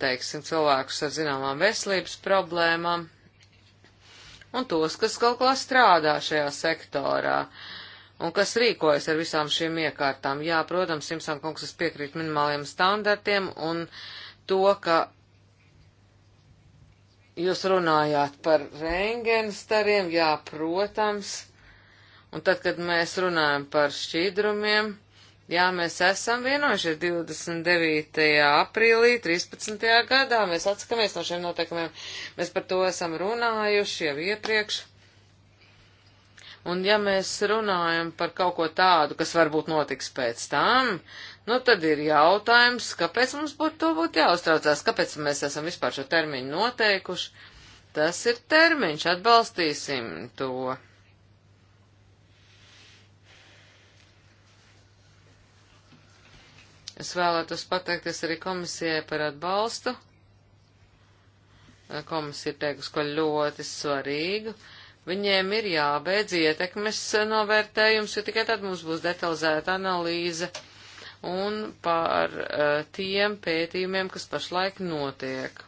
Speaker 2: teiksim, cilvēkus ar zināmām veselības problēmām, un tos, kas kaut kā strādā šajā sektorā. Uh, Un kas rīkojas ar visām šīm iekārtām? Jā, protams, Simpson kungs piekrīt minimāliem standartiem un to, ka jūs runājāt par rēngenstariem, jā, protams. Un tad, kad mēs runājam par šķīdrumiem, jā, mēs esam vienojušies 29. aprīlī 13. gadā, mēs atskamies no šiem noteikumiem, mēs par to esam runājuši jau iepriekš. Un ja mēs runājam par kaut ko tādu, kas varbūt notiks pēc tam, nu tad ir jautājums, kāpēc mums būtu to būtu jāuztraucās, kāpēc mēs esam vispār šo termiņu noteikuši. Tas ir termiņš, atbalstīsim to. Es vēlētos pateikties arī komisijai par atbalstu. Komisija ir teikusi, ko ļoti svarīgu Viņiem ir jābeidz ietekmes novērtējums, jo tikai tad mums būs detalizēta analīze un par uh, tiem pētījumiem, kas pašlaik notiek.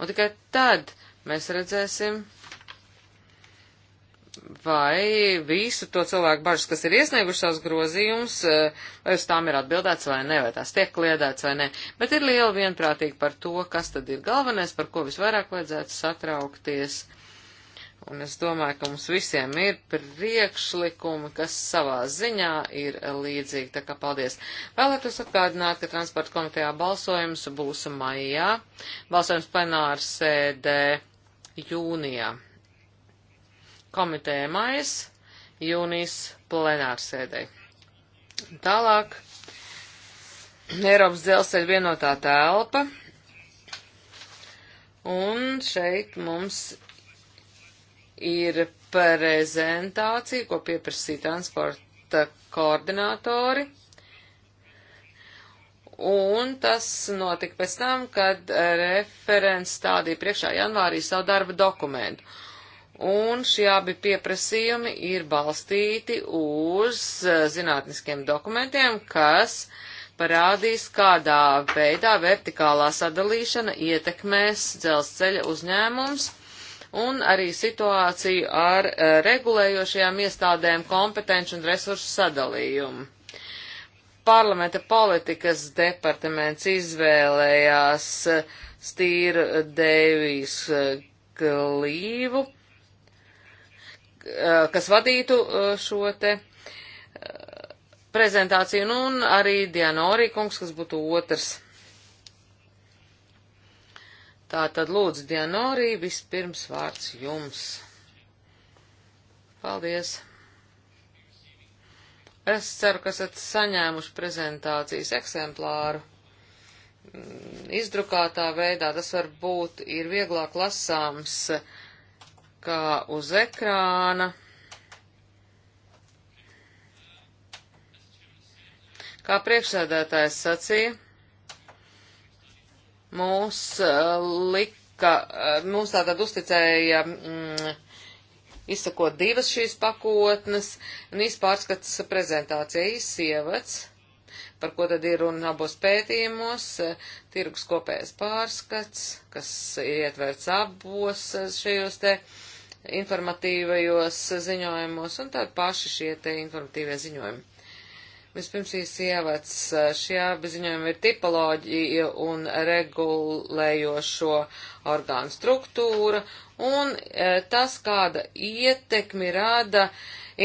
Speaker 2: Un tikai tad mēs redzēsim, vai visu to cilvēku bažas, kas ir iesnieguši savus grozījumus, eh, vai uz tām ir atbildēts vai nē, vai tās tiek kliedēts vai nē. Bet ir liela vienprātīga par to, kas tad ir galvenais, par ko visvairāk vajadzētu satraukties. Un es domāju, ka mums visiem ir priekšlikumi, kas savā ziņā ir līdzīgi, tā kā paldies. Vēlētos atgādināt, ka transporta komitejā balsojums būs maijā, balsojums plenāra sēdē jūnijā. Komiteja mājas, jūnijas plenāra sēdē. Tālāk. Eiropas dzelzceļa vienotā telpa. Un šeit mums ir prezentācija, ko pieprasīja transporta koordinātori. Un tas notika pēc tam, kad referents stādīja priekšā janvārī savu darba dokumentu. Un šie abi pieprasījumi ir balstīti uz zinātniskiem dokumentiem, kas parādīs, kādā veidā vertikālā sadalīšana ietekmēs dzelzceļa uzņēmums un arī situāciju ar eh, regulējošajām iestādēm kompetenci un resursu sadalījumu. Parlamenta politikas departaments izvēlējās eh, Stīru Deivijas eh, Glīvu, kas vadītu šo te prezentāciju, nu, un arī Diana Orikungs, kas būtu otrs Tā tad lūdzu, Dianorī, vispirms vārds jums. Paldies! Es ceru, ka esat saņēmuši prezentācijas eksemplāru mm, izdrukātā veidā. Tas varbūt ir vieglāk lasāms kā uz ekrāna. Kā priekšsēdētājs sacīja, mūs eh, lika, eh, mūs tātad uzticēja mm, izsakot divas šīs pakotnes, un izpārskats prezentācija izsievads, par ko tad ir runa abos pētījumos, eh, tirgus kopējais pārskats, kas ir ietverts abos šajos te informatīvajos ziņojumos, un tādi paši šie te informatīvie ziņojumi. Vispirms īsi ievads. Šie apziņojumi ir tipoloģija un regulējošo orgānu struktūra un e, tas, kāda ietekmi rada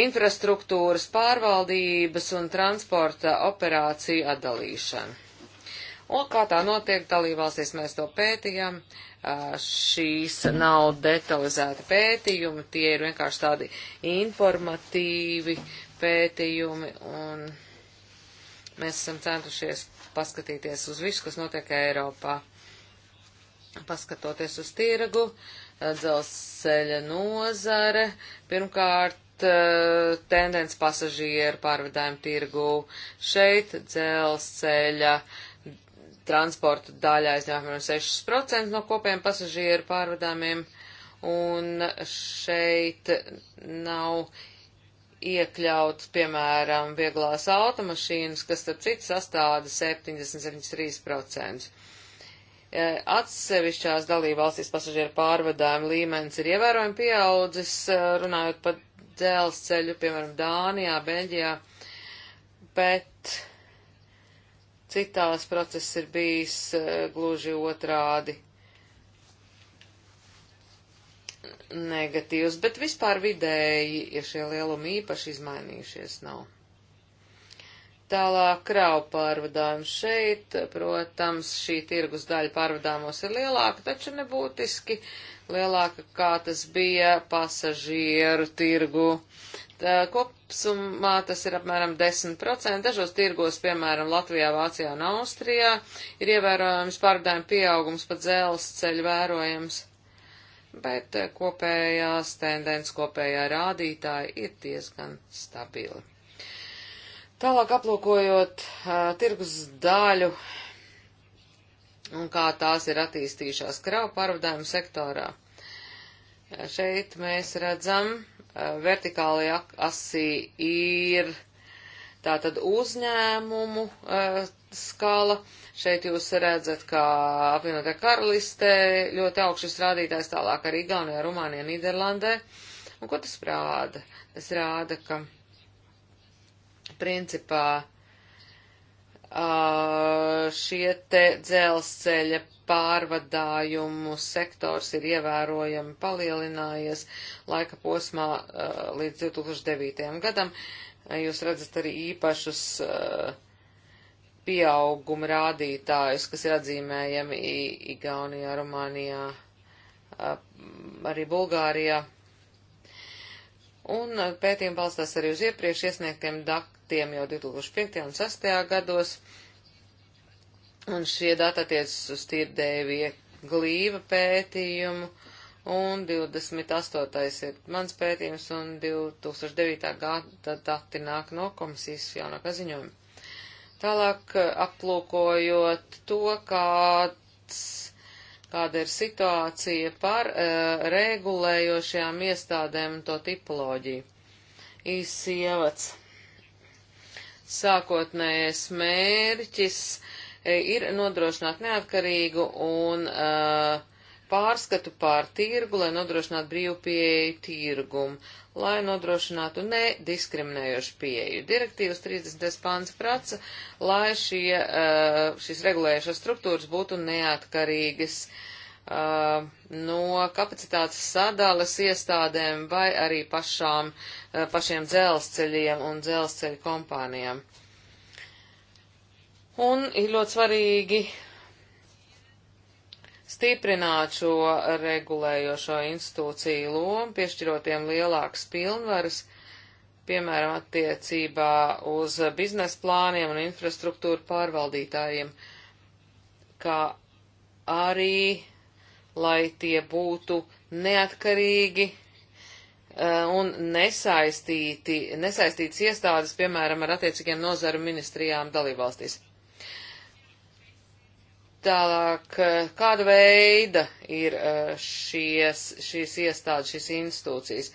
Speaker 2: infrastruktūras pārvaldības un transporta operāciju atdalīšana. Un kā tā notiek dalībvalstīs, mēs to pētījām. E, šīs nav detalizēti pētījumi, tie ir vienkārši tādi informatīvi pētījumi un. Mēs esam centušies paskatīties uz visu, kas notiek Eiropā. Paskatoties uz tirgu, eh, dzelzceļa nozare, pirmkārt eh, tendence pasažieru pārvadājumu tirgu. Šeit dzelzceļa transporta daļa aizņem apmēram 6% no kopējiem pasažieru pārvadājumiem, un šeit nav iekļaut, piemēram, vieglās automašīnas, kas, starp citu, sastāda 70-73%. E, atsevišķās dalībvalstīs pasažieru pārvadājuma līmenis ir ievērojami pieaudzis, e, runājot par dzelzceļu, piemēram, Dānijā, Beļģijā, bet citās process ir bijis e, gluži otrādi negatīvs, bet vispār vidēji, ja šie lielumi īpaši izmainījušies nav. Tālāk kravu pārvadājums šeit, protams, šī tirgus daļa pārvadājumos ir lielāka, taču nebūtiski lielāka, kā tas bija pasažieru tirgu. Tā, kopsumā tas ir apmēram 10%. Dažos tirgos, piemēram, Latvijā, Vācijā un Austrijā, ir ievērojams pārvadājuma pieaugums, pat dzelzceļa vērojams bet eh, kopējās tendences, kopējā rādītāja ir diezgan stabili. Tālāk aplūkojot uh, tirgus daļu un kā tās ir attīstījušās kravu pārvadājumu sektorā. Eh, šeit mēs redzam, uh, vertikālajā asī ir tātad uzņēmumu uh, skala. Šeit jūs redzat, ka apvienotā karalistē ļoti augšas rādītājs tālāk arī Igaunijā, Rumānijā, Nīderlandē. Un ko tas rāda? Tas rāda, ka principā šie te dzelzceļa pārvadājumu sektors ir ievērojami palielinājies laika posmā līdz 2009. gadam. Jūs redzat arī īpašus uh, pieauguma rādītājus, kas ir atzīmējami Igaunijā, Rumānijā, arī Bulgārijā. Un pētījumi balstās arī uz iepriekš iesniegtiem datiem jau 2005. un 2006. gados. Un šie dati attiecas uz tirdēvie glīva pētījumu, un 28. ir mans pētījums, un 2009. gada dati nāk no komisijas jaunākā ziņojuma. Tālāk eh, aplūkojot to, kāds, kāda ir situācija par uh, regulējošajām iestādēm un to tipoloģiju. Īsts ievads. Sākotnējais mērķis eh, ir nodrošināt neatkarīgu un uh, pārskatu pār tirgu, lai nodrošinātu brīvu pieeju tirgumu lai nodrošinātu nediskriminējošu pieeju. Direktīvas 30. pāns praca, lai šie, eh, šīs regulējušās struktūras būtu neatkarīgas eh, no kapacitātes sadales iestādēm vai arī pašām, eh, pašiem dzelzceļiem un dzelzceļu kompānijām. Un ir ļoti svarīgi stiprināt šo regulējošo institūciju lomu, piešķirot tiem lielākas pilnvaras, piemēram, attiecībā uz biznesa plāniem un infrastruktūru pārvaldītājiem, kā arī, lai tie būtu neatkarīgi eh, un nesaistīti, nesaistītas iestādes, piemēram, ar attiecīgiem nozaru ministrijām dalībvalstīs. Tālāk, eh, kāda veida ir eh, šies, šīs iestādes, šīs institūcijas?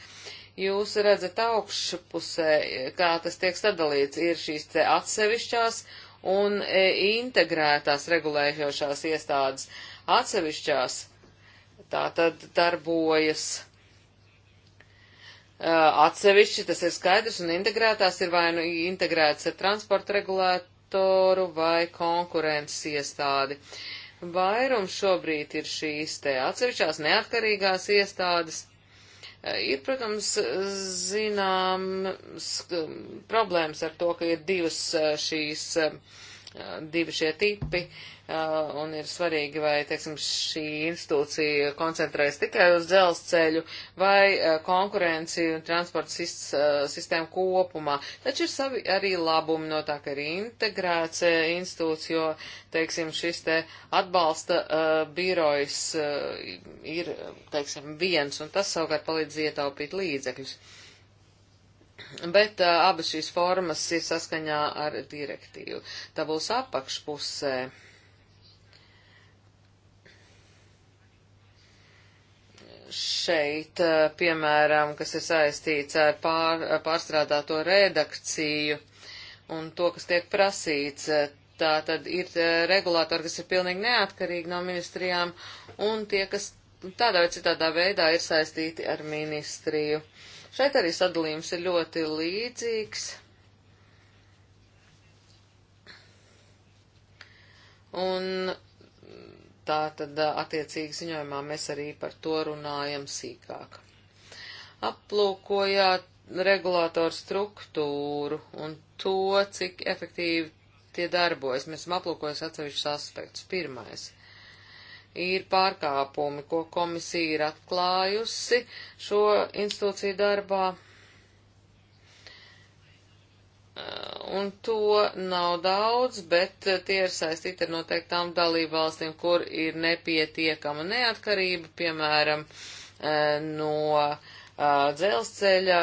Speaker 2: Jūs redzat augšpusē, eh, kā tas tiek sadalīts, ir šīs te atsevišķās un integrētās regulējošās iestādes. Atsevišķās tā tad darbojas atsevišķi, tas ir skaidrs, un integrētās ir vai nu integrētas ar transporta regulētu regulātoru vai konkurences iestādi. Vairums šobrīd ir šīs te atsevišķās neatkarīgās iestādes. E, ir, protams, zināms problēmas ar to, ka ir divas e, šīs, e, divi šie tipi. Uh, Uh, un ir svarīgi, vai, teiksim, šī institūcija koncentrēs tikai uz dzelzceļu vai uh, konkurenci un transporta uh, sistēmu kopumā. Taču ir savi arī labumi no tā, ka ir integrēts institūts, jo, teiksim, šis te atbalsta uh, birojs uh, ir, teiksim, viens, un tas savukārt palīdz ietaupīt līdzekļus. Bet uh, abas šīs formas ir saskaņā ar direktīvu. Tā būs apakšpusē. Uh, šeit, eh, piemēram, kas ir saistīts ar pār, pārstrādāto redakciju un to, kas tiek prasīts. Tā tad ir eh, regulātori, kas ir pilnīgi neatkarīgi no ministrijām, un tie, kas tādā vai citādā veidā ir saistīti ar ministriju. Šeit arī sadalījums ir ļoti līdzīgs. Un Tā tad attiecīgi ziņojumā mēs arī par to runājam sīkāk. Aplūkojāt regulātoru struktūru un to, cik efektīvi tie darbojas. Mēs esam aplūkojuši atsevišķus aspektus. Pirmais ir pārkāpumi, ko komisija ir atklājusi šo institūciju darbā Eh, un to nav daudz, bet eh, tie ir saistīti ar noteiktām dalībvalstīm, kur ir nepietiekama neatkarība, piemēram, eh, no dzelzceļa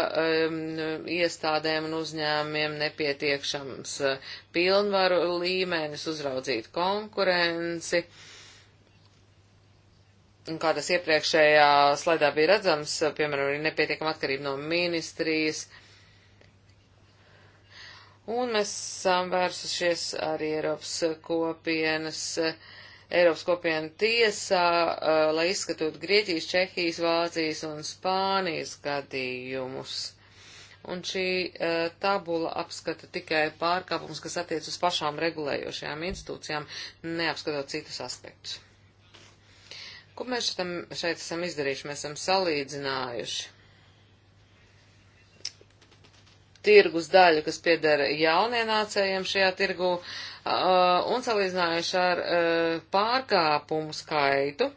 Speaker 2: iestādēm un uzņēmumiem nepietiekšams pilnvaru līmenis, uzraudzīt konkurenci. Un kā tas iepriekšējā slaidā bija redzams, piemēram, ir nepietiekama atkarība no ministrijas. Uh, Un mēs esam vērsušies arī Eiropas kopienas, Eiropas kopienu tiesā, eh, lai izskatot Grieķijas, Čehijas, Vācijas un Spānijas gadījumus un šī uh, tabula apskata tikai pārkāpums, kas attiec uz pašām regulējošajām institūcijām, neapskatot citus aspektus. Ko mēs šeit, šeit esam izdarījuši? Mēs esam salīdzinājuši tirgus daļu, kas piedara jaunienācējiem šajā tirgu, uh, un salīdzinājuši ar uh, pārkāpumu skaitu.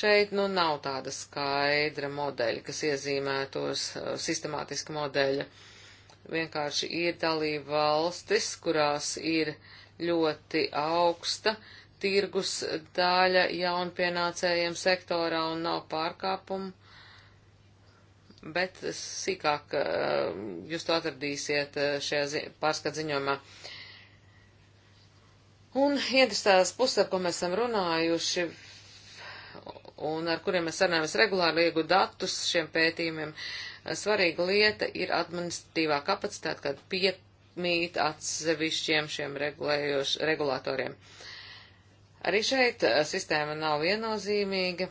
Speaker 2: Šeit nu nav tāda skaidra modeļa, kas iezīmētos uh, sistemātiska modeļa. Vienkārši ir dalība valstis, kurās ir ļoti augsta tirgus daļa jaunpienācējiem sektorā un nav pārkāpumu bet sīkāk eh, jūs to atradīsiet eh, šajā pārskat ziņojumā. Un interesēs puses, ar ko mēs esam runājuši un ar kuriem mēs sarunājamies regulāri, iegūt datus šiem pētījumiem, eh, svarīga lieta ir administratīvā kapacitāte, kad piemīt atsevišķiem šiem regulātoriem. Arī šeit sistēma nav viennozīmīga.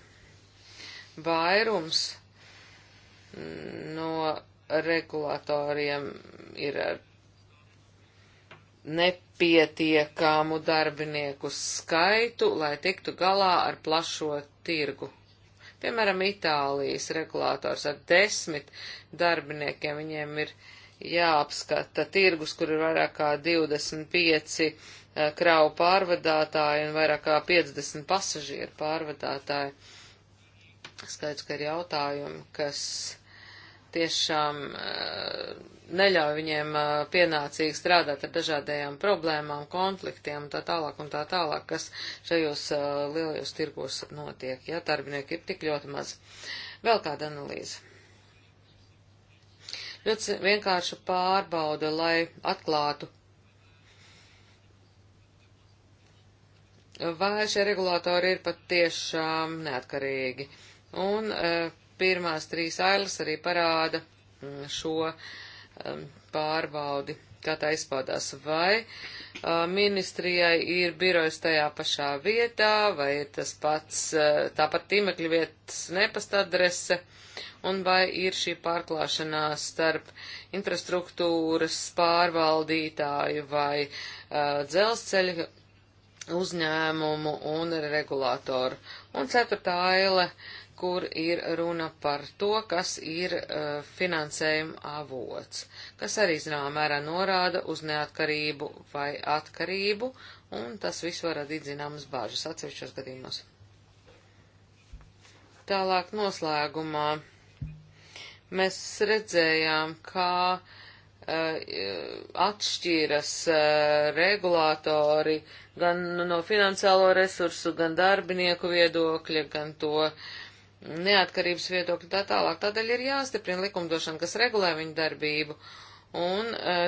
Speaker 2: Vairums no regulatoriem ir ar nepietiekamu darbinieku skaitu, lai tiktu galā ar plašo tirgu. Piemēram, Itālijas regulators ar desmit darbiniekiem, viņiem ir jāapskata tirgus, kur ir vairāk kā 25 eh, kravu pārvadātāji un vairāk kā 50 pasažieru pārvadātāji. Skaidrs, ka ir jautājumi, kas tiešām eh, neļauj viņiem eh, pienācīgi strādāt ar dažādajām problēmām, konfliktiem un tā tālāk un tā tālāk, kas šajos eh, lielajos tirgos notiek, ja darbinieku ir tik ļoti maz. Vēl kāda analīze. Ļoti vienkārša pārbauda, lai atklātu, vai šie regulātori ir patiešām neatkarīgi. Un, uh, pirmās trīs ailes arī parāda mm, šo um, pārbaudi, kā tā izpaudās, vai uh, ministrijai ir birojas tajā pašā vietā, vai ir tas pats, uh, tāpat tīmekļa vietas nepastadrese, un vai ir šī pārklāšanās starp infrastruktūras pārvaldītāju vai uh, dzelzceļa uzņēmumu un regulātoru. Un ceturtā aile uh, kur ir runa par to, kas ir uh, finansējuma avots, kas arī zināmā mērā norāda uz neatkarību vai atkarību, un tas viss var radīt zināmas bāžas atsevišķos gadījumos. Tālāk noslēgumā mēs redzējām, kā uh, atšķiras uh, regulātori gan no finansiālo resursu, gan darbinieku viedokļa, gan to uh, neatkarības viedokļu tā tālāk. Tādēļ ir jāstiprina likumdošana, kas regulē viņu darbību, un eh,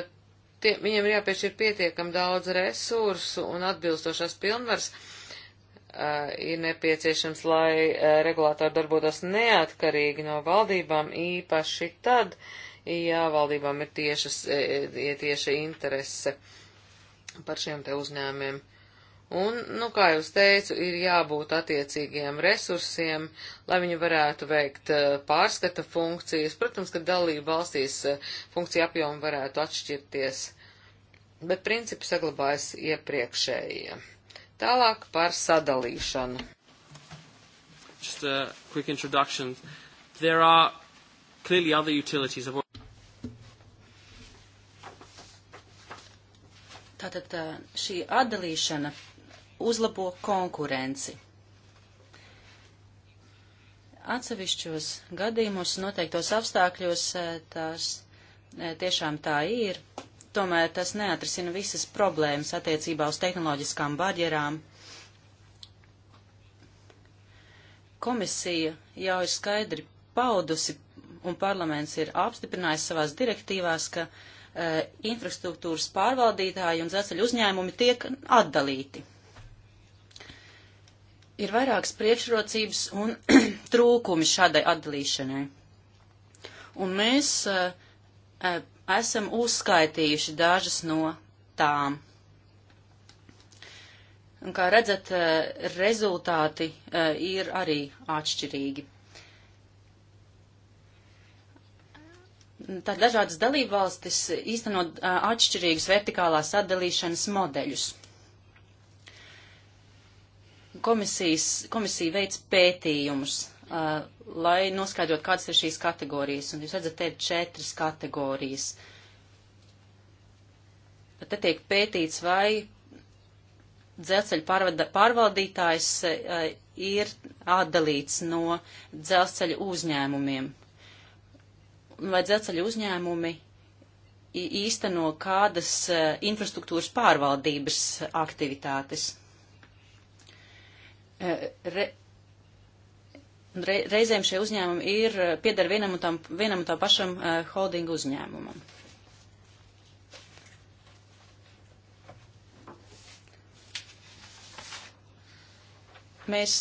Speaker 2: tie, viņiem ir jāpiešķir pietiekami daudz resursu un atbilstošās pilnvars eh, ir nepieciešams, lai eh, regulātori darbotos neatkarīgi no valdībām, īpaši tad, ja valdībām ir tiešas, ja tieša interese par šiem te uzņēmiem. Un, nu, kā jau teicu, ir jābūt attiecīgiem resursiem, lai viņi varētu veikt eh, pārskata funkcijas. Protams, ka dalība valstīs eh, funkcija apjoma varētu atšķirties, bet principi saglabājas iepriekšējie. Tālāk par sadalīšanu. Just a quick introduction. There are clearly other utilities.
Speaker 4: Tātad eh, šī atdalīšana uzlabo konkurenci. Atsevišķos gadījumos, noteiktos apstākļos, e, tās e, tiešām tā ir, tomēr tas neatrisina visas problēmas attiecībā uz tehnoloģiskām barjerām. Komisija jau ir skaidri paudusi un parlaments ir apstiprinājis savās direktīvās, ka uh, infrastruktūras pārvaldītāji un dzelzceļu uzņēmumi tiek atdalīti ir vairākas priekšrocības un (clears throat) trūkumi šādai atdalīšanai. Un mēs uh, esam uzskaitījuši dažas no tām. Un kā redzat, uh, rezultāti uh, ir arī atšķirīgi. Tad dažādas dalībvalstis īstenot atšķirīgus vertikālās atdalīšanas modeļus komisijas, komisija veic pētījumus, uh, lai noskaidrot, kādas ir šīs kategorijas. Un jūs redzat, te ir četras kategorijas. Tad te tiek pētīts, vai dzelzceļa pārvaldītājs uh, ir atdalīts no dzelzceļa uzņēmumiem. Vai dzelzceļa uzņēmumi īsteno kādas uh, infrastruktūras pārvaldības aktivitātes? Eh, re, re, reizēm šie uzņēmumi ir eh, piedara vienam un tam, vienam un tam pašam eh, holdingu uzņēmumam. Mēs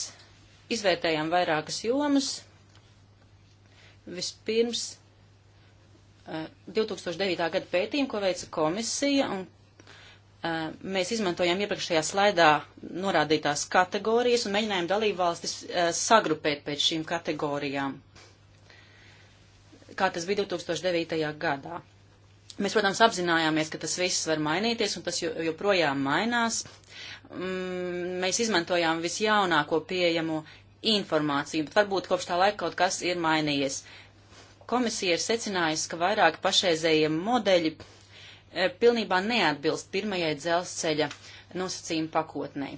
Speaker 4: izvērtējām vairākas jomas. Vispirms 2009. gada pētījumu, ko veica komisija un Eh, mēs izmantojām iepriekšējā slaidā norādītās kategorijas un mēģinājām dalībvalstis eh, sagrupēt pēc šīm kategorijām, kā tas bija 2009. gadā. Mēs, protams, apzinājāmies, ka tas viss var mainīties un tas joprojām mainās. Mm, mēs izmantojām visjaunāko pieejamo informāciju, bet varbūt kopš tā laika kaut kas ir mainījies. Komisija ir secinājusi, ka vairāk pašreizējie modeļi Eh, pilnībā neatbilst pirmajai dzelzceļa nosacījuma pakotnei.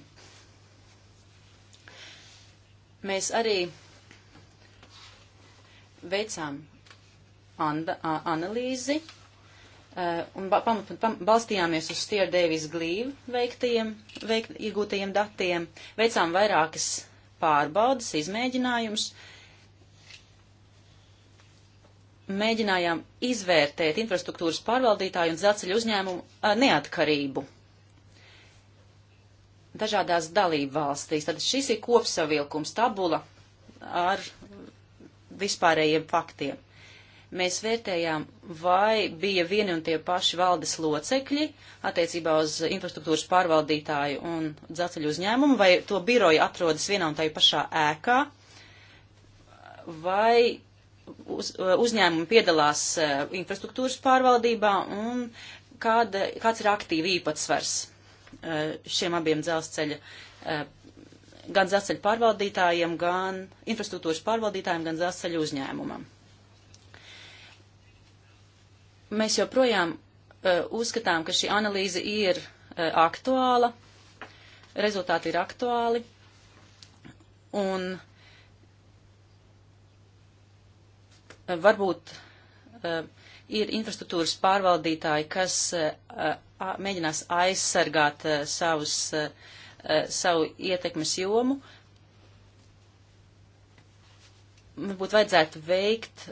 Speaker 4: Mēs arī veicām anda, analīzi eh, un pamat, pam, balstījāmies uz Stier Davis Glīv veiktajiem, veikt, iegūtajiem datiem, veicām vairākas pārbaudas, izmēģinājumus, uh, mēģinājām izvērtēt infrastruktūras pārvaldītāju un dzelzceļu uzņēmumu neatkarību dažādās dalību valstīs. Tad šis ir kopsavilkums tabula ar vispārējiem faktiem. Mēs vērtējām, vai bija vieni un tie paši valdes locekļi attiecībā uz infrastruktūras pārvaldītāju un dzelzceļu uzņēmumu, vai to biroja atrodas vienā un tajā pašā ēkā, vai uz, uzņēmumi piedalās eh, infrastruktūras pārvaldībā un kāda, kāds ir aktīvi īpatsvars eh, šiem abiem dzelzceļa, eh, gan dzelzceļa pārvaldītājiem, gan infrastruktūras pārvaldītājiem, gan dzelzceļa uzņēmumam. Mēs joprojām uzskatām, ka šī analīze ir aktuāla, rezultāti ir aktuāli, un uh, varbūt eh, ir infrastruktūras pārvaldītāji, kas eh, mēģinās aizsargāt eh, savus, savu ietekmes jomu. Varbūt vajadzētu veikt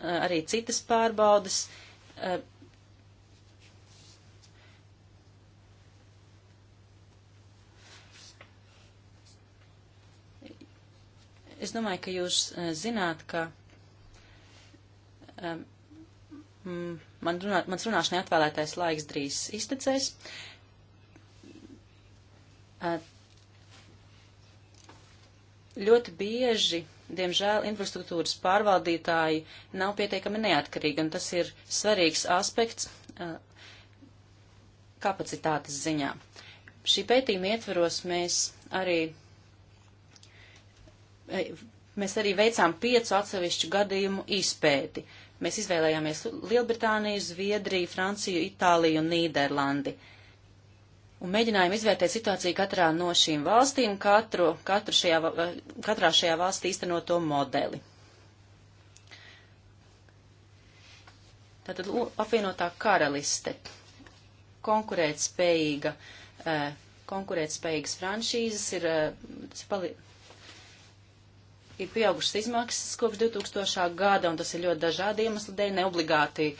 Speaker 4: arī citas pārbaudas, Es domāju, ka jūs eh, zināt, ka um, man runā, mans runāšanai atvēlētais laiks drīz iztecēs. Uh, ļoti bieži, diemžēl, infrastruktūras pārvaldītāji nav pietiekami neatkarīgi, un tas ir svarīgs aspekts uh, kapacitātes ziņā. Šī pētījuma ietveros mēs arī E, mēs arī veicām piecu atsevišķu gadījumu izpēti. Mēs izvēlējāmies Lielbritāniju, Zviedriju, Franciju, Itāliju un Nīderlandi. Un mēģinājām izvērtēt situāciju katrā no šīm valstīm, katru, katru šajā, katrā šajā valstī īstenoto modeli. Tātad apvienotā karaliste, konkurētspējīga, e, konkurētspējīgas franšīzes ir, e, ir pieaugušas izmaksas kopš 2000. gada, un tas ir ļoti dažādi iemesli dēļ, neobligāti e,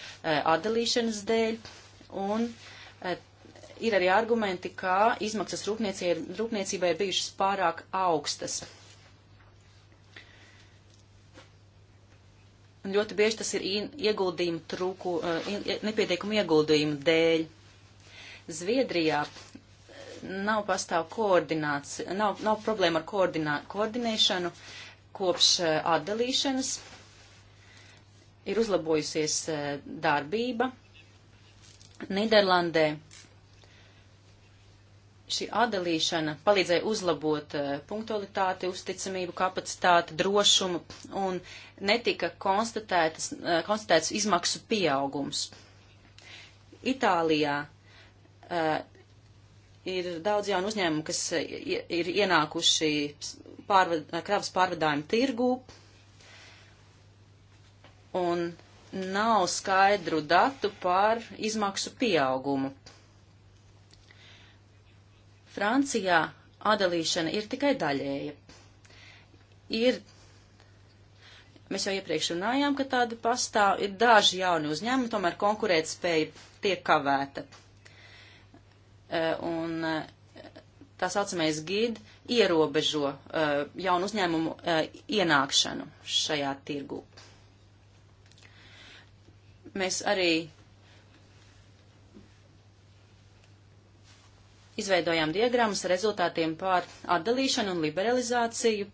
Speaker 4: atdalīšanas dēļ. Un e, ir arī argumenti, ka izmaksas rūpniecībai ir bijušas pārāk augstas. Un ļoti bieži tas ir ieguldījumu trūku, e, nepietiekumu ieguldījumu dēļ. Zviedrijā e, nav pastāv koordinācija, nav, nav problēma ar koordinā, koordinēšanu, kopš e, atdalīšanas ir uzlabojusies e, darbība. Niderlandē šī atdalīšana palīdzēja uzlabot e, punktualitāti, uzticamību, kapacitāti, drošumu un netika konstatēts izmaksu pieaugums. Itālijā uh, ir daudz jaunu uzņēmumu, kas ir ienākuši pārvad, kravas pārvadājumu tirgū, un nav skaidru datu par izmaksu pieaugumu. Francijā atdalīšana ir tikai daļēja. Ir, mēs jau iepriekš runājām, ka tāda pastāv, ir daži jauni uzņēmumi, tomēr konkurētspēja tiek kavēta. Eh, un eh, tā saucamais gid ierobežo uh, jaunu uzņēmumu uh, ienākšanu šajā tirgu. Mēs arī izveidojām diagrammas ar rezultātiem pār atdalīšanu un liberalizāciju.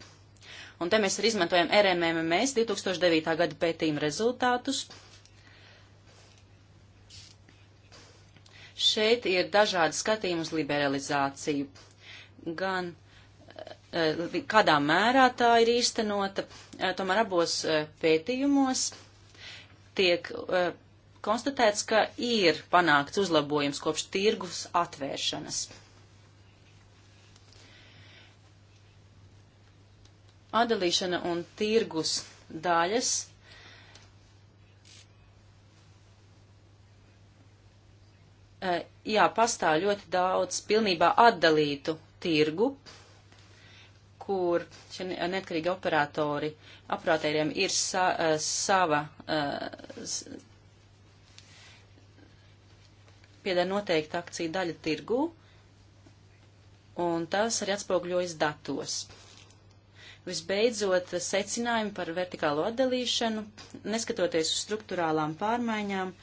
Speaker 4: Un te mēs arī izmantojam RMMS 2009. gada pētījuma rezultātus. Šeit ir dažādi skatījumi uz liberalizāciju. Gan Eh, kādā mērā tā ir īstenota, eh, tomēr abos eh, pētījumos tiek konstatēts, ka ir panākts uzlabojums kopš tirgus atvēršanas. Atdalīšana un tirgus daļas Jā, pastāv ļoti daudz pilnībā atdalītu tirgu, uh, kur šie neatkarīgi operatori, operatoriem ir sa, uh, sava, uh, e, piedara noteikta akcija daļa tirgu, un tas arī atspogļojas datos. Visbeidzot, secinājumi par vertikālo atdalīšanu, neskatoties uz struktūrālām pārmaiņām,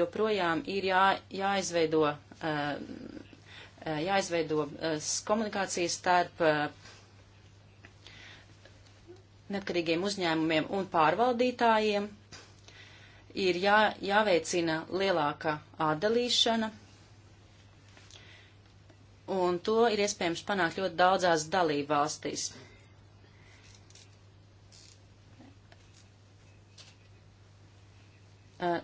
Speaker 4: joprojām ir jā, jāizveido uh, Eh, jāizveido eh, komunikācijas starp eh, neatkarīgiem uzņēmumiem un pārvaldītājiem. Ir jā, jāveicina lielāka atdalīšana, un to ir iespējams panākt ļoti daudzās dalību valstīs. Uh,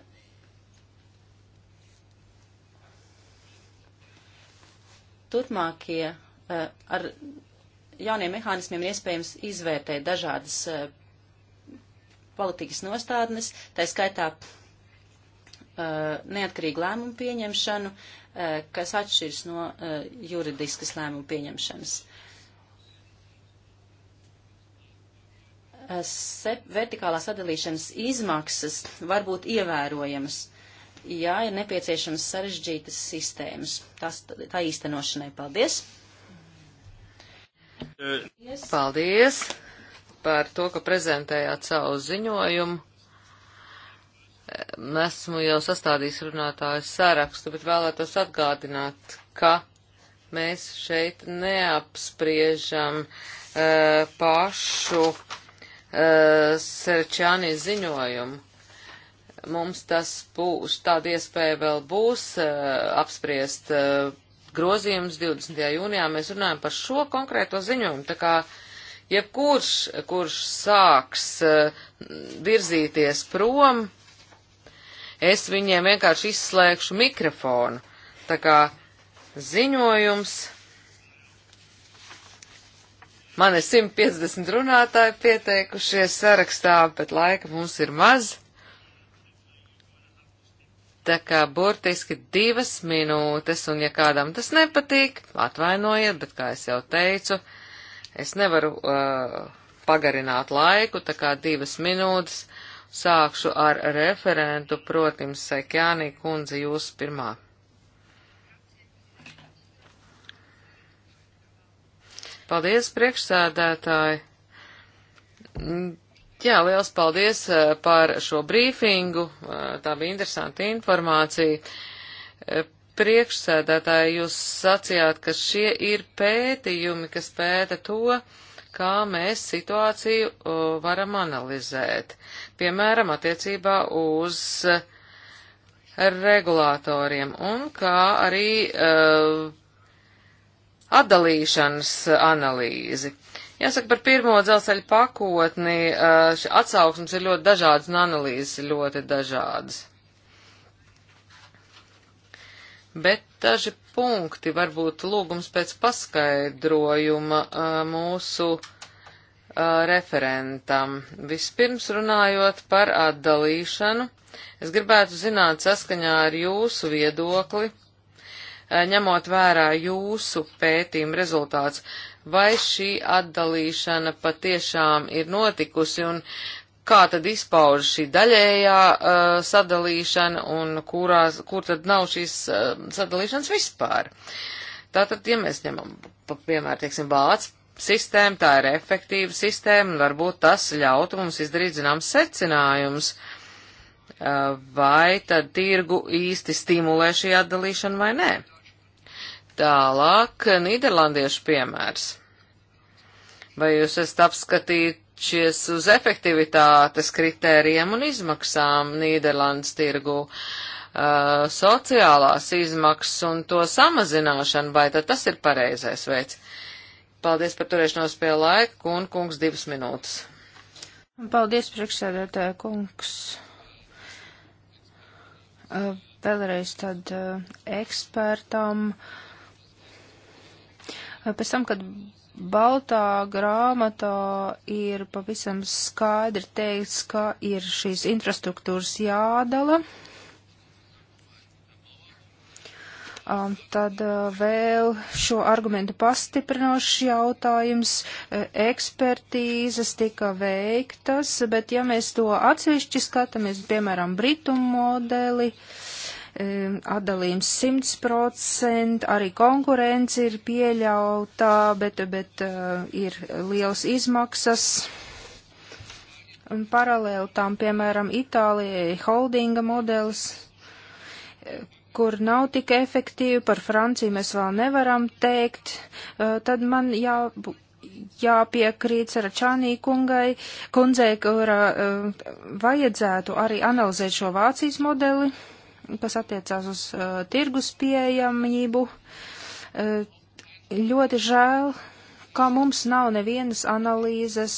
Speaker 4: turpmākie eh, ar jauniem mehānismiem ir iespējams izvērtēt dažādas eh, politikas nostādnes, tā skaitā eh, neatkarīgu lēmumu pieņemšanu, kas atšķirs no juridiskas lēmumu pieņemšanas. Sep vertikālā sadalīšanas izmaksas var būt ievērojamas jā, ir nepieciešams sarežģītas
Speaker 2: sistēmas. Tas tā īstenošanai. Paldies! Paldies par to, ka prezentējāt savu ziņojumu. Esmu jau sastādījis runātāju sarakstu, bet vēlētos atgādināt, ka mēs šeit neapspriežam uh, pašu uh, Serčāni ziņojumu mums tas būs, tāda iespēja vēl būs eh, apspriest eh, grozījums 20. jūnijā. Mēs runājam par šo konkrēto ziņojumu, tā kā jebkurš, kurš sāks eh, virzīties prom, es viņiem vienkārši izslēgšu mikrofonu. Tā kā ziņojums. Man ir 150 runātāji pieteikušies sarakstā, bet laika mums ir maz. Tā kā burtiski divas minūtes, un ja kādam tas nepatīk, atvainojiet, bet, kā es jau teicu, es nevaru uh, pagarināt laiku, tā kā divas minūtes sākšu ar referentu, protams, Saikjānī kundze jūs pirmā. Paldies, priekšsēdētāji! Jā, liels paldies eh, par šo brīfingu. Eh, tā bija interesanta informācija. Eh, priekšsēdētāji, jūs sacījāt, ka šie ir pētījumi, kas pēta to, kā mēs situāciju varam analizēt. Piemēram, attiecībā uz regulātoriem un kā arī uh, atdalīšanas analīzi. Uh, Jāsaka par pirmo dzelzceļa pakotni, eh, atsauksmes ir ļoti dažādas un analīzes ir ļoti dažādas. Bet daži punkti, varbūt lūgums pēc paskaidrojuma eh, mūsu eh, referentam. Vispirms runājot par atdalīšanu, es gribētu zināt saskaņā ar jūsu viedokli Eh, ņemot vērā jūsu pētījumu rezultāts, vai šī atdalīšana patiešām ir notikusi un kā tad izpauž šī daļējā uh, sadalīšana un kurās, kur tad nav šīs uh, sadalīšanas vispār. Tātad, ja mēs ņemam, piemēram, teiksim, vācu sistēmu, tā ir efektīva sistēma, un varbūt tas ļautu mums izdarīt zināms secinājums, uh, vai tad tirgu īsti stimulē šī atdalīšana vai nē. Tālāk, Nīderlandiešu piemērs. Vai jūs esat apskatījušies uz efektivitātes kritērijiem un izmaksām Nīderlandes tirgu? Uh, sociālās izmaksas un to samazināšanu, vai tad tas ir pareizais veids? Paldies par turēšanos pie laika, un kungs divas minūtes.
Speaker 3: Paldies, priekšsēdētāja kungs. Uh, vēlreiz tad uh, ekspertam. Uh, Pēc tam, kad Baltā grāmatā ir pavisam skaidri teikts, ka ir šīs infrastruktūras jādala. Um, tad uh, vēl šo argumentu pastiprinošs jautājums. Uh, ekspertīzes tika veiktas, bet ja mēs to atsevišķi skatāmies, piemēram, Britu modeli, uh, atdalījums 100%, arī konkurence ir pieļautā, bet, bet eh, ir liels izmaksas. Un paralēli tam, piemēram, Itālijai holdinga modelis, eh, kur nav tik efektīvi, par Franciju mēs vēl nevaram teikt, eh, tad man jā, jāpiekrīt Saračānī kungai, kundzei, kura vajadzētu arī analizēt šo Vācijas modeli kas attiecās uz uh, tirgus pieejamību. Uh, ļoti žēl, ka mums nav nevienas analīzes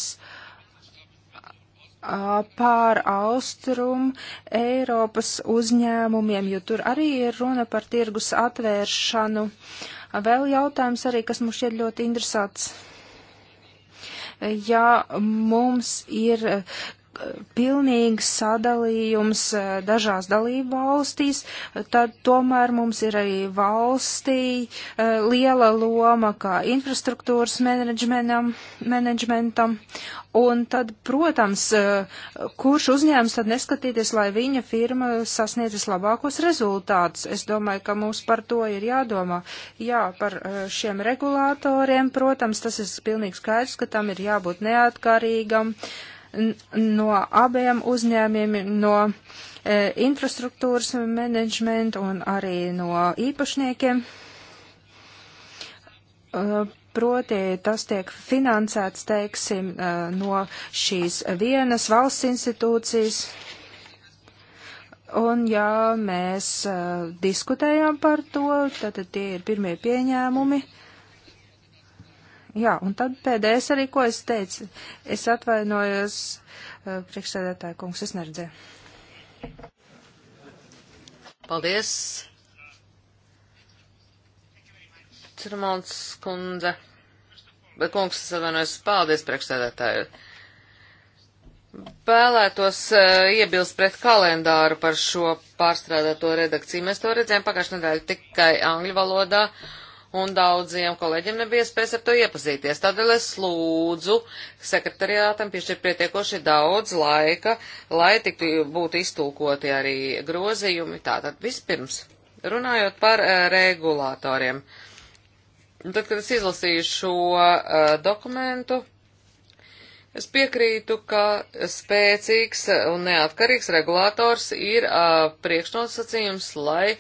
Speaker 3: uh, pār austrumu Eiropas uzņēmumiem, jo tur arī ir runa par tirgus atvēršanu. Vēl jautājums arī, kas mums šķiet ļoti interesants ja mums ir pilnīgs sadalījums e, dažās dalību valstīs, tad tomēr mums ir arī valstī e, liela loma kā infrastruktūras menedžmentam. Un tad, protams, e, kurš uzņēmums tad neskatīties, lai viņa firma sasniedzis labākos rezultātus? Es domāju, ka mums par to ir jādomā. Jā, par šiem regulātoriem, protams, tas ir pilnīgi skaidrs, ka tam ir jābūt neatkarīgam. Uh, no abiem uzņēmiem, no e, infrastruktūras menedžmenta un arī no īpašniekiem. E, proti, tas tiek finansēts, teiksim, e, no šīs vienas valsts institūcijas. Un jā, mēs e, diskutējām par to, tad tie ir pirmie pieņēmumi. Uh, Jā, un tad pēdējais arī, ko es teicu. Es atvainojos, uh, priekšsēdētāja kungs, es neredzēju.
Speaker 2: Paldies. Čermons kundze. Bet kungs, es atvainojos, paldies priekšsēdētāju. Vēlētos uh, iebilst pret kalendāru par šo pārstrādāto redakciju. Mēs to redzējām pagājušajā nedēļā tikai angļu valodā. Uh, un daudziem kolēģiem nebija iespējas ar to iepazīties. Tādēļ es lūdzu sekretariātam piešķirt pietiekoši daudz laika, lai tiktu būtu iztūkoti arī grozījumi. Tātad vispirms, runājot par uh, regulātoriem. Tad, kad es izlasīju šo uh, dokumentu, es piekrītu, ka spēcīgs un neatkarīgs regulators ir uh, priekšnosacījums, lai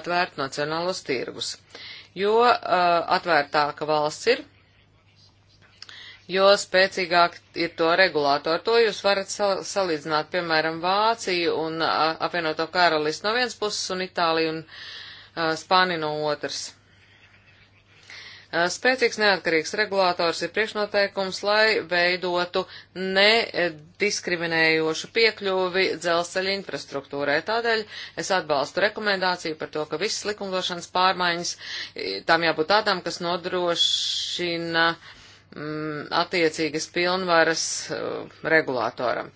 Speaker 2: atvērtu nacionālos tirgus. Uh, jo uh, atvērtāka valsts ir, jo spēcīgāk ir to regulātori. To jūs varat sal salīdzināt, piemēram, Vāciju un uh, apvienoto karalistu no vienas puses un Itāliju un uh, Spāniju no otras. Uh, spēcīgs neatkarīgs regulators ir priekšnoteikums, lai veidotu nediskriminējošu piekļuvi dzelzceļa infrastruktūrai. Tādēļ es atbalstu rekomendāciju par to, ka visas likumdošanas pārmaiņas tam jābūt tādām, kas nodrošina mm, attiecīgas pilnvaras uh, regulātoram.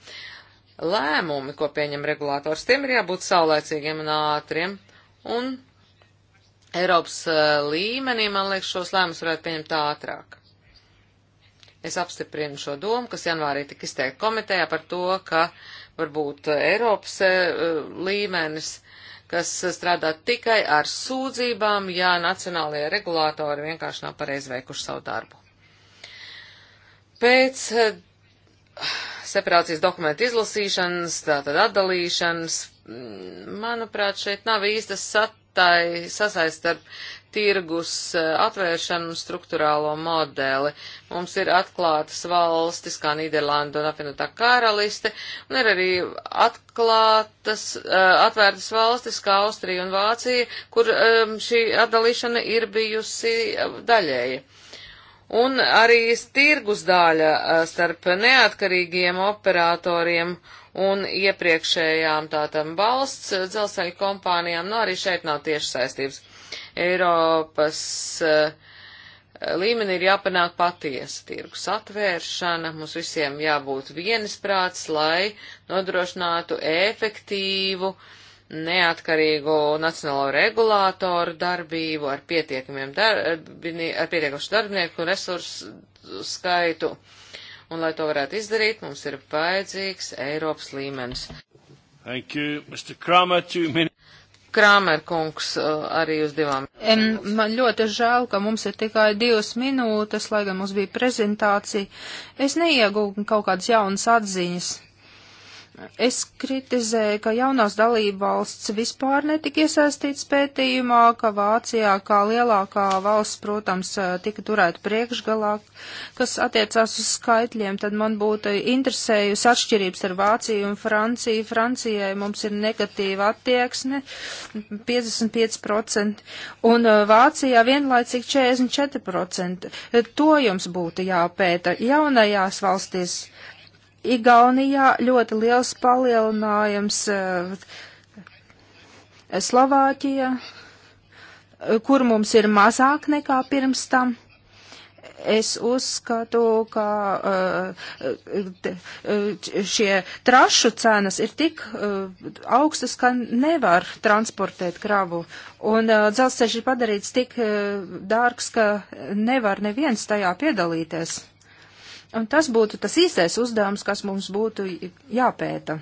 Speaker 2: Lēmumi, ko pieņem regulātors, tiem ir jābūt saulēcīgiem un ātriem. Un Eiropas uh, līmenī, man liekas, šos lēmumus varētu pieņemt ātrāk. Es apstiprinu šo domu, kas janvārī tika izteikta komitejā par to, ka varbūt uh, Eiropas uh, līmenis, kas strādā tikai ar sūdzībām, ja nacionālajie regulātori vienkārši nav pareizi veikuši savu darbu. Pēc separācijas dokumentu izlasīšanas, tātad atdalīšanas, mm, manuprāt, šeit nav īstas sat tai sasaist ar tirgus eh, atvēršanu un struktūrālo modeli. Mums ir atklātas valstis kā Nīderlanda un apvienotā karaliste, un ir arī atklātas, eh, atvērtas valstis kā Austrija un Vācija, kur ehm, šī atdalīšana ir bijusi eh, daļēja. Un arī tirgus daļa starp neatkarīgiem operatoriem un iepriekšējām tātad valsts dzelzceļa kompānijām, no nu, arī šeit nav tieši saistības. Eiropas uh, līmenī ir jāpanāk patiesa tirgus atvēršana, mums visiem jābūt vienisprāts, lai nodrošinātu efektīvu, neatkarīgu nacionālo regulātoru darbību ar pietiekamiem darbini, ar pietiekamu darbinieku resursu skaitu. Uh, un lai to varētu izdarīt, mums ir vajadzīgs Eiropas līmenis. Thank you, Mr. Kramer, two minutes. Krāmer kungs uh, arī uz divām.
Speaker 3: En, man ļoti žēl, ka mums ir tikai divas minūtes, lai gan mums bija prezentācija. Es neiegūtu kaut kādas jaunas atziņas. Es kritizēju, ka jaunās dalībvalsts vispār netika iesaistīts pētījumā, ka Vācijā kā lielākā valsts, protams, tika turēta priekšgalā, kas attiecās uz skaitļiem, tad man būtu interesējusi atšķirības ar Vāciju un Franciju. Francijai mums ir negatīva attieksme 55% un Vācijā vienlaicīgi 44%. To jums būtu jāpēta jaunajās valstīs Igaunijā ļoti liels palielinājums eh, Slovāķija, kur mums ir mazāk nekā pirms tam. Es uzskatu, ka eh, eh, šie trašu cenas ir tik augstas, ka nevar transportēt kravu. Un dzelzceļš ir padarīts tik dārgs, ka nevar neviens tajā piedalīties. Un tas būtu tas īstais uzdevums, kas mums būtu jāpēta.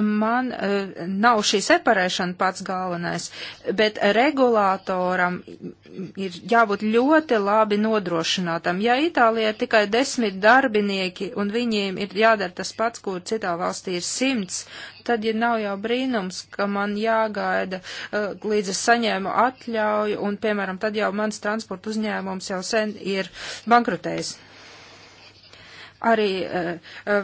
Speaker 3: man eh, nav šī separēšana pats galvenais, bet regulātoram ir jābūt ļoti labi nodrošinātam. Ja Itālijā ir tikai desmit darbinieki un viņiem ir jādara tas pats, kur citā valstī ir simts, tad ja nav jau brīnums, ka man jāgaida, eh, līdz es saņēmu atļauju, un, piemēram, tad jau mans transporta uzņēmums jau sen ir bankrotējis. Arī eh,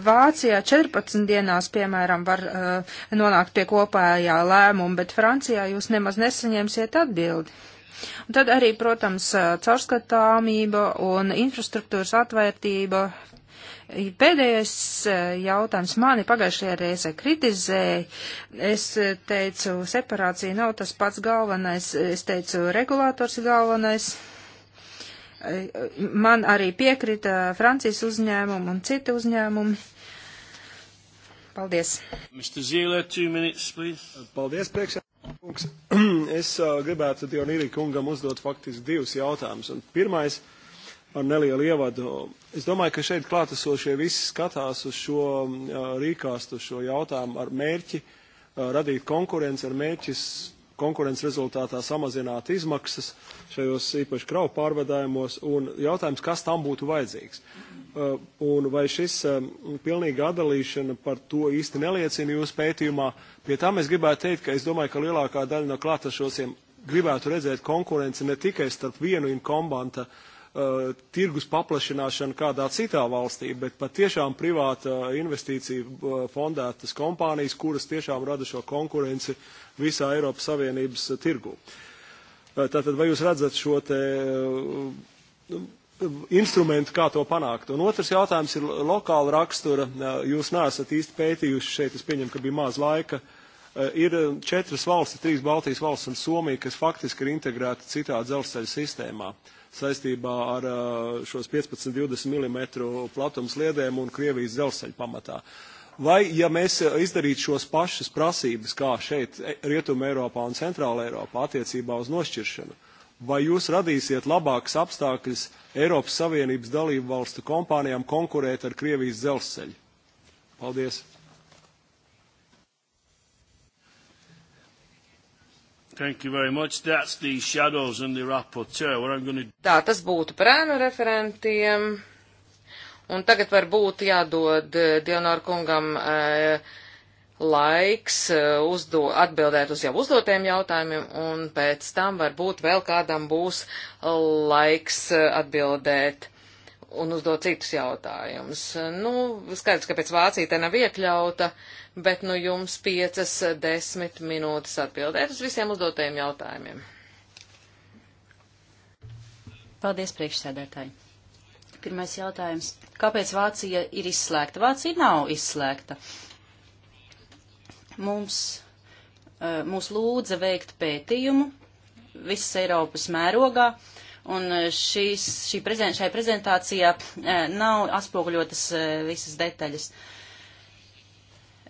Speaker 3: Vācijā 14 dienās, piemēram, var eh, nonākt pie kopējā lēmuma, bet Francijā jūs nemaz nesaņemsiet atbildi. Un tad arī, protams, eh, caurskatāmība un infrastruktūras atvērtība. Pēdējais jautājums mani pagājušajā reizē kritizēja. Es teicu, separācija nav tas pats galvenais, es teicu, regulators ir galvenais. Man arī piekrita Francijas uzņēmumu un citi uzņēmumi. Paldies.
Speaker 1: Zīle, minutes, Paldies, priekšsēdētājs. (clears throat) es uh, gribētu Dionīri kungam uzdot faktiski divus jautājumus. Un pirmais ar nelielu ievadu. Es domāju, ka šeit klātesošie visi skatās uz šo uh, rīkāstu, uz šo jautājumu ar mērķi uh, radīt konkurenci, ar mērķis konkurences rezultātā samazināt izmaksas šajos īpaši kravu pārvadājumos, un jautājums, kas tam būtu vajadzīgs. Uh, un vai šis um, pilnīga atdalīšana par to īsti neliecina jūsu pētījumā, pie tā mēs gribētu teikt, ka es domāju, ka lielākā daļa no klātašosiem gribētu redzēt konkurenci ne tikai starp vienu inkombanta uh, uh, tirgus paplašināšana kādā citā valstī, bet patiešām privāta investīcija uh, fondētas kompānijas, kuras tiešām rada šo konkurenci visā Eiropas Savienības uh, tirgu. Uh, tātad vai jūs redzat šo te uh, uh, instrumentu, kā to panākt? Un otrs jautājums ir lokāla rakstura. Jūs neesat īsti pētījuši šeit, es pieņemu, ka bija maz laika. Ir četras valstis, trīs Baltijas valsts un Somija, kas faktiski ir integrēta citā dzelzceļa sistēmā. Uh, saistībā ar šos 15-20 mm platums liedēm un Krievijas dzelzceļa pamatā. Vai, ja mēs izdarītu šos pašas prasības, kā šeit e, Rietuma Eiropā un Centrāla Eiropā attiecībā uz nošķiršanu, vai jūs radīsiet labākas apstākļas Eiropas Savienības dalību valstu kompānijām konkurēt ar Krievijas dzelzceļu? Paldies! Thank you very much. That's the shadows and the rapporteur. What I'm going to... Tā, tas būtu par
Speaker 2: ēnu referentiem. Un tagad varbūt jādod eh, Dionāra kungam e, laiks eh, uzdo, atbildēt uz jau uzdotiem jautājumiem, un pēc tam varbūt vēl kādam būs laiks atbildēt un uzdot citus jautājumus. Nu, skaidrs, ka pēc Vācija te nav iekļauta. Uh, bet nu jums piecas desmit minūtes atbildēt uz visiem uzdotajiem jautājumiem.
Speaker 4: Paldies, priekšsēdētāji. Pirmais jautājums. Kāpēc Vācija ir izslēgta? Vācija nav izslēgta. Mums, eh, mūs lūdza veikt pētījumu visas Eiropas mērogā, un eh, šīs, šī prezent, šai prezentācijā eh, nav atspoguļotas visas detaļas. Uh,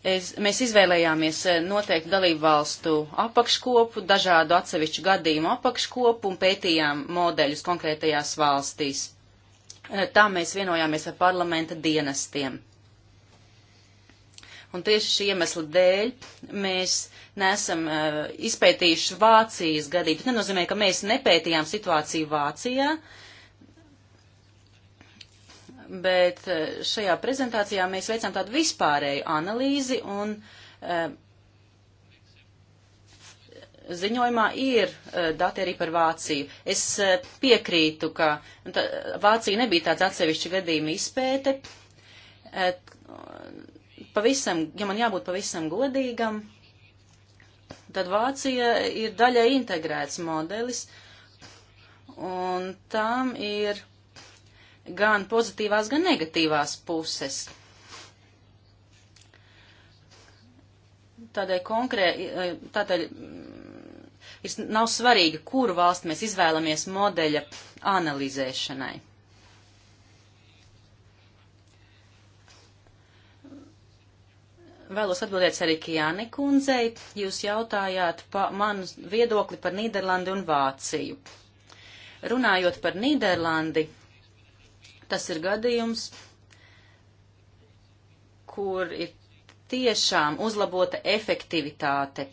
Speaker 4: Es, mēs izvēlējāmies eh, noteikti dalību valstu apakškopu, dažādu atsevišķu gadījumu apakškopu un pētījām modeļus konkrētajās valstīs. Eh, tā mēs vienojāmies ar parlamenta dienestiem. Un tieši šī iemesla dēļ mēs nesam uh, izpētījuši Vācijas gadību. Tas nenozīmē, ka mēs nepētījām situāciju Vācijā, uh, bet eh, šajā prezentācijā mēs veicam tādu vispārēju analīzi un uh, ziņojumā ir uh, dati arī par Vāciju. Es uh, piekrītu, ka nu, tā, Vācija nebija tāds atsevišķi gadījuma izpēte. Pavisam, ja man jābūt pavisam godīgam, tad Vācija ir daļai integrēts modelis, un tam ir gan pozitīvās, gan negatīvās puses. Tādēļ konkrēti, e, tādēļ ir, nav svarīgi, kuru valstu mēs izvēlamies modeļa analizēšanai. vēlos atbildēt arī Kijāni kundzei. Jūs jautājāt pa manu viedokli par Nīderlandi un Vāciju. Runājot par Nīderlandi, Tas ir gadījums, kur ir tiešām uzlabota efektivitāte,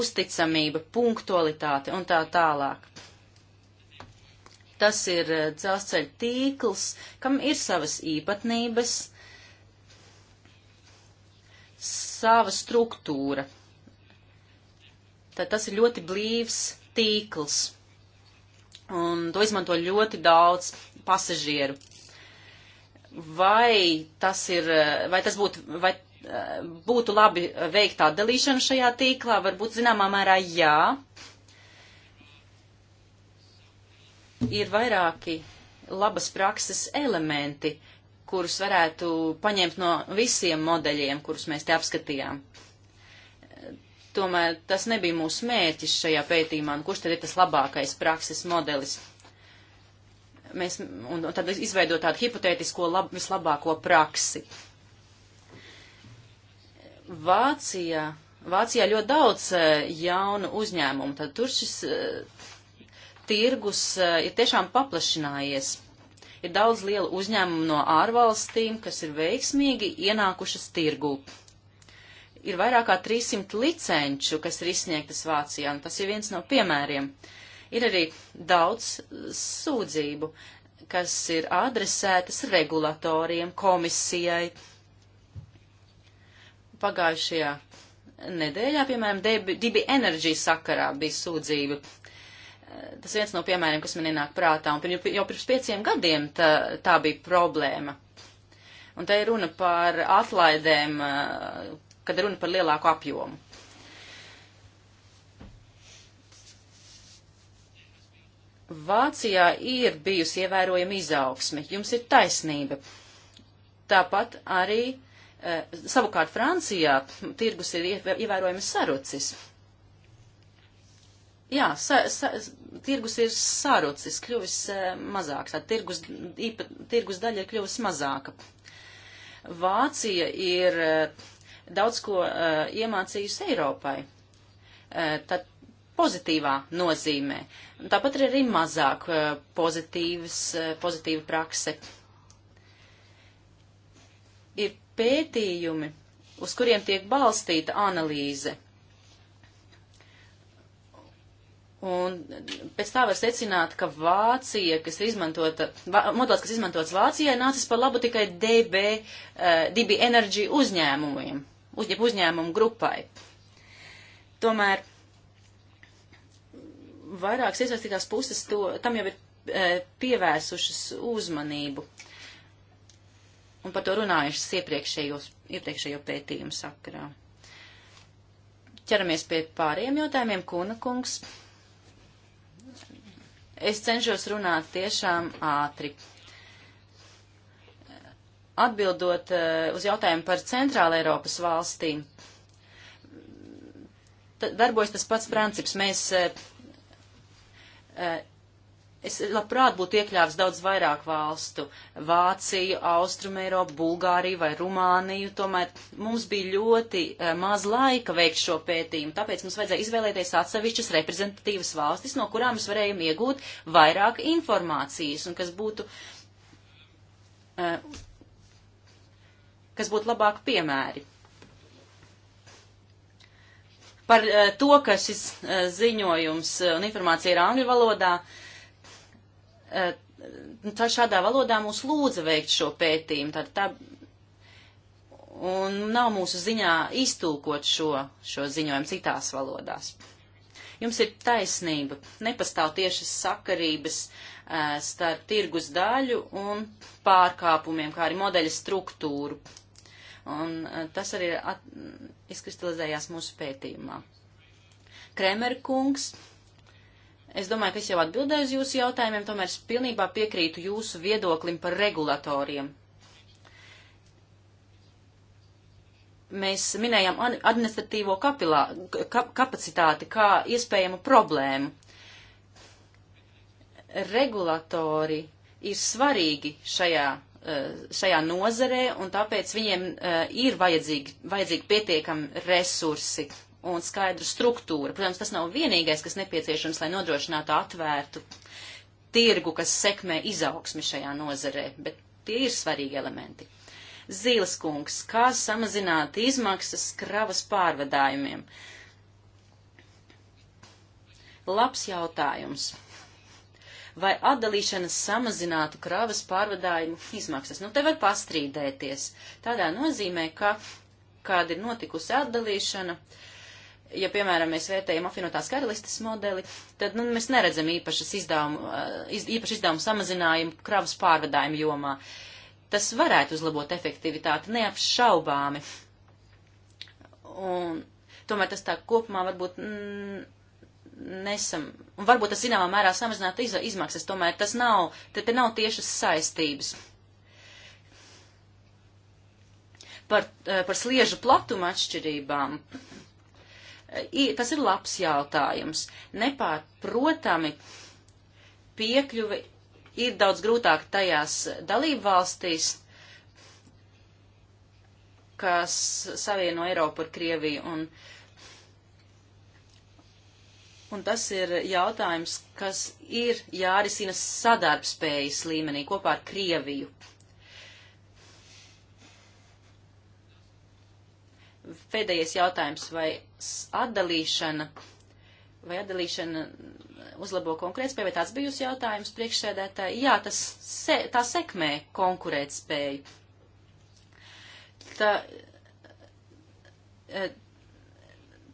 Speaker 4: uzticamība, punktualitāte un tā tālāk. Tas ir eh, dzelzceļa tīkls, kam ir savas īpatnības, sava struktūra. Tad tas ir ļoti blīvs tīkls. Un to izmanto ļoti daudz pasažieru. Vai tas ir, vai tas būtu, vai eh, būtu labi veikt atdalīšanu šajā tīklā? Varbūt zināmā mērā jā. Ir vairāki labas prakses elementi, kurus varētu paņemt no visiem modeļiem, kurus mēs te apskatījām. Tomēr tas nebija mūsu mērķis šajā pētījumā, un nu, kurš tad ir tas labākais prakses modelis mēs, un, un tad izveidot tādu hipotētisko lab, vislabāko praksi. Vācija, Vācijā ļoti daudz e, jaunu uzņēmumu, tad tur šis uh, tirgus uh, ir tiešām paplašinājies. Ir daudz lielu uzņēmumu no ārvalstīm, kas ir veiksmīgi ienākušas tirgu. Ir vairāk kā 300 licenču, kas ir izsniegtas Vācijā, un tas ir viens no piemēriem. Uh, Ir arī daudz sūdzību, kas ir adresētas regulatoriem, komisijai. Pagājušajā nedēļā, piemēram, Dibi Energy sakarā bija sūdzība. Tas viens no piemēriem, kas man ienāk prātā, un jau pirms pieciem gadiem tā, tā bija problēma. Un te ir runa par atlaidēm, eh, kad ir runa par lielāku apjomu. Vācijā ir bijusi ievērojama izaugsme, jums ir taisnība. Tāpat arī eh, savukārt Francijā tirgus ir ievērojami sarucis. Jā, sa, sa, tirgus ir sarucis, kļuvis eh, mazāks, tā tirgus, īpa, tirgus daļa ir kļuvis mazāka. Vācija ir eh, daudz ko eh, iemācījusi Eiropai. Eh, tad pozitīvā nozīmē. Un tāpat ir arī mazāk eh, pozitīvas, eh, pozitīva prakse. Ir pētījumi, uz kuriem tiek balstīta analīze. Un pēc tā var secināt, ka Vācija, kas ir izmantota, modelis, kas izmantots Vācijai, nācis par labu tikai DB, eh, DB Energy uzņēmumiem, uzņēmumu grupai. Tomēr vairākas iesaistītās puses to, tam jau ir e, pievērsušas uzmanību un par to runājušas iepriekšējos, iepriekšējo pētījumu sakarā. Ķeramies pie pāriem jautājumiem, Kuna kungs. Es cenšos runāt tiešām ātri. Atbildot e, uz jautājumu par Centrāla Eiropas valstīm, darbojas tas pats princips. Mēs e, Es labprāt būtu iekļāvis daudz vairāk valstu - Vāciju, Austrumēropu, Bulgāriju vai Rumāniju, tomēr mums bija ļoti eh, maz laika veikt šo pētījumu, tāpēc mums vajadzēja izvēlēties atsevišķas reprezentatīvas valstis, no kurām mēs varējām iegūt vairāk informācijas un kas būtu, eh, kas būtu labāk piemēri par eh, to, ka šis eh, ziņojums eh, un informācija ir angļu valodā. Nu, tā šādā valodā mūs lūdza veikt šo pētījumu. Tad tā, un nav mūsu ziņā iztulkot šo, šo ziņojumu citās valodās. Jums ir taisnība. Nepastāv tiešas sakarības starp tirgus daļu un pārkāpumiem, kā arī modeļa struktūru. Un tas arī at, izkristalizējās mūsu pētījumā. Kremer kungs, es domāju, ka es jau atbildēju uz jūsu jautājumiem, tomēr es pilnībā piekrītu jūsu viedoklim par regulatoriem. Mēs minējām administratīvo kapilā, kap, kapacitāti kā iespējamu problēmu. Regulatori ir svarīgi šajā Eh, šajā nozarē, un tāpēc viņiem eh, ir vajadzīgi, vajadzīgi pietiekami resursi un skaidra struktūra. Protams, tas nav vienīgais, kas nepieciešams, lai nodrošinātu atvērtu tirgu, kas sekmē izaugsmi šajā nozarē, bet tie ir svarīgi elementi. Zīles kungs, kā samazināt izmaksas kravas pārvadājumiem? Labs jautājums vai atdalīšana samazinātu kravas pārvadājumu izmaksas. Nu, te var pastrīdēties. Tādā nozīmē, ka kāda ir notikusi atdalīšana, ja, piemēram, mēs vērtējam apvienotās karalistes modeli, tad nu, mēs neredzam īpašas izdevumu, iz, īpaši izdevumu samazinājumu kravas pārvadājumu jomā. Tas varētu uzlabot efektivitāti neapšaubāmi. Un, tomēr tas tā kopumā varbūt. Mm, nesam, un varbūt tas zināmā mērā samazinātu iz, izmaksas, tomēr tas nav, te, te nav tiešas saistības. Par, eh, par sliežu platumu atšķirībām. Eh, tas ir labs jautājums. Nepārprotami piekļuvi ir daudz grūtāk tajās dalību valstīs, kas savieno Eiropu ar Krieviju un uh, Un tas ir jautājums, kas ir jārisina sadarbspējas līmenī kopā ar Krieviju. Pēdējais jautājums, vai atdalīšana, vai atdalīšana uzlabo konkurētspēju, vai tāds bija jūsu jautājums priekšsēdētāji? Jā, tas se, tā sekmē konkurētspēju. Tā, e,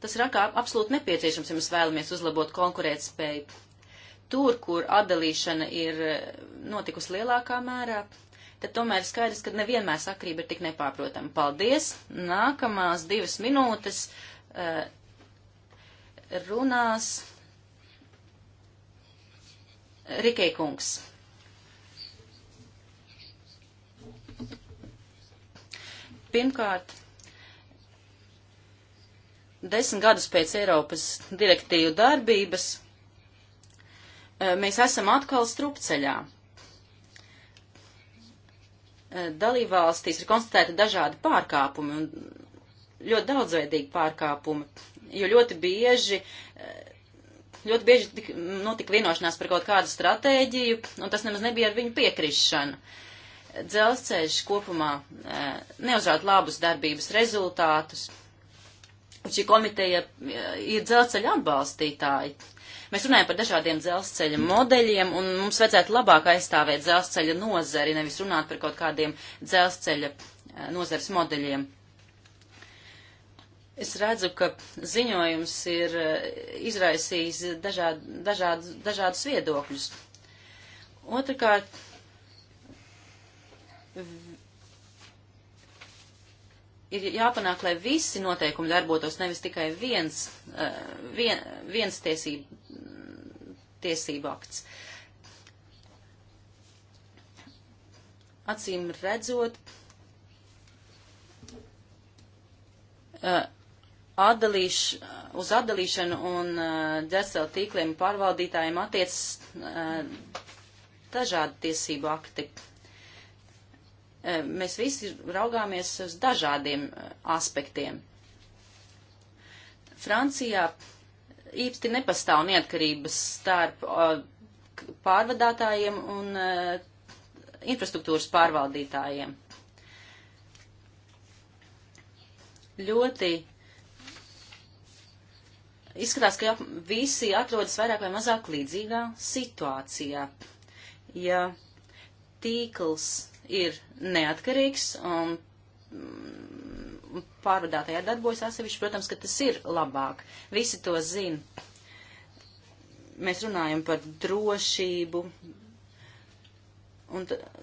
Speaker 4: tas ir absolūti nepieciešams, ja mēs vēlamies uzlabot konkurētspēju. Tur, kur atdalīšana ir eh, notikusi lielākā mērā, tad tomēr skaidrs, ka nevienmēr sakrība ir tik nepārprotama. Paldies! Nākamās divas minūtes uh, runās Rikei kungs. Pirmkārt, desmit gadus pēc Eiropas direktīvu darbības eh, mēs esam atkal strupceļā. Eh, dalībvalstīs ir konstatēti dažādi pārkāpumi un ļoti daudzveidīgi pārkāpumi, jo ļoti bieži, eh, ļoti bieži notika vienošanās par kaut kādu stratēģiju, un tas nemaz nebija ar viņu piekrišanu. Dzelzceļš kopumā neuzrāda labus darbības rezultātus, šī komiteja e, ir dzelzceļa atbalstītāji. Mēs runājam par dažādiem dzelzceļa modeļiem, un mums vajadzētu labāk aizstāvēt dzelzceļa nozari, nevis runāt par kaut kādiem dzelzceļa e, nozares modeļiem. Es redzu, ka ziņojums ir e, izraisījis dažād, dažād, dažādus viedokļus. Otrakārt, ir jāpanāk, lai visi noteikumi darbotos, nevis tikai viens, eh, vien, viens tiesība, tiesība akts. Acīm redzot, eh, atdalīš, uz atdalīšanu un ģērsela eh, tīkliem pārvaldītājiem attiecas dažādi tiesību akti Eh, mēs visi raugāmies uz dažādiem eh, aspektiem. Francijā īpsti nepastāv neatkarības starp eh, pārvadātājiem un infrastruktūras pārvaldītājiem. Ļoti izskatās, ka visi atrodas vairāk vai mazāk līdzīgā situācijā. Ja tīkls ir neatkarīgs un mm, pārvadātajā darbojas atsevišķi, protams, ka tas ir labāk. Visi to zina. Mēs runājam par drošību un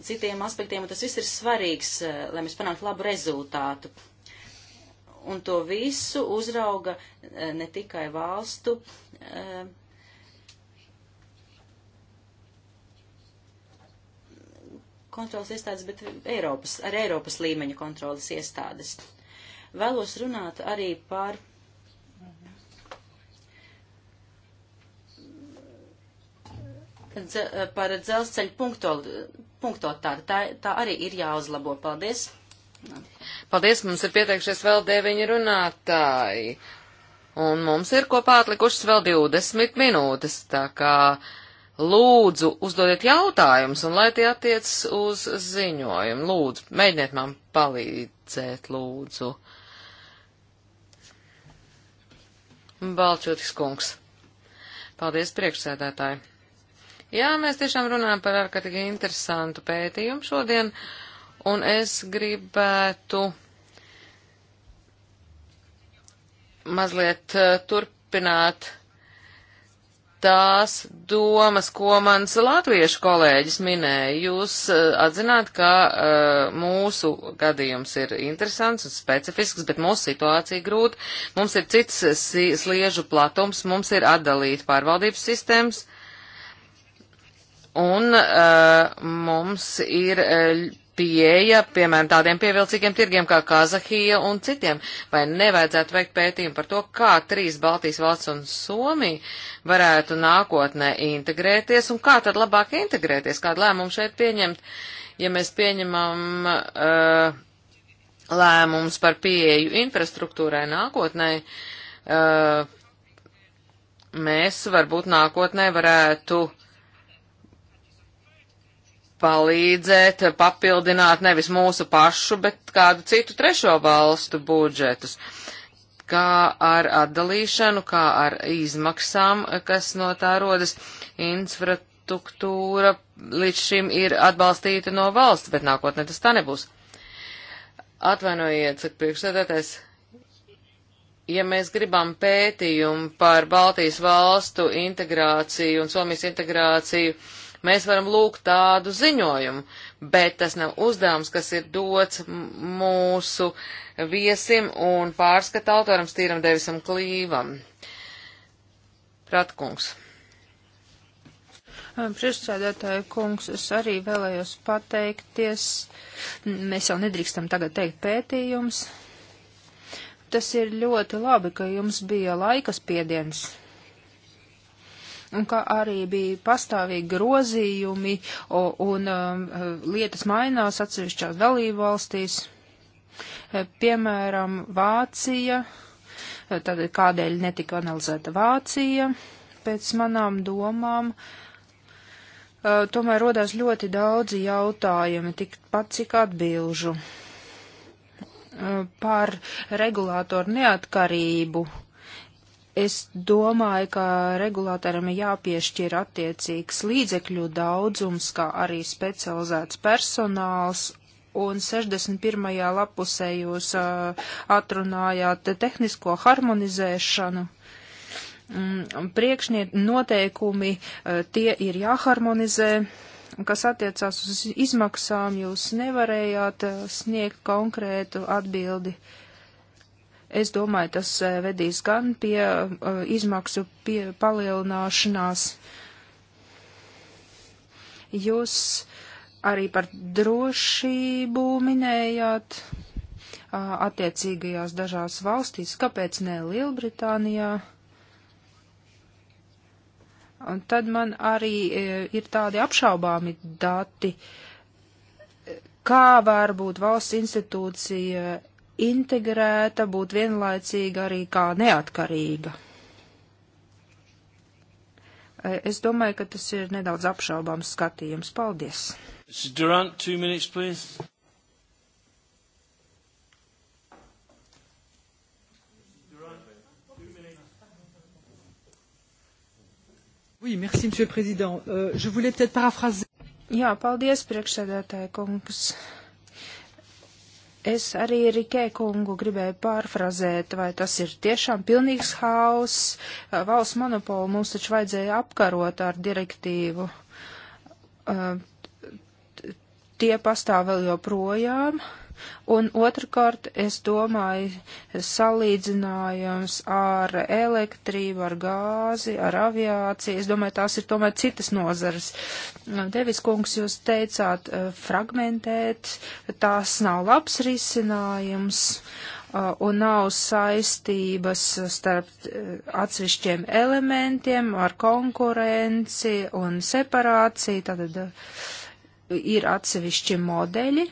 Speaker 4: citiem aspektiem, un tas viss ir svarīgs, eh, lai mēs panāktu labu rezultātu. Un to visu uzrauga eh, ne tikai valstu eh, kontrolas iestādes, bet Eiropas, ar Eiropas līmeņa kontrolas iestādes. Vēlos runāt arī par dze, par dzelzceļu punktotāru. Tā, tā arī ir jāuzlabo. Paldies!
Speaker 2: Paldies, mums ir pieteikšies vēl deviņi runātāji. Un mums ir kopā atlikušas vēl 20 minūtes, tā kā uh, Lūdzu, uzdodiet jautājumus, un lai tie attiecas uz ziņojumu. Lūdzu, mēģiniet man palīdzēt, lūdzu. Balčotis kungs. Paldies, priekšsēdētāji. Jā, mēs tiešām runājam par ārkārtīgi interesantu pētījumu šodien, un es gribētu mazliet uh, turpināt tās domas, ko mans latviešu kolēģis minēja. Jūs eh, atzināt, ka uh, mūsu gadījums ir interesants un specifisks, bet mūsu situācija grūta. Mums ir cits eh, sliežu platums, mums ir atdalīta pārvaldības sistēmas, un uh, mums ir uh, pieeja, piemēram, tādiem pievilcīgiem tirgiem kā Kazahija un citiem, vai nevajadzētu veikt pētījumu par to, kā trīs Baltijas valsts un Somija varētu nākotnē integrēties un kā tad labāk integrēties, kādu lēmumu šeit pieņemt, ja mēs pieņemam uh, lēmumus par pieeju infrastruktūrai nākotnē. Uh, mēs varbūt nākotnē varētu uh, palīdzēt papildināt nevis mūsu pašu, bet kādu citu trešo valstu budžetus. Kā ar atdalīšanu, kā ar izmaksām, kas no tā rodas, infrastruktūra līdz šim ir atbalstīta no valsts, bet nākotnē tas tā nebūs. Atvainojiet, saka priekšsēdētājs, ja mēs gribam pētījumu par Baltijas valstu integrāciju un Somijas integrāciju, uh, Mēs varam lūgt tādu ziņojumu, bet tas nav uzdevums, kas ir dots mūsu viesim un pārskata autoram Stīram Devisam Klīvam. Pratkungs.
Speaker 3: Priekšsēdētāja kungs, es arī vēlējos pateikties. Mēs jau nedrīkstam tagad teikt pētījums. Tas ir ļoti labi, ka jums bija laika spiediens un ka arī bija pastāvīgi grozījumi un um, lietas mainās atsevišķās dalībvalstīs. E, piemēram, Vācija, e, tad kādēļ netika analizēta Vācija, pēc manām domām, e, tomēr rodās ļoti daudzi jautājumi, tik pat cik atbilžu par regulātoru neatkarību Es domāju, ka regulātoram ir jāpiešķir attiecīgs līdzekļu daudzums, kā arī specializēts personāls. Un 61. lapusē jūs uh, atrunājāt tehnisko harmonizēšanu. Mm, Priekšniet noteikumi uh, tie ir jāharmonizē. Kas attiecās uz izmaksām, jūs nevarējāt uh, sniegt konkrētu atbildi. Uh, Es domāju, tas e, vedīs gan pie uh, izmaksu pie palielināšanās. Jūs arī par drošību minējāt uh, attiecīgajās dažās valstīs, kāpēc ne Lielbritānijā? Un tad man arī e, ir tādi apšaubāmi dati, kā var būt valsts institūcija integrēta, būt vienlaicīga arī kā neatkarīga. E, es domāju, ka tas ir nedaudz apšaubāms skatījums. Paldies!
Speaker 1: Durant, two minutes, please.
Speaker 2: Oui, merci, Monsieur le Président. Euh, je
Speaker 3: voulais peut-être paraphraser. Jā, paldies, priekšsēdētāja kungs. Es arī Rikē kungu gribēju pārfrazēt, vai tas ir tiešām pilnīgs hauss. Valsts monopolu mums taču vajadzēja apkarot ar direktīvu. Tie pastāv vēl joprojām. Uh, Un otrkārt, es domāju, salīdzinājums ar elektrību, ar gāzi, ar aviāciju, es domāju, tās ir tomēr citas nozares. Devis kungs, jūs teicāt, eh, fragmentēt, tās nav labs risinājums eh, un nav saistības starp eh, atsevišķiem elementiem ar konkurenci un separāciju, tad ir atsevišķi modeļi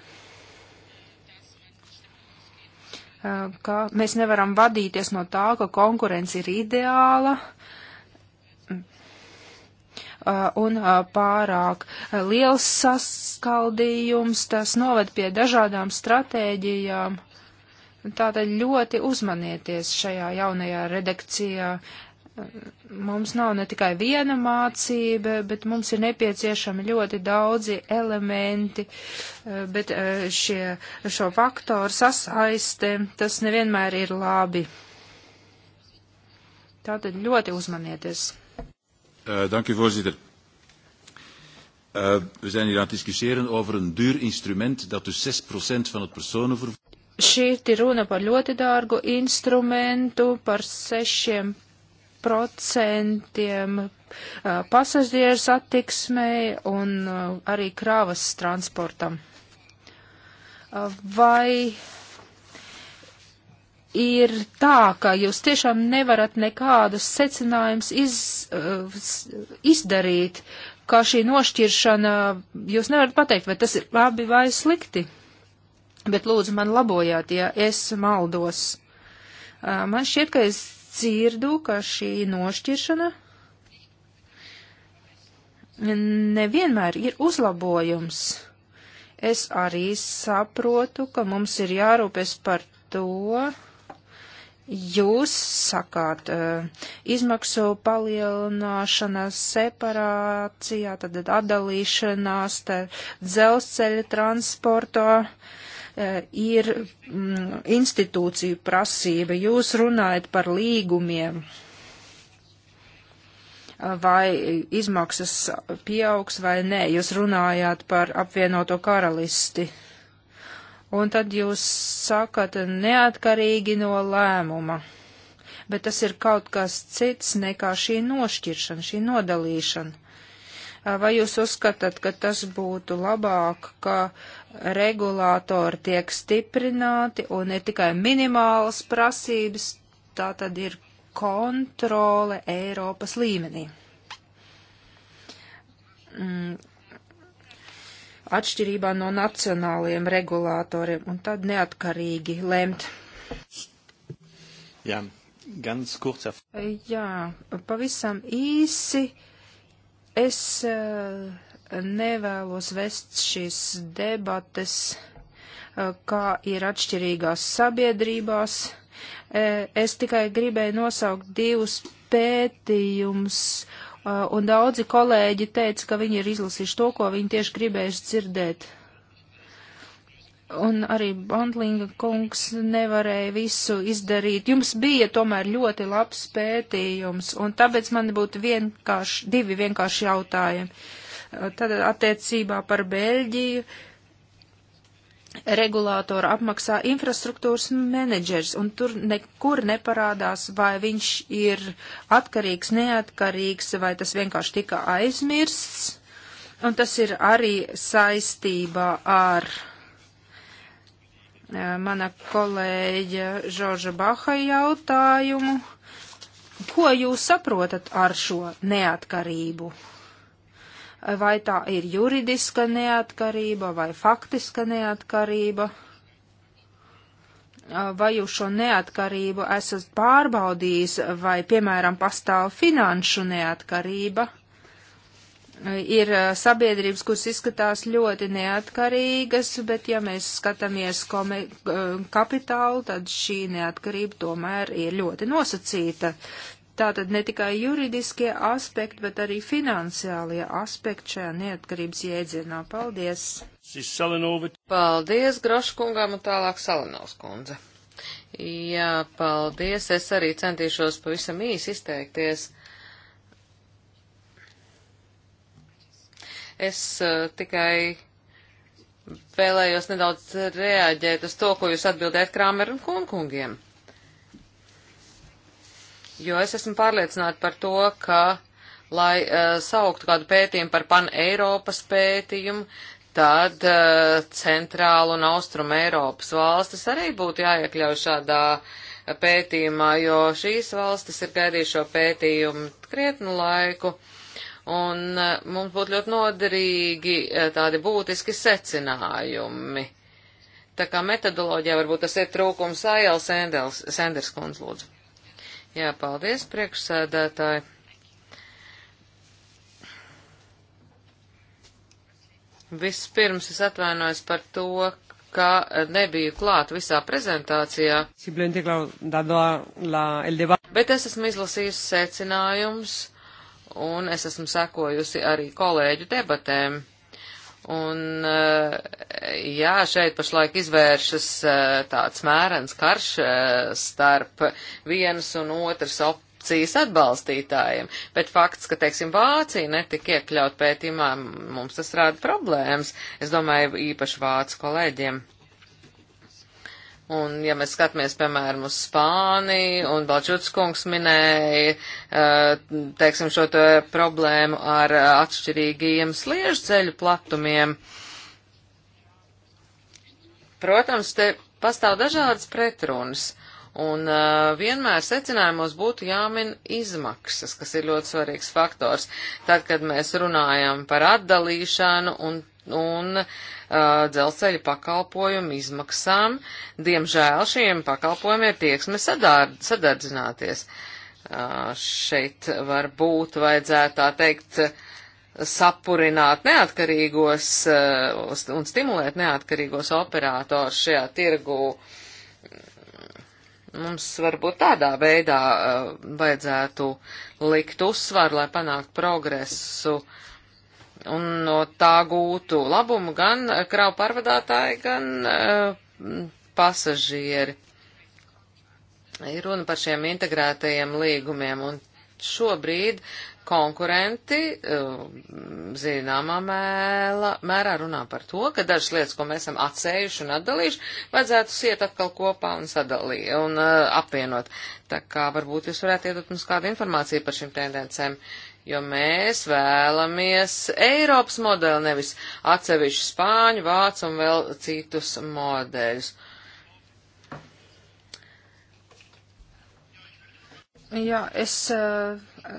Speaker 3: Eh, ka mēs nevaram vadīties no tā, ka konkurence ir ideāla eh, un eh, pārāk liels saskaldījums, tas noved pie dažādām stratēģijām. Tātad ļoti uzmanieties šajā jaunajā redakcijā mums nav ne tikai viena mācība, bet mums ir nepieciešami ļoti daudzi elementi, eh, bet eh, šie, šo faktoru sasaiste, tas nevienmēr ir labi. Tātad ļoti uzmanieties.
Speaker 1: Uh, dank u, voorzitter. Uh, we zijn hier aan het discussiëren over een duur instrument dat dus 6% van het
Speaker 3: personenvervoer. Šī ir runa par ļoti dārgu instrumentu, par sešiem procentiem pasažieru satiksmei un arī krāvas transportam. Vai ir tā, ka jūs tiešām nevarat nekādus secinājumus iz, izdarīt, kā šī nošķiršana, jūs nevarat pateikt, vai tas ir labi vai slikti? Bet lūdzu man labojāt, ja es maldos. Man šķiet, ka es dzirdu, ka šī nošķiršana nevienmēr ir uzlabojums. Es arī saprotu, ka mums ir jārūpēs par to, jūs sakāt, eh, izmaksu palielināšana, separācijā, tad atdalīšanās, dzelzceļa transportā. Uh, E, ir mm, institūciju prasība. Jūs runājat par līgumiem. Vai izmaksas pieaugs vai nē? Jūs runājāt par apvienoto karalisti. Un tad jūs sakat neatkarīgi no lēmuma. Bet tas ir kaut kas cits nekā šī nošķiršana, šī nodalīšana. Vai jūs uzskatāt, ka tas būtu labāk, ka regulātori tiek stiprināti un ir tikai minimālas prasības, tā tad ir kontrole Eiropas līmenī? Mm. Atšķirībā no nacionāliem regulātoriem un tad neatkarīgi lemt.
Speaker 2: Jā, gan skurts.
Speaker 3: Jā, pavisam īsi Es eh, nevēlos vest šīs debates, eh, kā ir atšķirīgās sabiedrībās. Eh, es tikai gribēju nosaukt divus pētījumus, un daudzi kolēģi teica, ka viņi ir izlasījuši to, ko viņi tieši gribējuši dzirdēt un arī Bandlinga kungs nevarēja visu izdarīt. Jums bija tomēr ļoti labs pētījums, un tāpēc man būtu vienkārši, divi vienkārši jautājumi. Tad attiecībā par Beļģiju regulātora apmaksā infrastruktūras menedžers, un tur nekur neparādās, vai viņš ir atkarīgs, neatkarīgs, vai tas vienkārši tika aizmirsts. Un tas ir arī saistībā ar uh, mana kolēģa Žorža Baha jautājumu. Ko jūs saprotat ar šo neatkarību? Vai tā ir juridiska neatkarība vai faktiska neatkarība? Vai jūs šo neatkarību esat pārbaudījis, vai, piemēram, pastāv finanšu neatkarība? ir sabiedrības, kuras izskatās ļoti neatkarīgas, bet ja mēs skatāmies kome, kapitālu, tad šī neatkarība tomēr ir ļoti nosacīta. Tātad ne tikai juridiskie aspekti, bet arī finansiālie aspekti šajā
Speaker 2: neatkarības jēdzienā. Paldies! Paldies, Groškungam un tālāk Salanovs kundze. Jā, paldies. Es arī centīšos pavisam īsi izteikties. Es uh, tikai vēlējos nedaudz reaģēt uz to, ko jūs atbildējat Krāmer un Kunkungiem. Jo es esmu pārliecināta par to, ka, lai uh, sauktu kādu pētījumu par pan-Eiropas pētījumu, tad uh, eh, centrālu un austrumu Eiropas valstis arī būtu jāiekļauj šādā pētījumā, jo šīs valstis ir gaidījušo pētījumu krietnu laiku. Uh, Un e, mums būtu ļoti noderīgi e, tādi būtiski secinājumi. Tā kā metodoloģijā varbūt tas ir trūkums Aijels Senders, Senders kundz lūdzu. Jā, paldies priekšsēdētāji. Vispirms es atvainojos par to, ka nebiju klāt visā prezentācijā. Bet es esmu izlasījusi secinājumus un es esmu sekojusi arī kolēģu debatēm. Un, eh, jā, šeit pašlaik izvēršas eh, tāds mērens karš eh, starp vienas un otras opcijas atbalstītājiem, bet fakts, ka, teiksim, Vācija netika iekļaut pētījumā, mums tas rāda problēmas, es domāju, īpaši Vācu kolēģiem. Un, ja mēs skatāmies, piemēram, uz Spāniju, un Balčūtas kungs minēja, eh, teiksim, šo te problēmu ar eh, atšķirīgajiem sliežu ceļu platumiem, protams, te pastāv dažādas pretrunas. Un uh, vienmēr secinājumos būtu jāmin izmaksas, kas ir ļoti svarīgs faktors. Tad, kad mēs runājam par atdalīšanu un, un uh, Uh, dzelzceļa pakalpojumu izmaksām. Diemžēl šiem pakalpojumiem ir tieksme sadār, sadardzināties. Uh, šeit varbūt vajadzētu tā teikt sapurināt neatkarīgos uh, un stimulēt neatkarīgos operātors šajā tirgū. Mums varbūt tādā veidā vajadzētu likt uzsvaru, lai panāktu progresu uh, un no tā gūtu labumu gan eh, kravu pārvadātāji, gan uh, pasažieri. Ir runa par šiem integrētajiem līgumiem, un šobrīd konkurenti uh, zināmā mēla, mērā runā par to, ka dažas lietas, ko mēs esam atcējuši un atdalījuši, vajadzētu siet atkal kopā un sadalīt un uh, apvienot. Tā kā varbūt jūs varētu iedot mums kādu informāciju par šīm tendencēm. Uh, jo mēs vēlamies Eiropas modeli, nevis atsevišķu spāņu, vācu un vēl citus modeļus. Jā,
Speaker 3: es eh,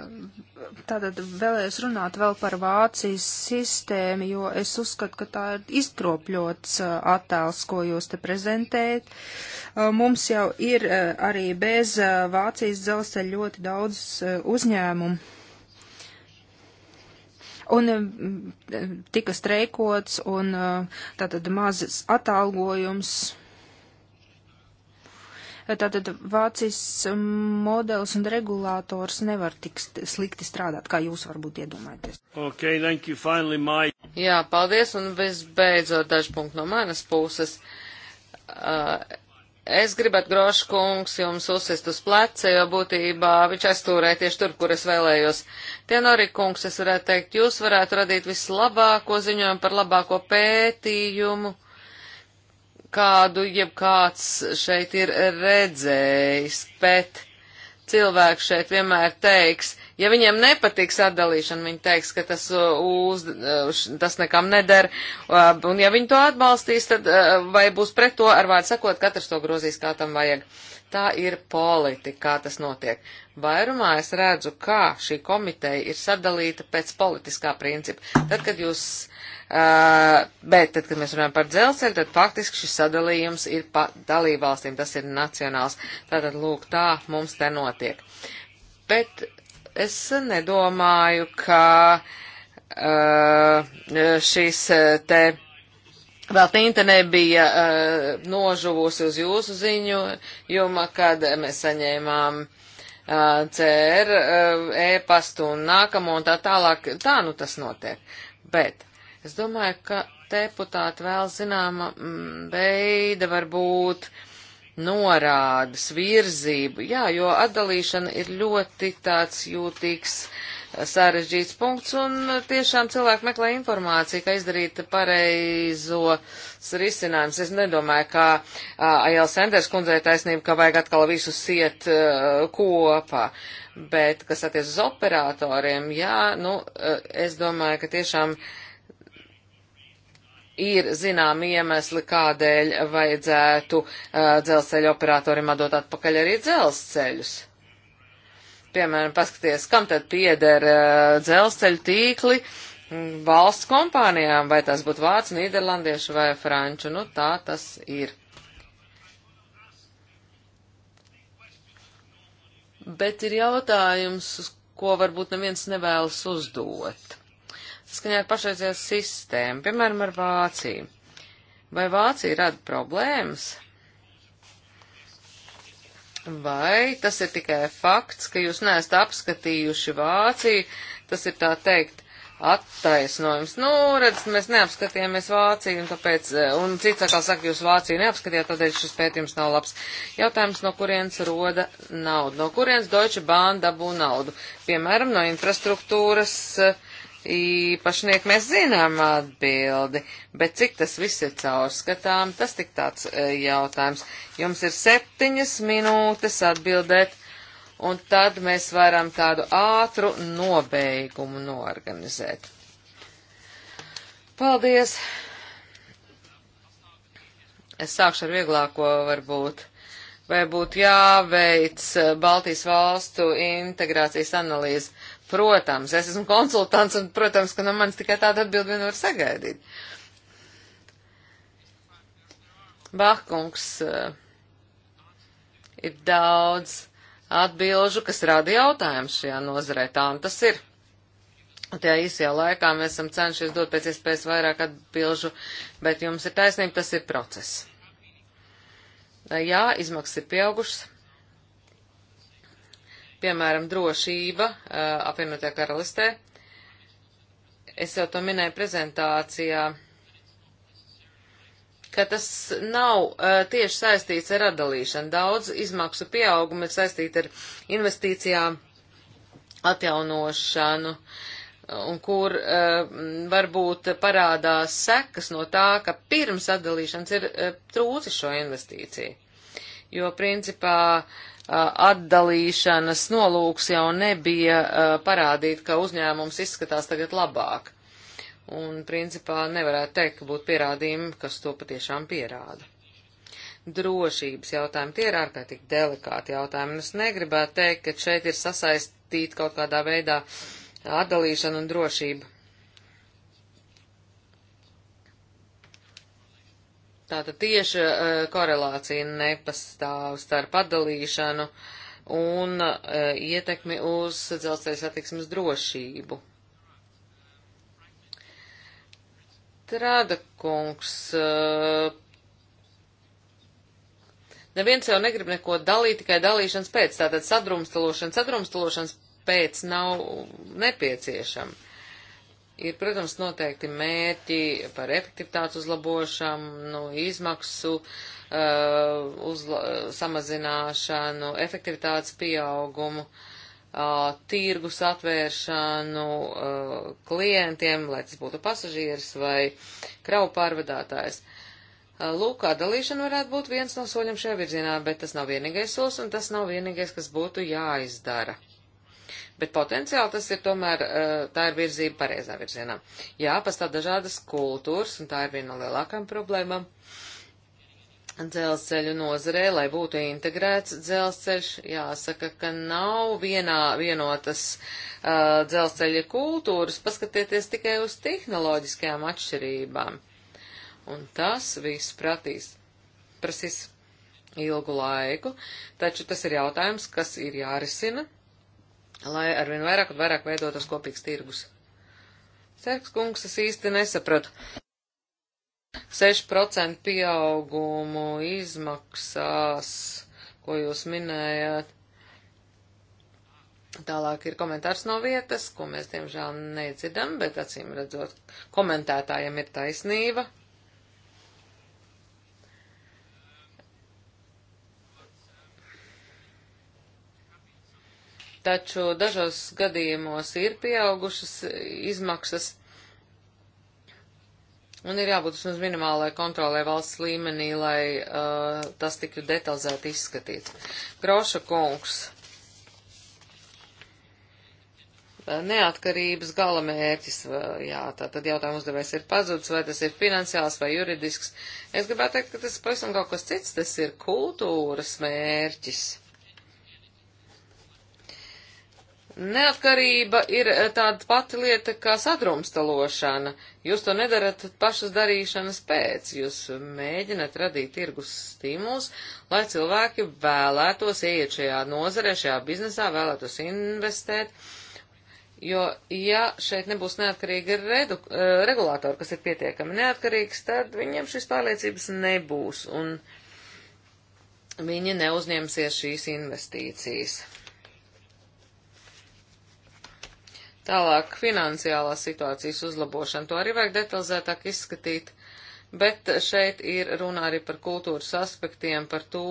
Speaker 3: tātad vēlējos runāt vēl par Vācijas sistēmu, jo es uzskatu, ka tā ir izkropļots eh, attēls, ko jūs te prezentējat. Eh, mums jau ir arī bez Vācijas dzelzceļa ļoti daudz uzņēmumu un um, tika streikots, un uh, tātad mazs atalgojums. Tātad Vācijas modelis un regulātors nevar tik slikti strādāt, kā jūs varbūt iedomājaties.
Speaker 1: Okay, thank you, finally,
Speaker 2: my... Jā, paldies, un visbeidzot dažs punkts no manas puses. Uh, Es gribētu, Grošs kungs, jums uzsist uz pleca, jo būtībā viņš aizstūrēja tieši tur, kur es vēlējos. Tenori kungs, es varētu teikt, jūs varētu radīt vislabāko ziņojumu par labāko pētījumu, kādu jebkāds šeit ir redzējis, bet cilvēks šeit vienmēr teiks, Ja viņiem nepatīk sadalīšana, viņi teiks, ka tas, uh, uz, uh, tas nekam neder, uh, un ja viņi to atbalstīs, tad vai būs pret to, ar vārdu sakot, katrs to grozīs, kā tam vajag. Tā ir politika, kā tas notiek. Vairumā es redzu, kā šī komiteja ir sadalīta pēc politiskā principa. Tad, kad jūs, bet tad, kad mēs runājam par dzelzceļu, tad faktiski šis sadalījums ir pa dalībvalstīm, tas ir nacionāls. Tātad, lūk, tā mums te notiek. Bet es nedomāju, ka uh, šis uh, te vēl tinta nebija uh, nožuvusi uz jūsu ziņu, juma, kad mēs saņēmām uh, CR, uh, e-pastu un nākamo un tā tālāk. Tā nu tas notiek. Bet es domāju, ka deputāti vēl zināma mm, veida varbūt uh, norādes, virzību, jā, jo atdalīšana ir ļoti tāds jūtīgs, eh, sarežģīts punkts, un eh, tiešām cilvēki meklē informāciju, kā izdarīt pareizos risinājumus. Es nedomāju, ka eh, Aijala Sanders kundzei taisnība, ka vajag atkal visus siet uh, kopā, bet, kas attiec uz operatoriem, jā, nu, uh, es domāju, ka tiešām uh, ir zinām iemesli, kādēļ vajadzētu uh, dzelzceļa operatorim atdot atpakaļ arī dzelzceļus. Piemēram, paskaties, kam tad pieder uh, dzelzceļa tīkli mm, valsts kompānijām, vai tas būtu vācu, nīderlandiešu vai franču. Nu, tā tas ir. Bet ir jautājums, uz ko varbūt neviens nevēlas uzdot saskaņā ar pašreizējo sistēmu, piemēram, ar Vāciju. Vai Vācija rada problēmas? Vai tas ir tikai fakts, ka jūs neesat apskatījuši Vāciju? Tas ir tā teikt attaisnojums. Nu, redz, mēs neapskatījāmies Vāciju, un tāpēc, e, un cits atkal saka, jūs Vāciju neapskatījāt, tādēļ šis pētījums nav labs. Jautājums, no kurienes roda naudu? No kurienes Deutsche Bahn dabū naudu? Piemēram, no infrastruktūras uh, īpašnieki, mēs zinām atbildi, bet cik tas viss ir caurskatām, tas tik tāds e, jautājums. Jums ir septiņas minūtes atbildēt, un tad mēs varam tādu ātru nobeigumu norganizēt. Paldies! Es sākšu ar vieglāko varbūt vai būtu jāveic Baltijas valstu integrācijas analīze. Protams, es esmu konsultants un, protams, ka no manis tikai tāda atbildi vien var sagaidīt. Bahkungs eh, ir daudz atbilžu, kas rada jautājumus šajā nozarē. Tā un tas ir. Un tajā īsajā laikā mēs esam cenšies dot pēc iespējas vairāk atbilžu, bet jums ir taisnība, tas ir process. Eh, jā, izmaksas ir pieaugušas. Piemēram, drošība eh, apvienotajā karalistē. Es jau to minēju prezentācijā, ka tas nav eh, tieši saistīts ar atdalīšanu. Daudz izmaksu pieauguma ir saistīta ar investīcijām, atjaunošanu. Uh, un kur uh, varbūt parādās sekas no tā, ka pirms atdalīšanas ir uh, trūci šo investīciju. Jo, principā, atdalīšanas nolūks jau nebija parādīt, ka uzņēmums izskatās tagad labāk. Un, principā, nevarētu teikt, ka būtu pierādījumi, kas to patiešām pierāda. Drošības jautājumi tie ir ārkārtīgi delikāti jautājumi, un es negribētu teikt, ka šeit ir sasaistīta kaut kādā veidā atdalīšana un drošība. Tātad tieša eh, korelācija nepastāv starp padalīšanu un eh, ietekmi uz dzelzceļa satiksmes drošību. Trāda kungs. Eh, neviens jau negrib neko dalīt, tikai dalīšanas pēc. Tātad sadrumstalošana, sadrumstalošanas pēc nav nepieciešama. Ir, protams, noteikti mērķi par efektivitātes uzlabošanu, nu, izmaksu uh, uzla samazināšanu, efektivitātes pieaugumu, uh, tirgus atvēršanu uh, klientiem, lai tas būtu pasažieris vai kravu pārvadātājs. Lūk, kā dalīšana varētu būt viens no soļiem šajā virzienā, bet tas nav vienīgais solis un tas nav vienīgais, kas būtu jāizdara. Bet potenciāli tas ir tomēr, eh, tā ir virzība pareizā virzienā. Jā, pastāv dažādas kultūras, un tā ir viena no lielākām problēmām dzelzceļu nozarē, lai būtu integrēts dzelzceļš, jāsaka, ka nav vienā vienotas uh, dzelzceļa kultūras, paskatieties tikai uz tehnoloģiskajām atšķirībām. Un tas viss pratīs, prasīs ilgu laiku, taču tas ir jautājums, kas ir jārisina lai arvien vairāk un vairāk veidotos kopīgs tirgus. Cerks kungs, es īsti nesapratu. 6% pieaugumu izmaksās, ko jūs minējāt. Tālāk ir komentārs no vietas, ko mēs diemžēl nedzirdam, bet acīm redzot, komentētājiem ir taisnība. taču dažos gadījumos ir pieaugušas izmaksas un ir jābūt uz minimālai kontrolē valsts līmenī, lai uh, tas tiktu detalizēti izskatīts. Groša kungs. Uh, neatkarības gala mērķis, uh, jā, tā tad jautājums uzdevējs ir pazudis, vai tas ir finansiāls vai juridisks. Es gribētu teikt, ka tas pavisam kaut kas cits, tas ir kultūras mērķis. Neatkarība ir eh, tāda pati lieta kā sadrumstalošana. Jūs to nedarat pašas darīšanas pēc, jūs mēģinat radīt tirgus stimulus, lai cilvēki vēlētos ieiet šajā nozarē, šajā biznesā, vēlētos investēt. Jo, ja šeit nebūs neatkarīga redu, eh, regulātora, kas ir pietiekami neatkarīgs, tad viņiem šis pārliecības nebūs, un viņi neuzņemsies šīs investīcijas. Tālāk finansiālās situācijas uzlabošana. To arī vajag detalizētāk izskatīt, bet šeit ir runa arī par kultūras aspektiem, par to,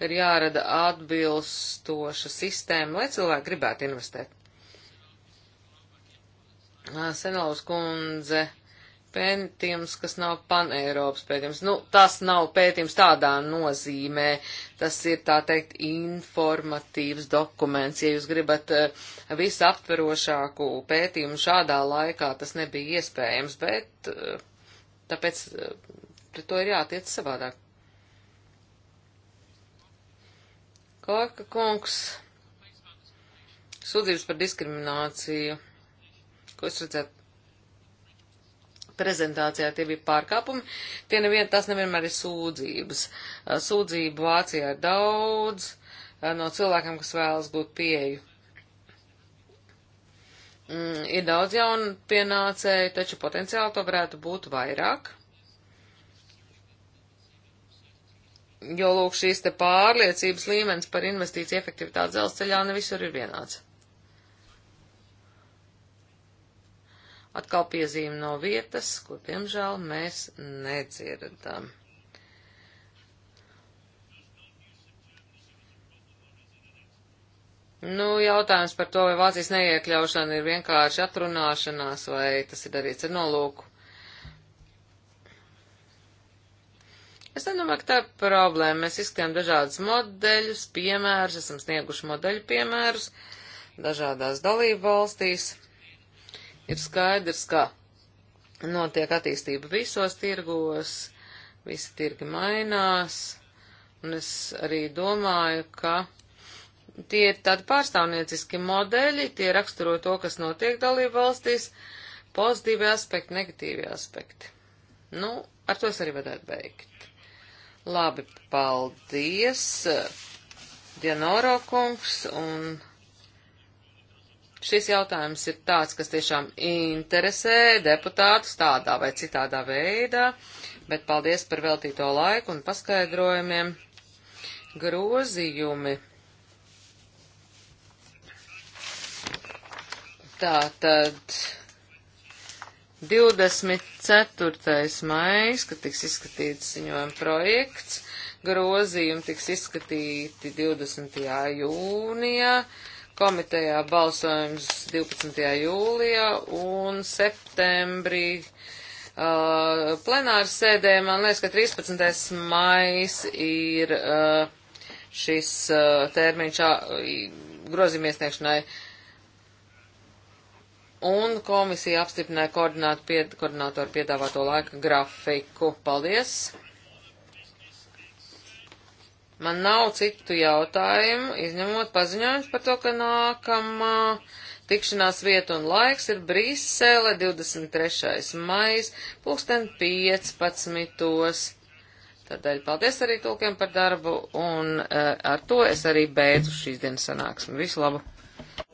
Speaker 2: ka ir jārada atbilstoša sistēma, lai cilvēki gribētu investēt. Senelaus kundze pētījums, kas nav paneiropas pētījums. Nu, tas nav pētījums tādā nozīmē, tas ir, tā teikt, informatīvs dokuments. Ja jūs gribat eh, visaptverošāku pētījumu šādā laikā, tas nebija iespējams, bet eh, tāpēc eh, pret to ir jātiec savādāk. Korka kungs, sūdzības par diskrimināciju. Ko jūs redzētu? prezentācijā tie bija pārkāpumi, tie nevien, tas nevienmēr ir sūdzības. Sūdzību Vācijā ir daudz no cilvēkiem, kas vēlas būt pieeju. Mm, ir daudz jaunu pienācēju, taču potenciāli to varētu būt vairāk. Jo, lūk, šīs te pārliecības līmenis par investīciju efektivitāti dzelzceļā ne visur ir vienāds. Atkal piezīme no vietas, ko, diemžēl, mēs nedzirdam. Nu, jautājums par to, vai Vācijas neiekļaušana ir vienkārši atrunāšanās, vai tas ir darīts ar nolūku. Es nedomāju, ka tā ir problēma. Mēs izskatām dažādus modeļus, piemērus, esam snieguši modeļu piemērus dažādās dalību valstīs. Ir skaidrs, ka notiek attīstība visos tirgos, visi tirgi mainās, un es arī domāju, ka tie ir tādi pārstāvnieciski modeļi, tie raksturo to, kas notiek dalību valstīs, pozitīvi aspekti, negatīvi aspekti. Nu, ar to es arī varētu beigt. Labi, paldies, Dienoro kungs, un Šis jautājums ir tāds, kas tiešām interesē deputātus tādā vai citādā veidā, bet paldies par veltīto laiku un paskaidrojumiem. Grozījumi. Tātad 24. maijs, kad tiks izskatīts ziņojuma projekts, grozījumi tiks izskatīti 20. jūnijā. Komitejā balsojums 12. jūlijā un septembrī uh, plenāra sēdē, man liekas, ka 13. mais ir uh, šis uh, termiņš grozījuma iesniegšanai. Un komisija apstiprināja koordinātu pied, koordinātoru piedāvāto laika grafiku. Paldies! Man nav citu jautājumu, izņemot paziņojums par to, ka nākamā tikšanās vieta un laiks ir Brisele 23. maijas, pulksten 15. Tādēļ paldies arī tulkiem par darbu, un uh, ar to es arī beidzu šīs dienas sanāksmi. Visu labu!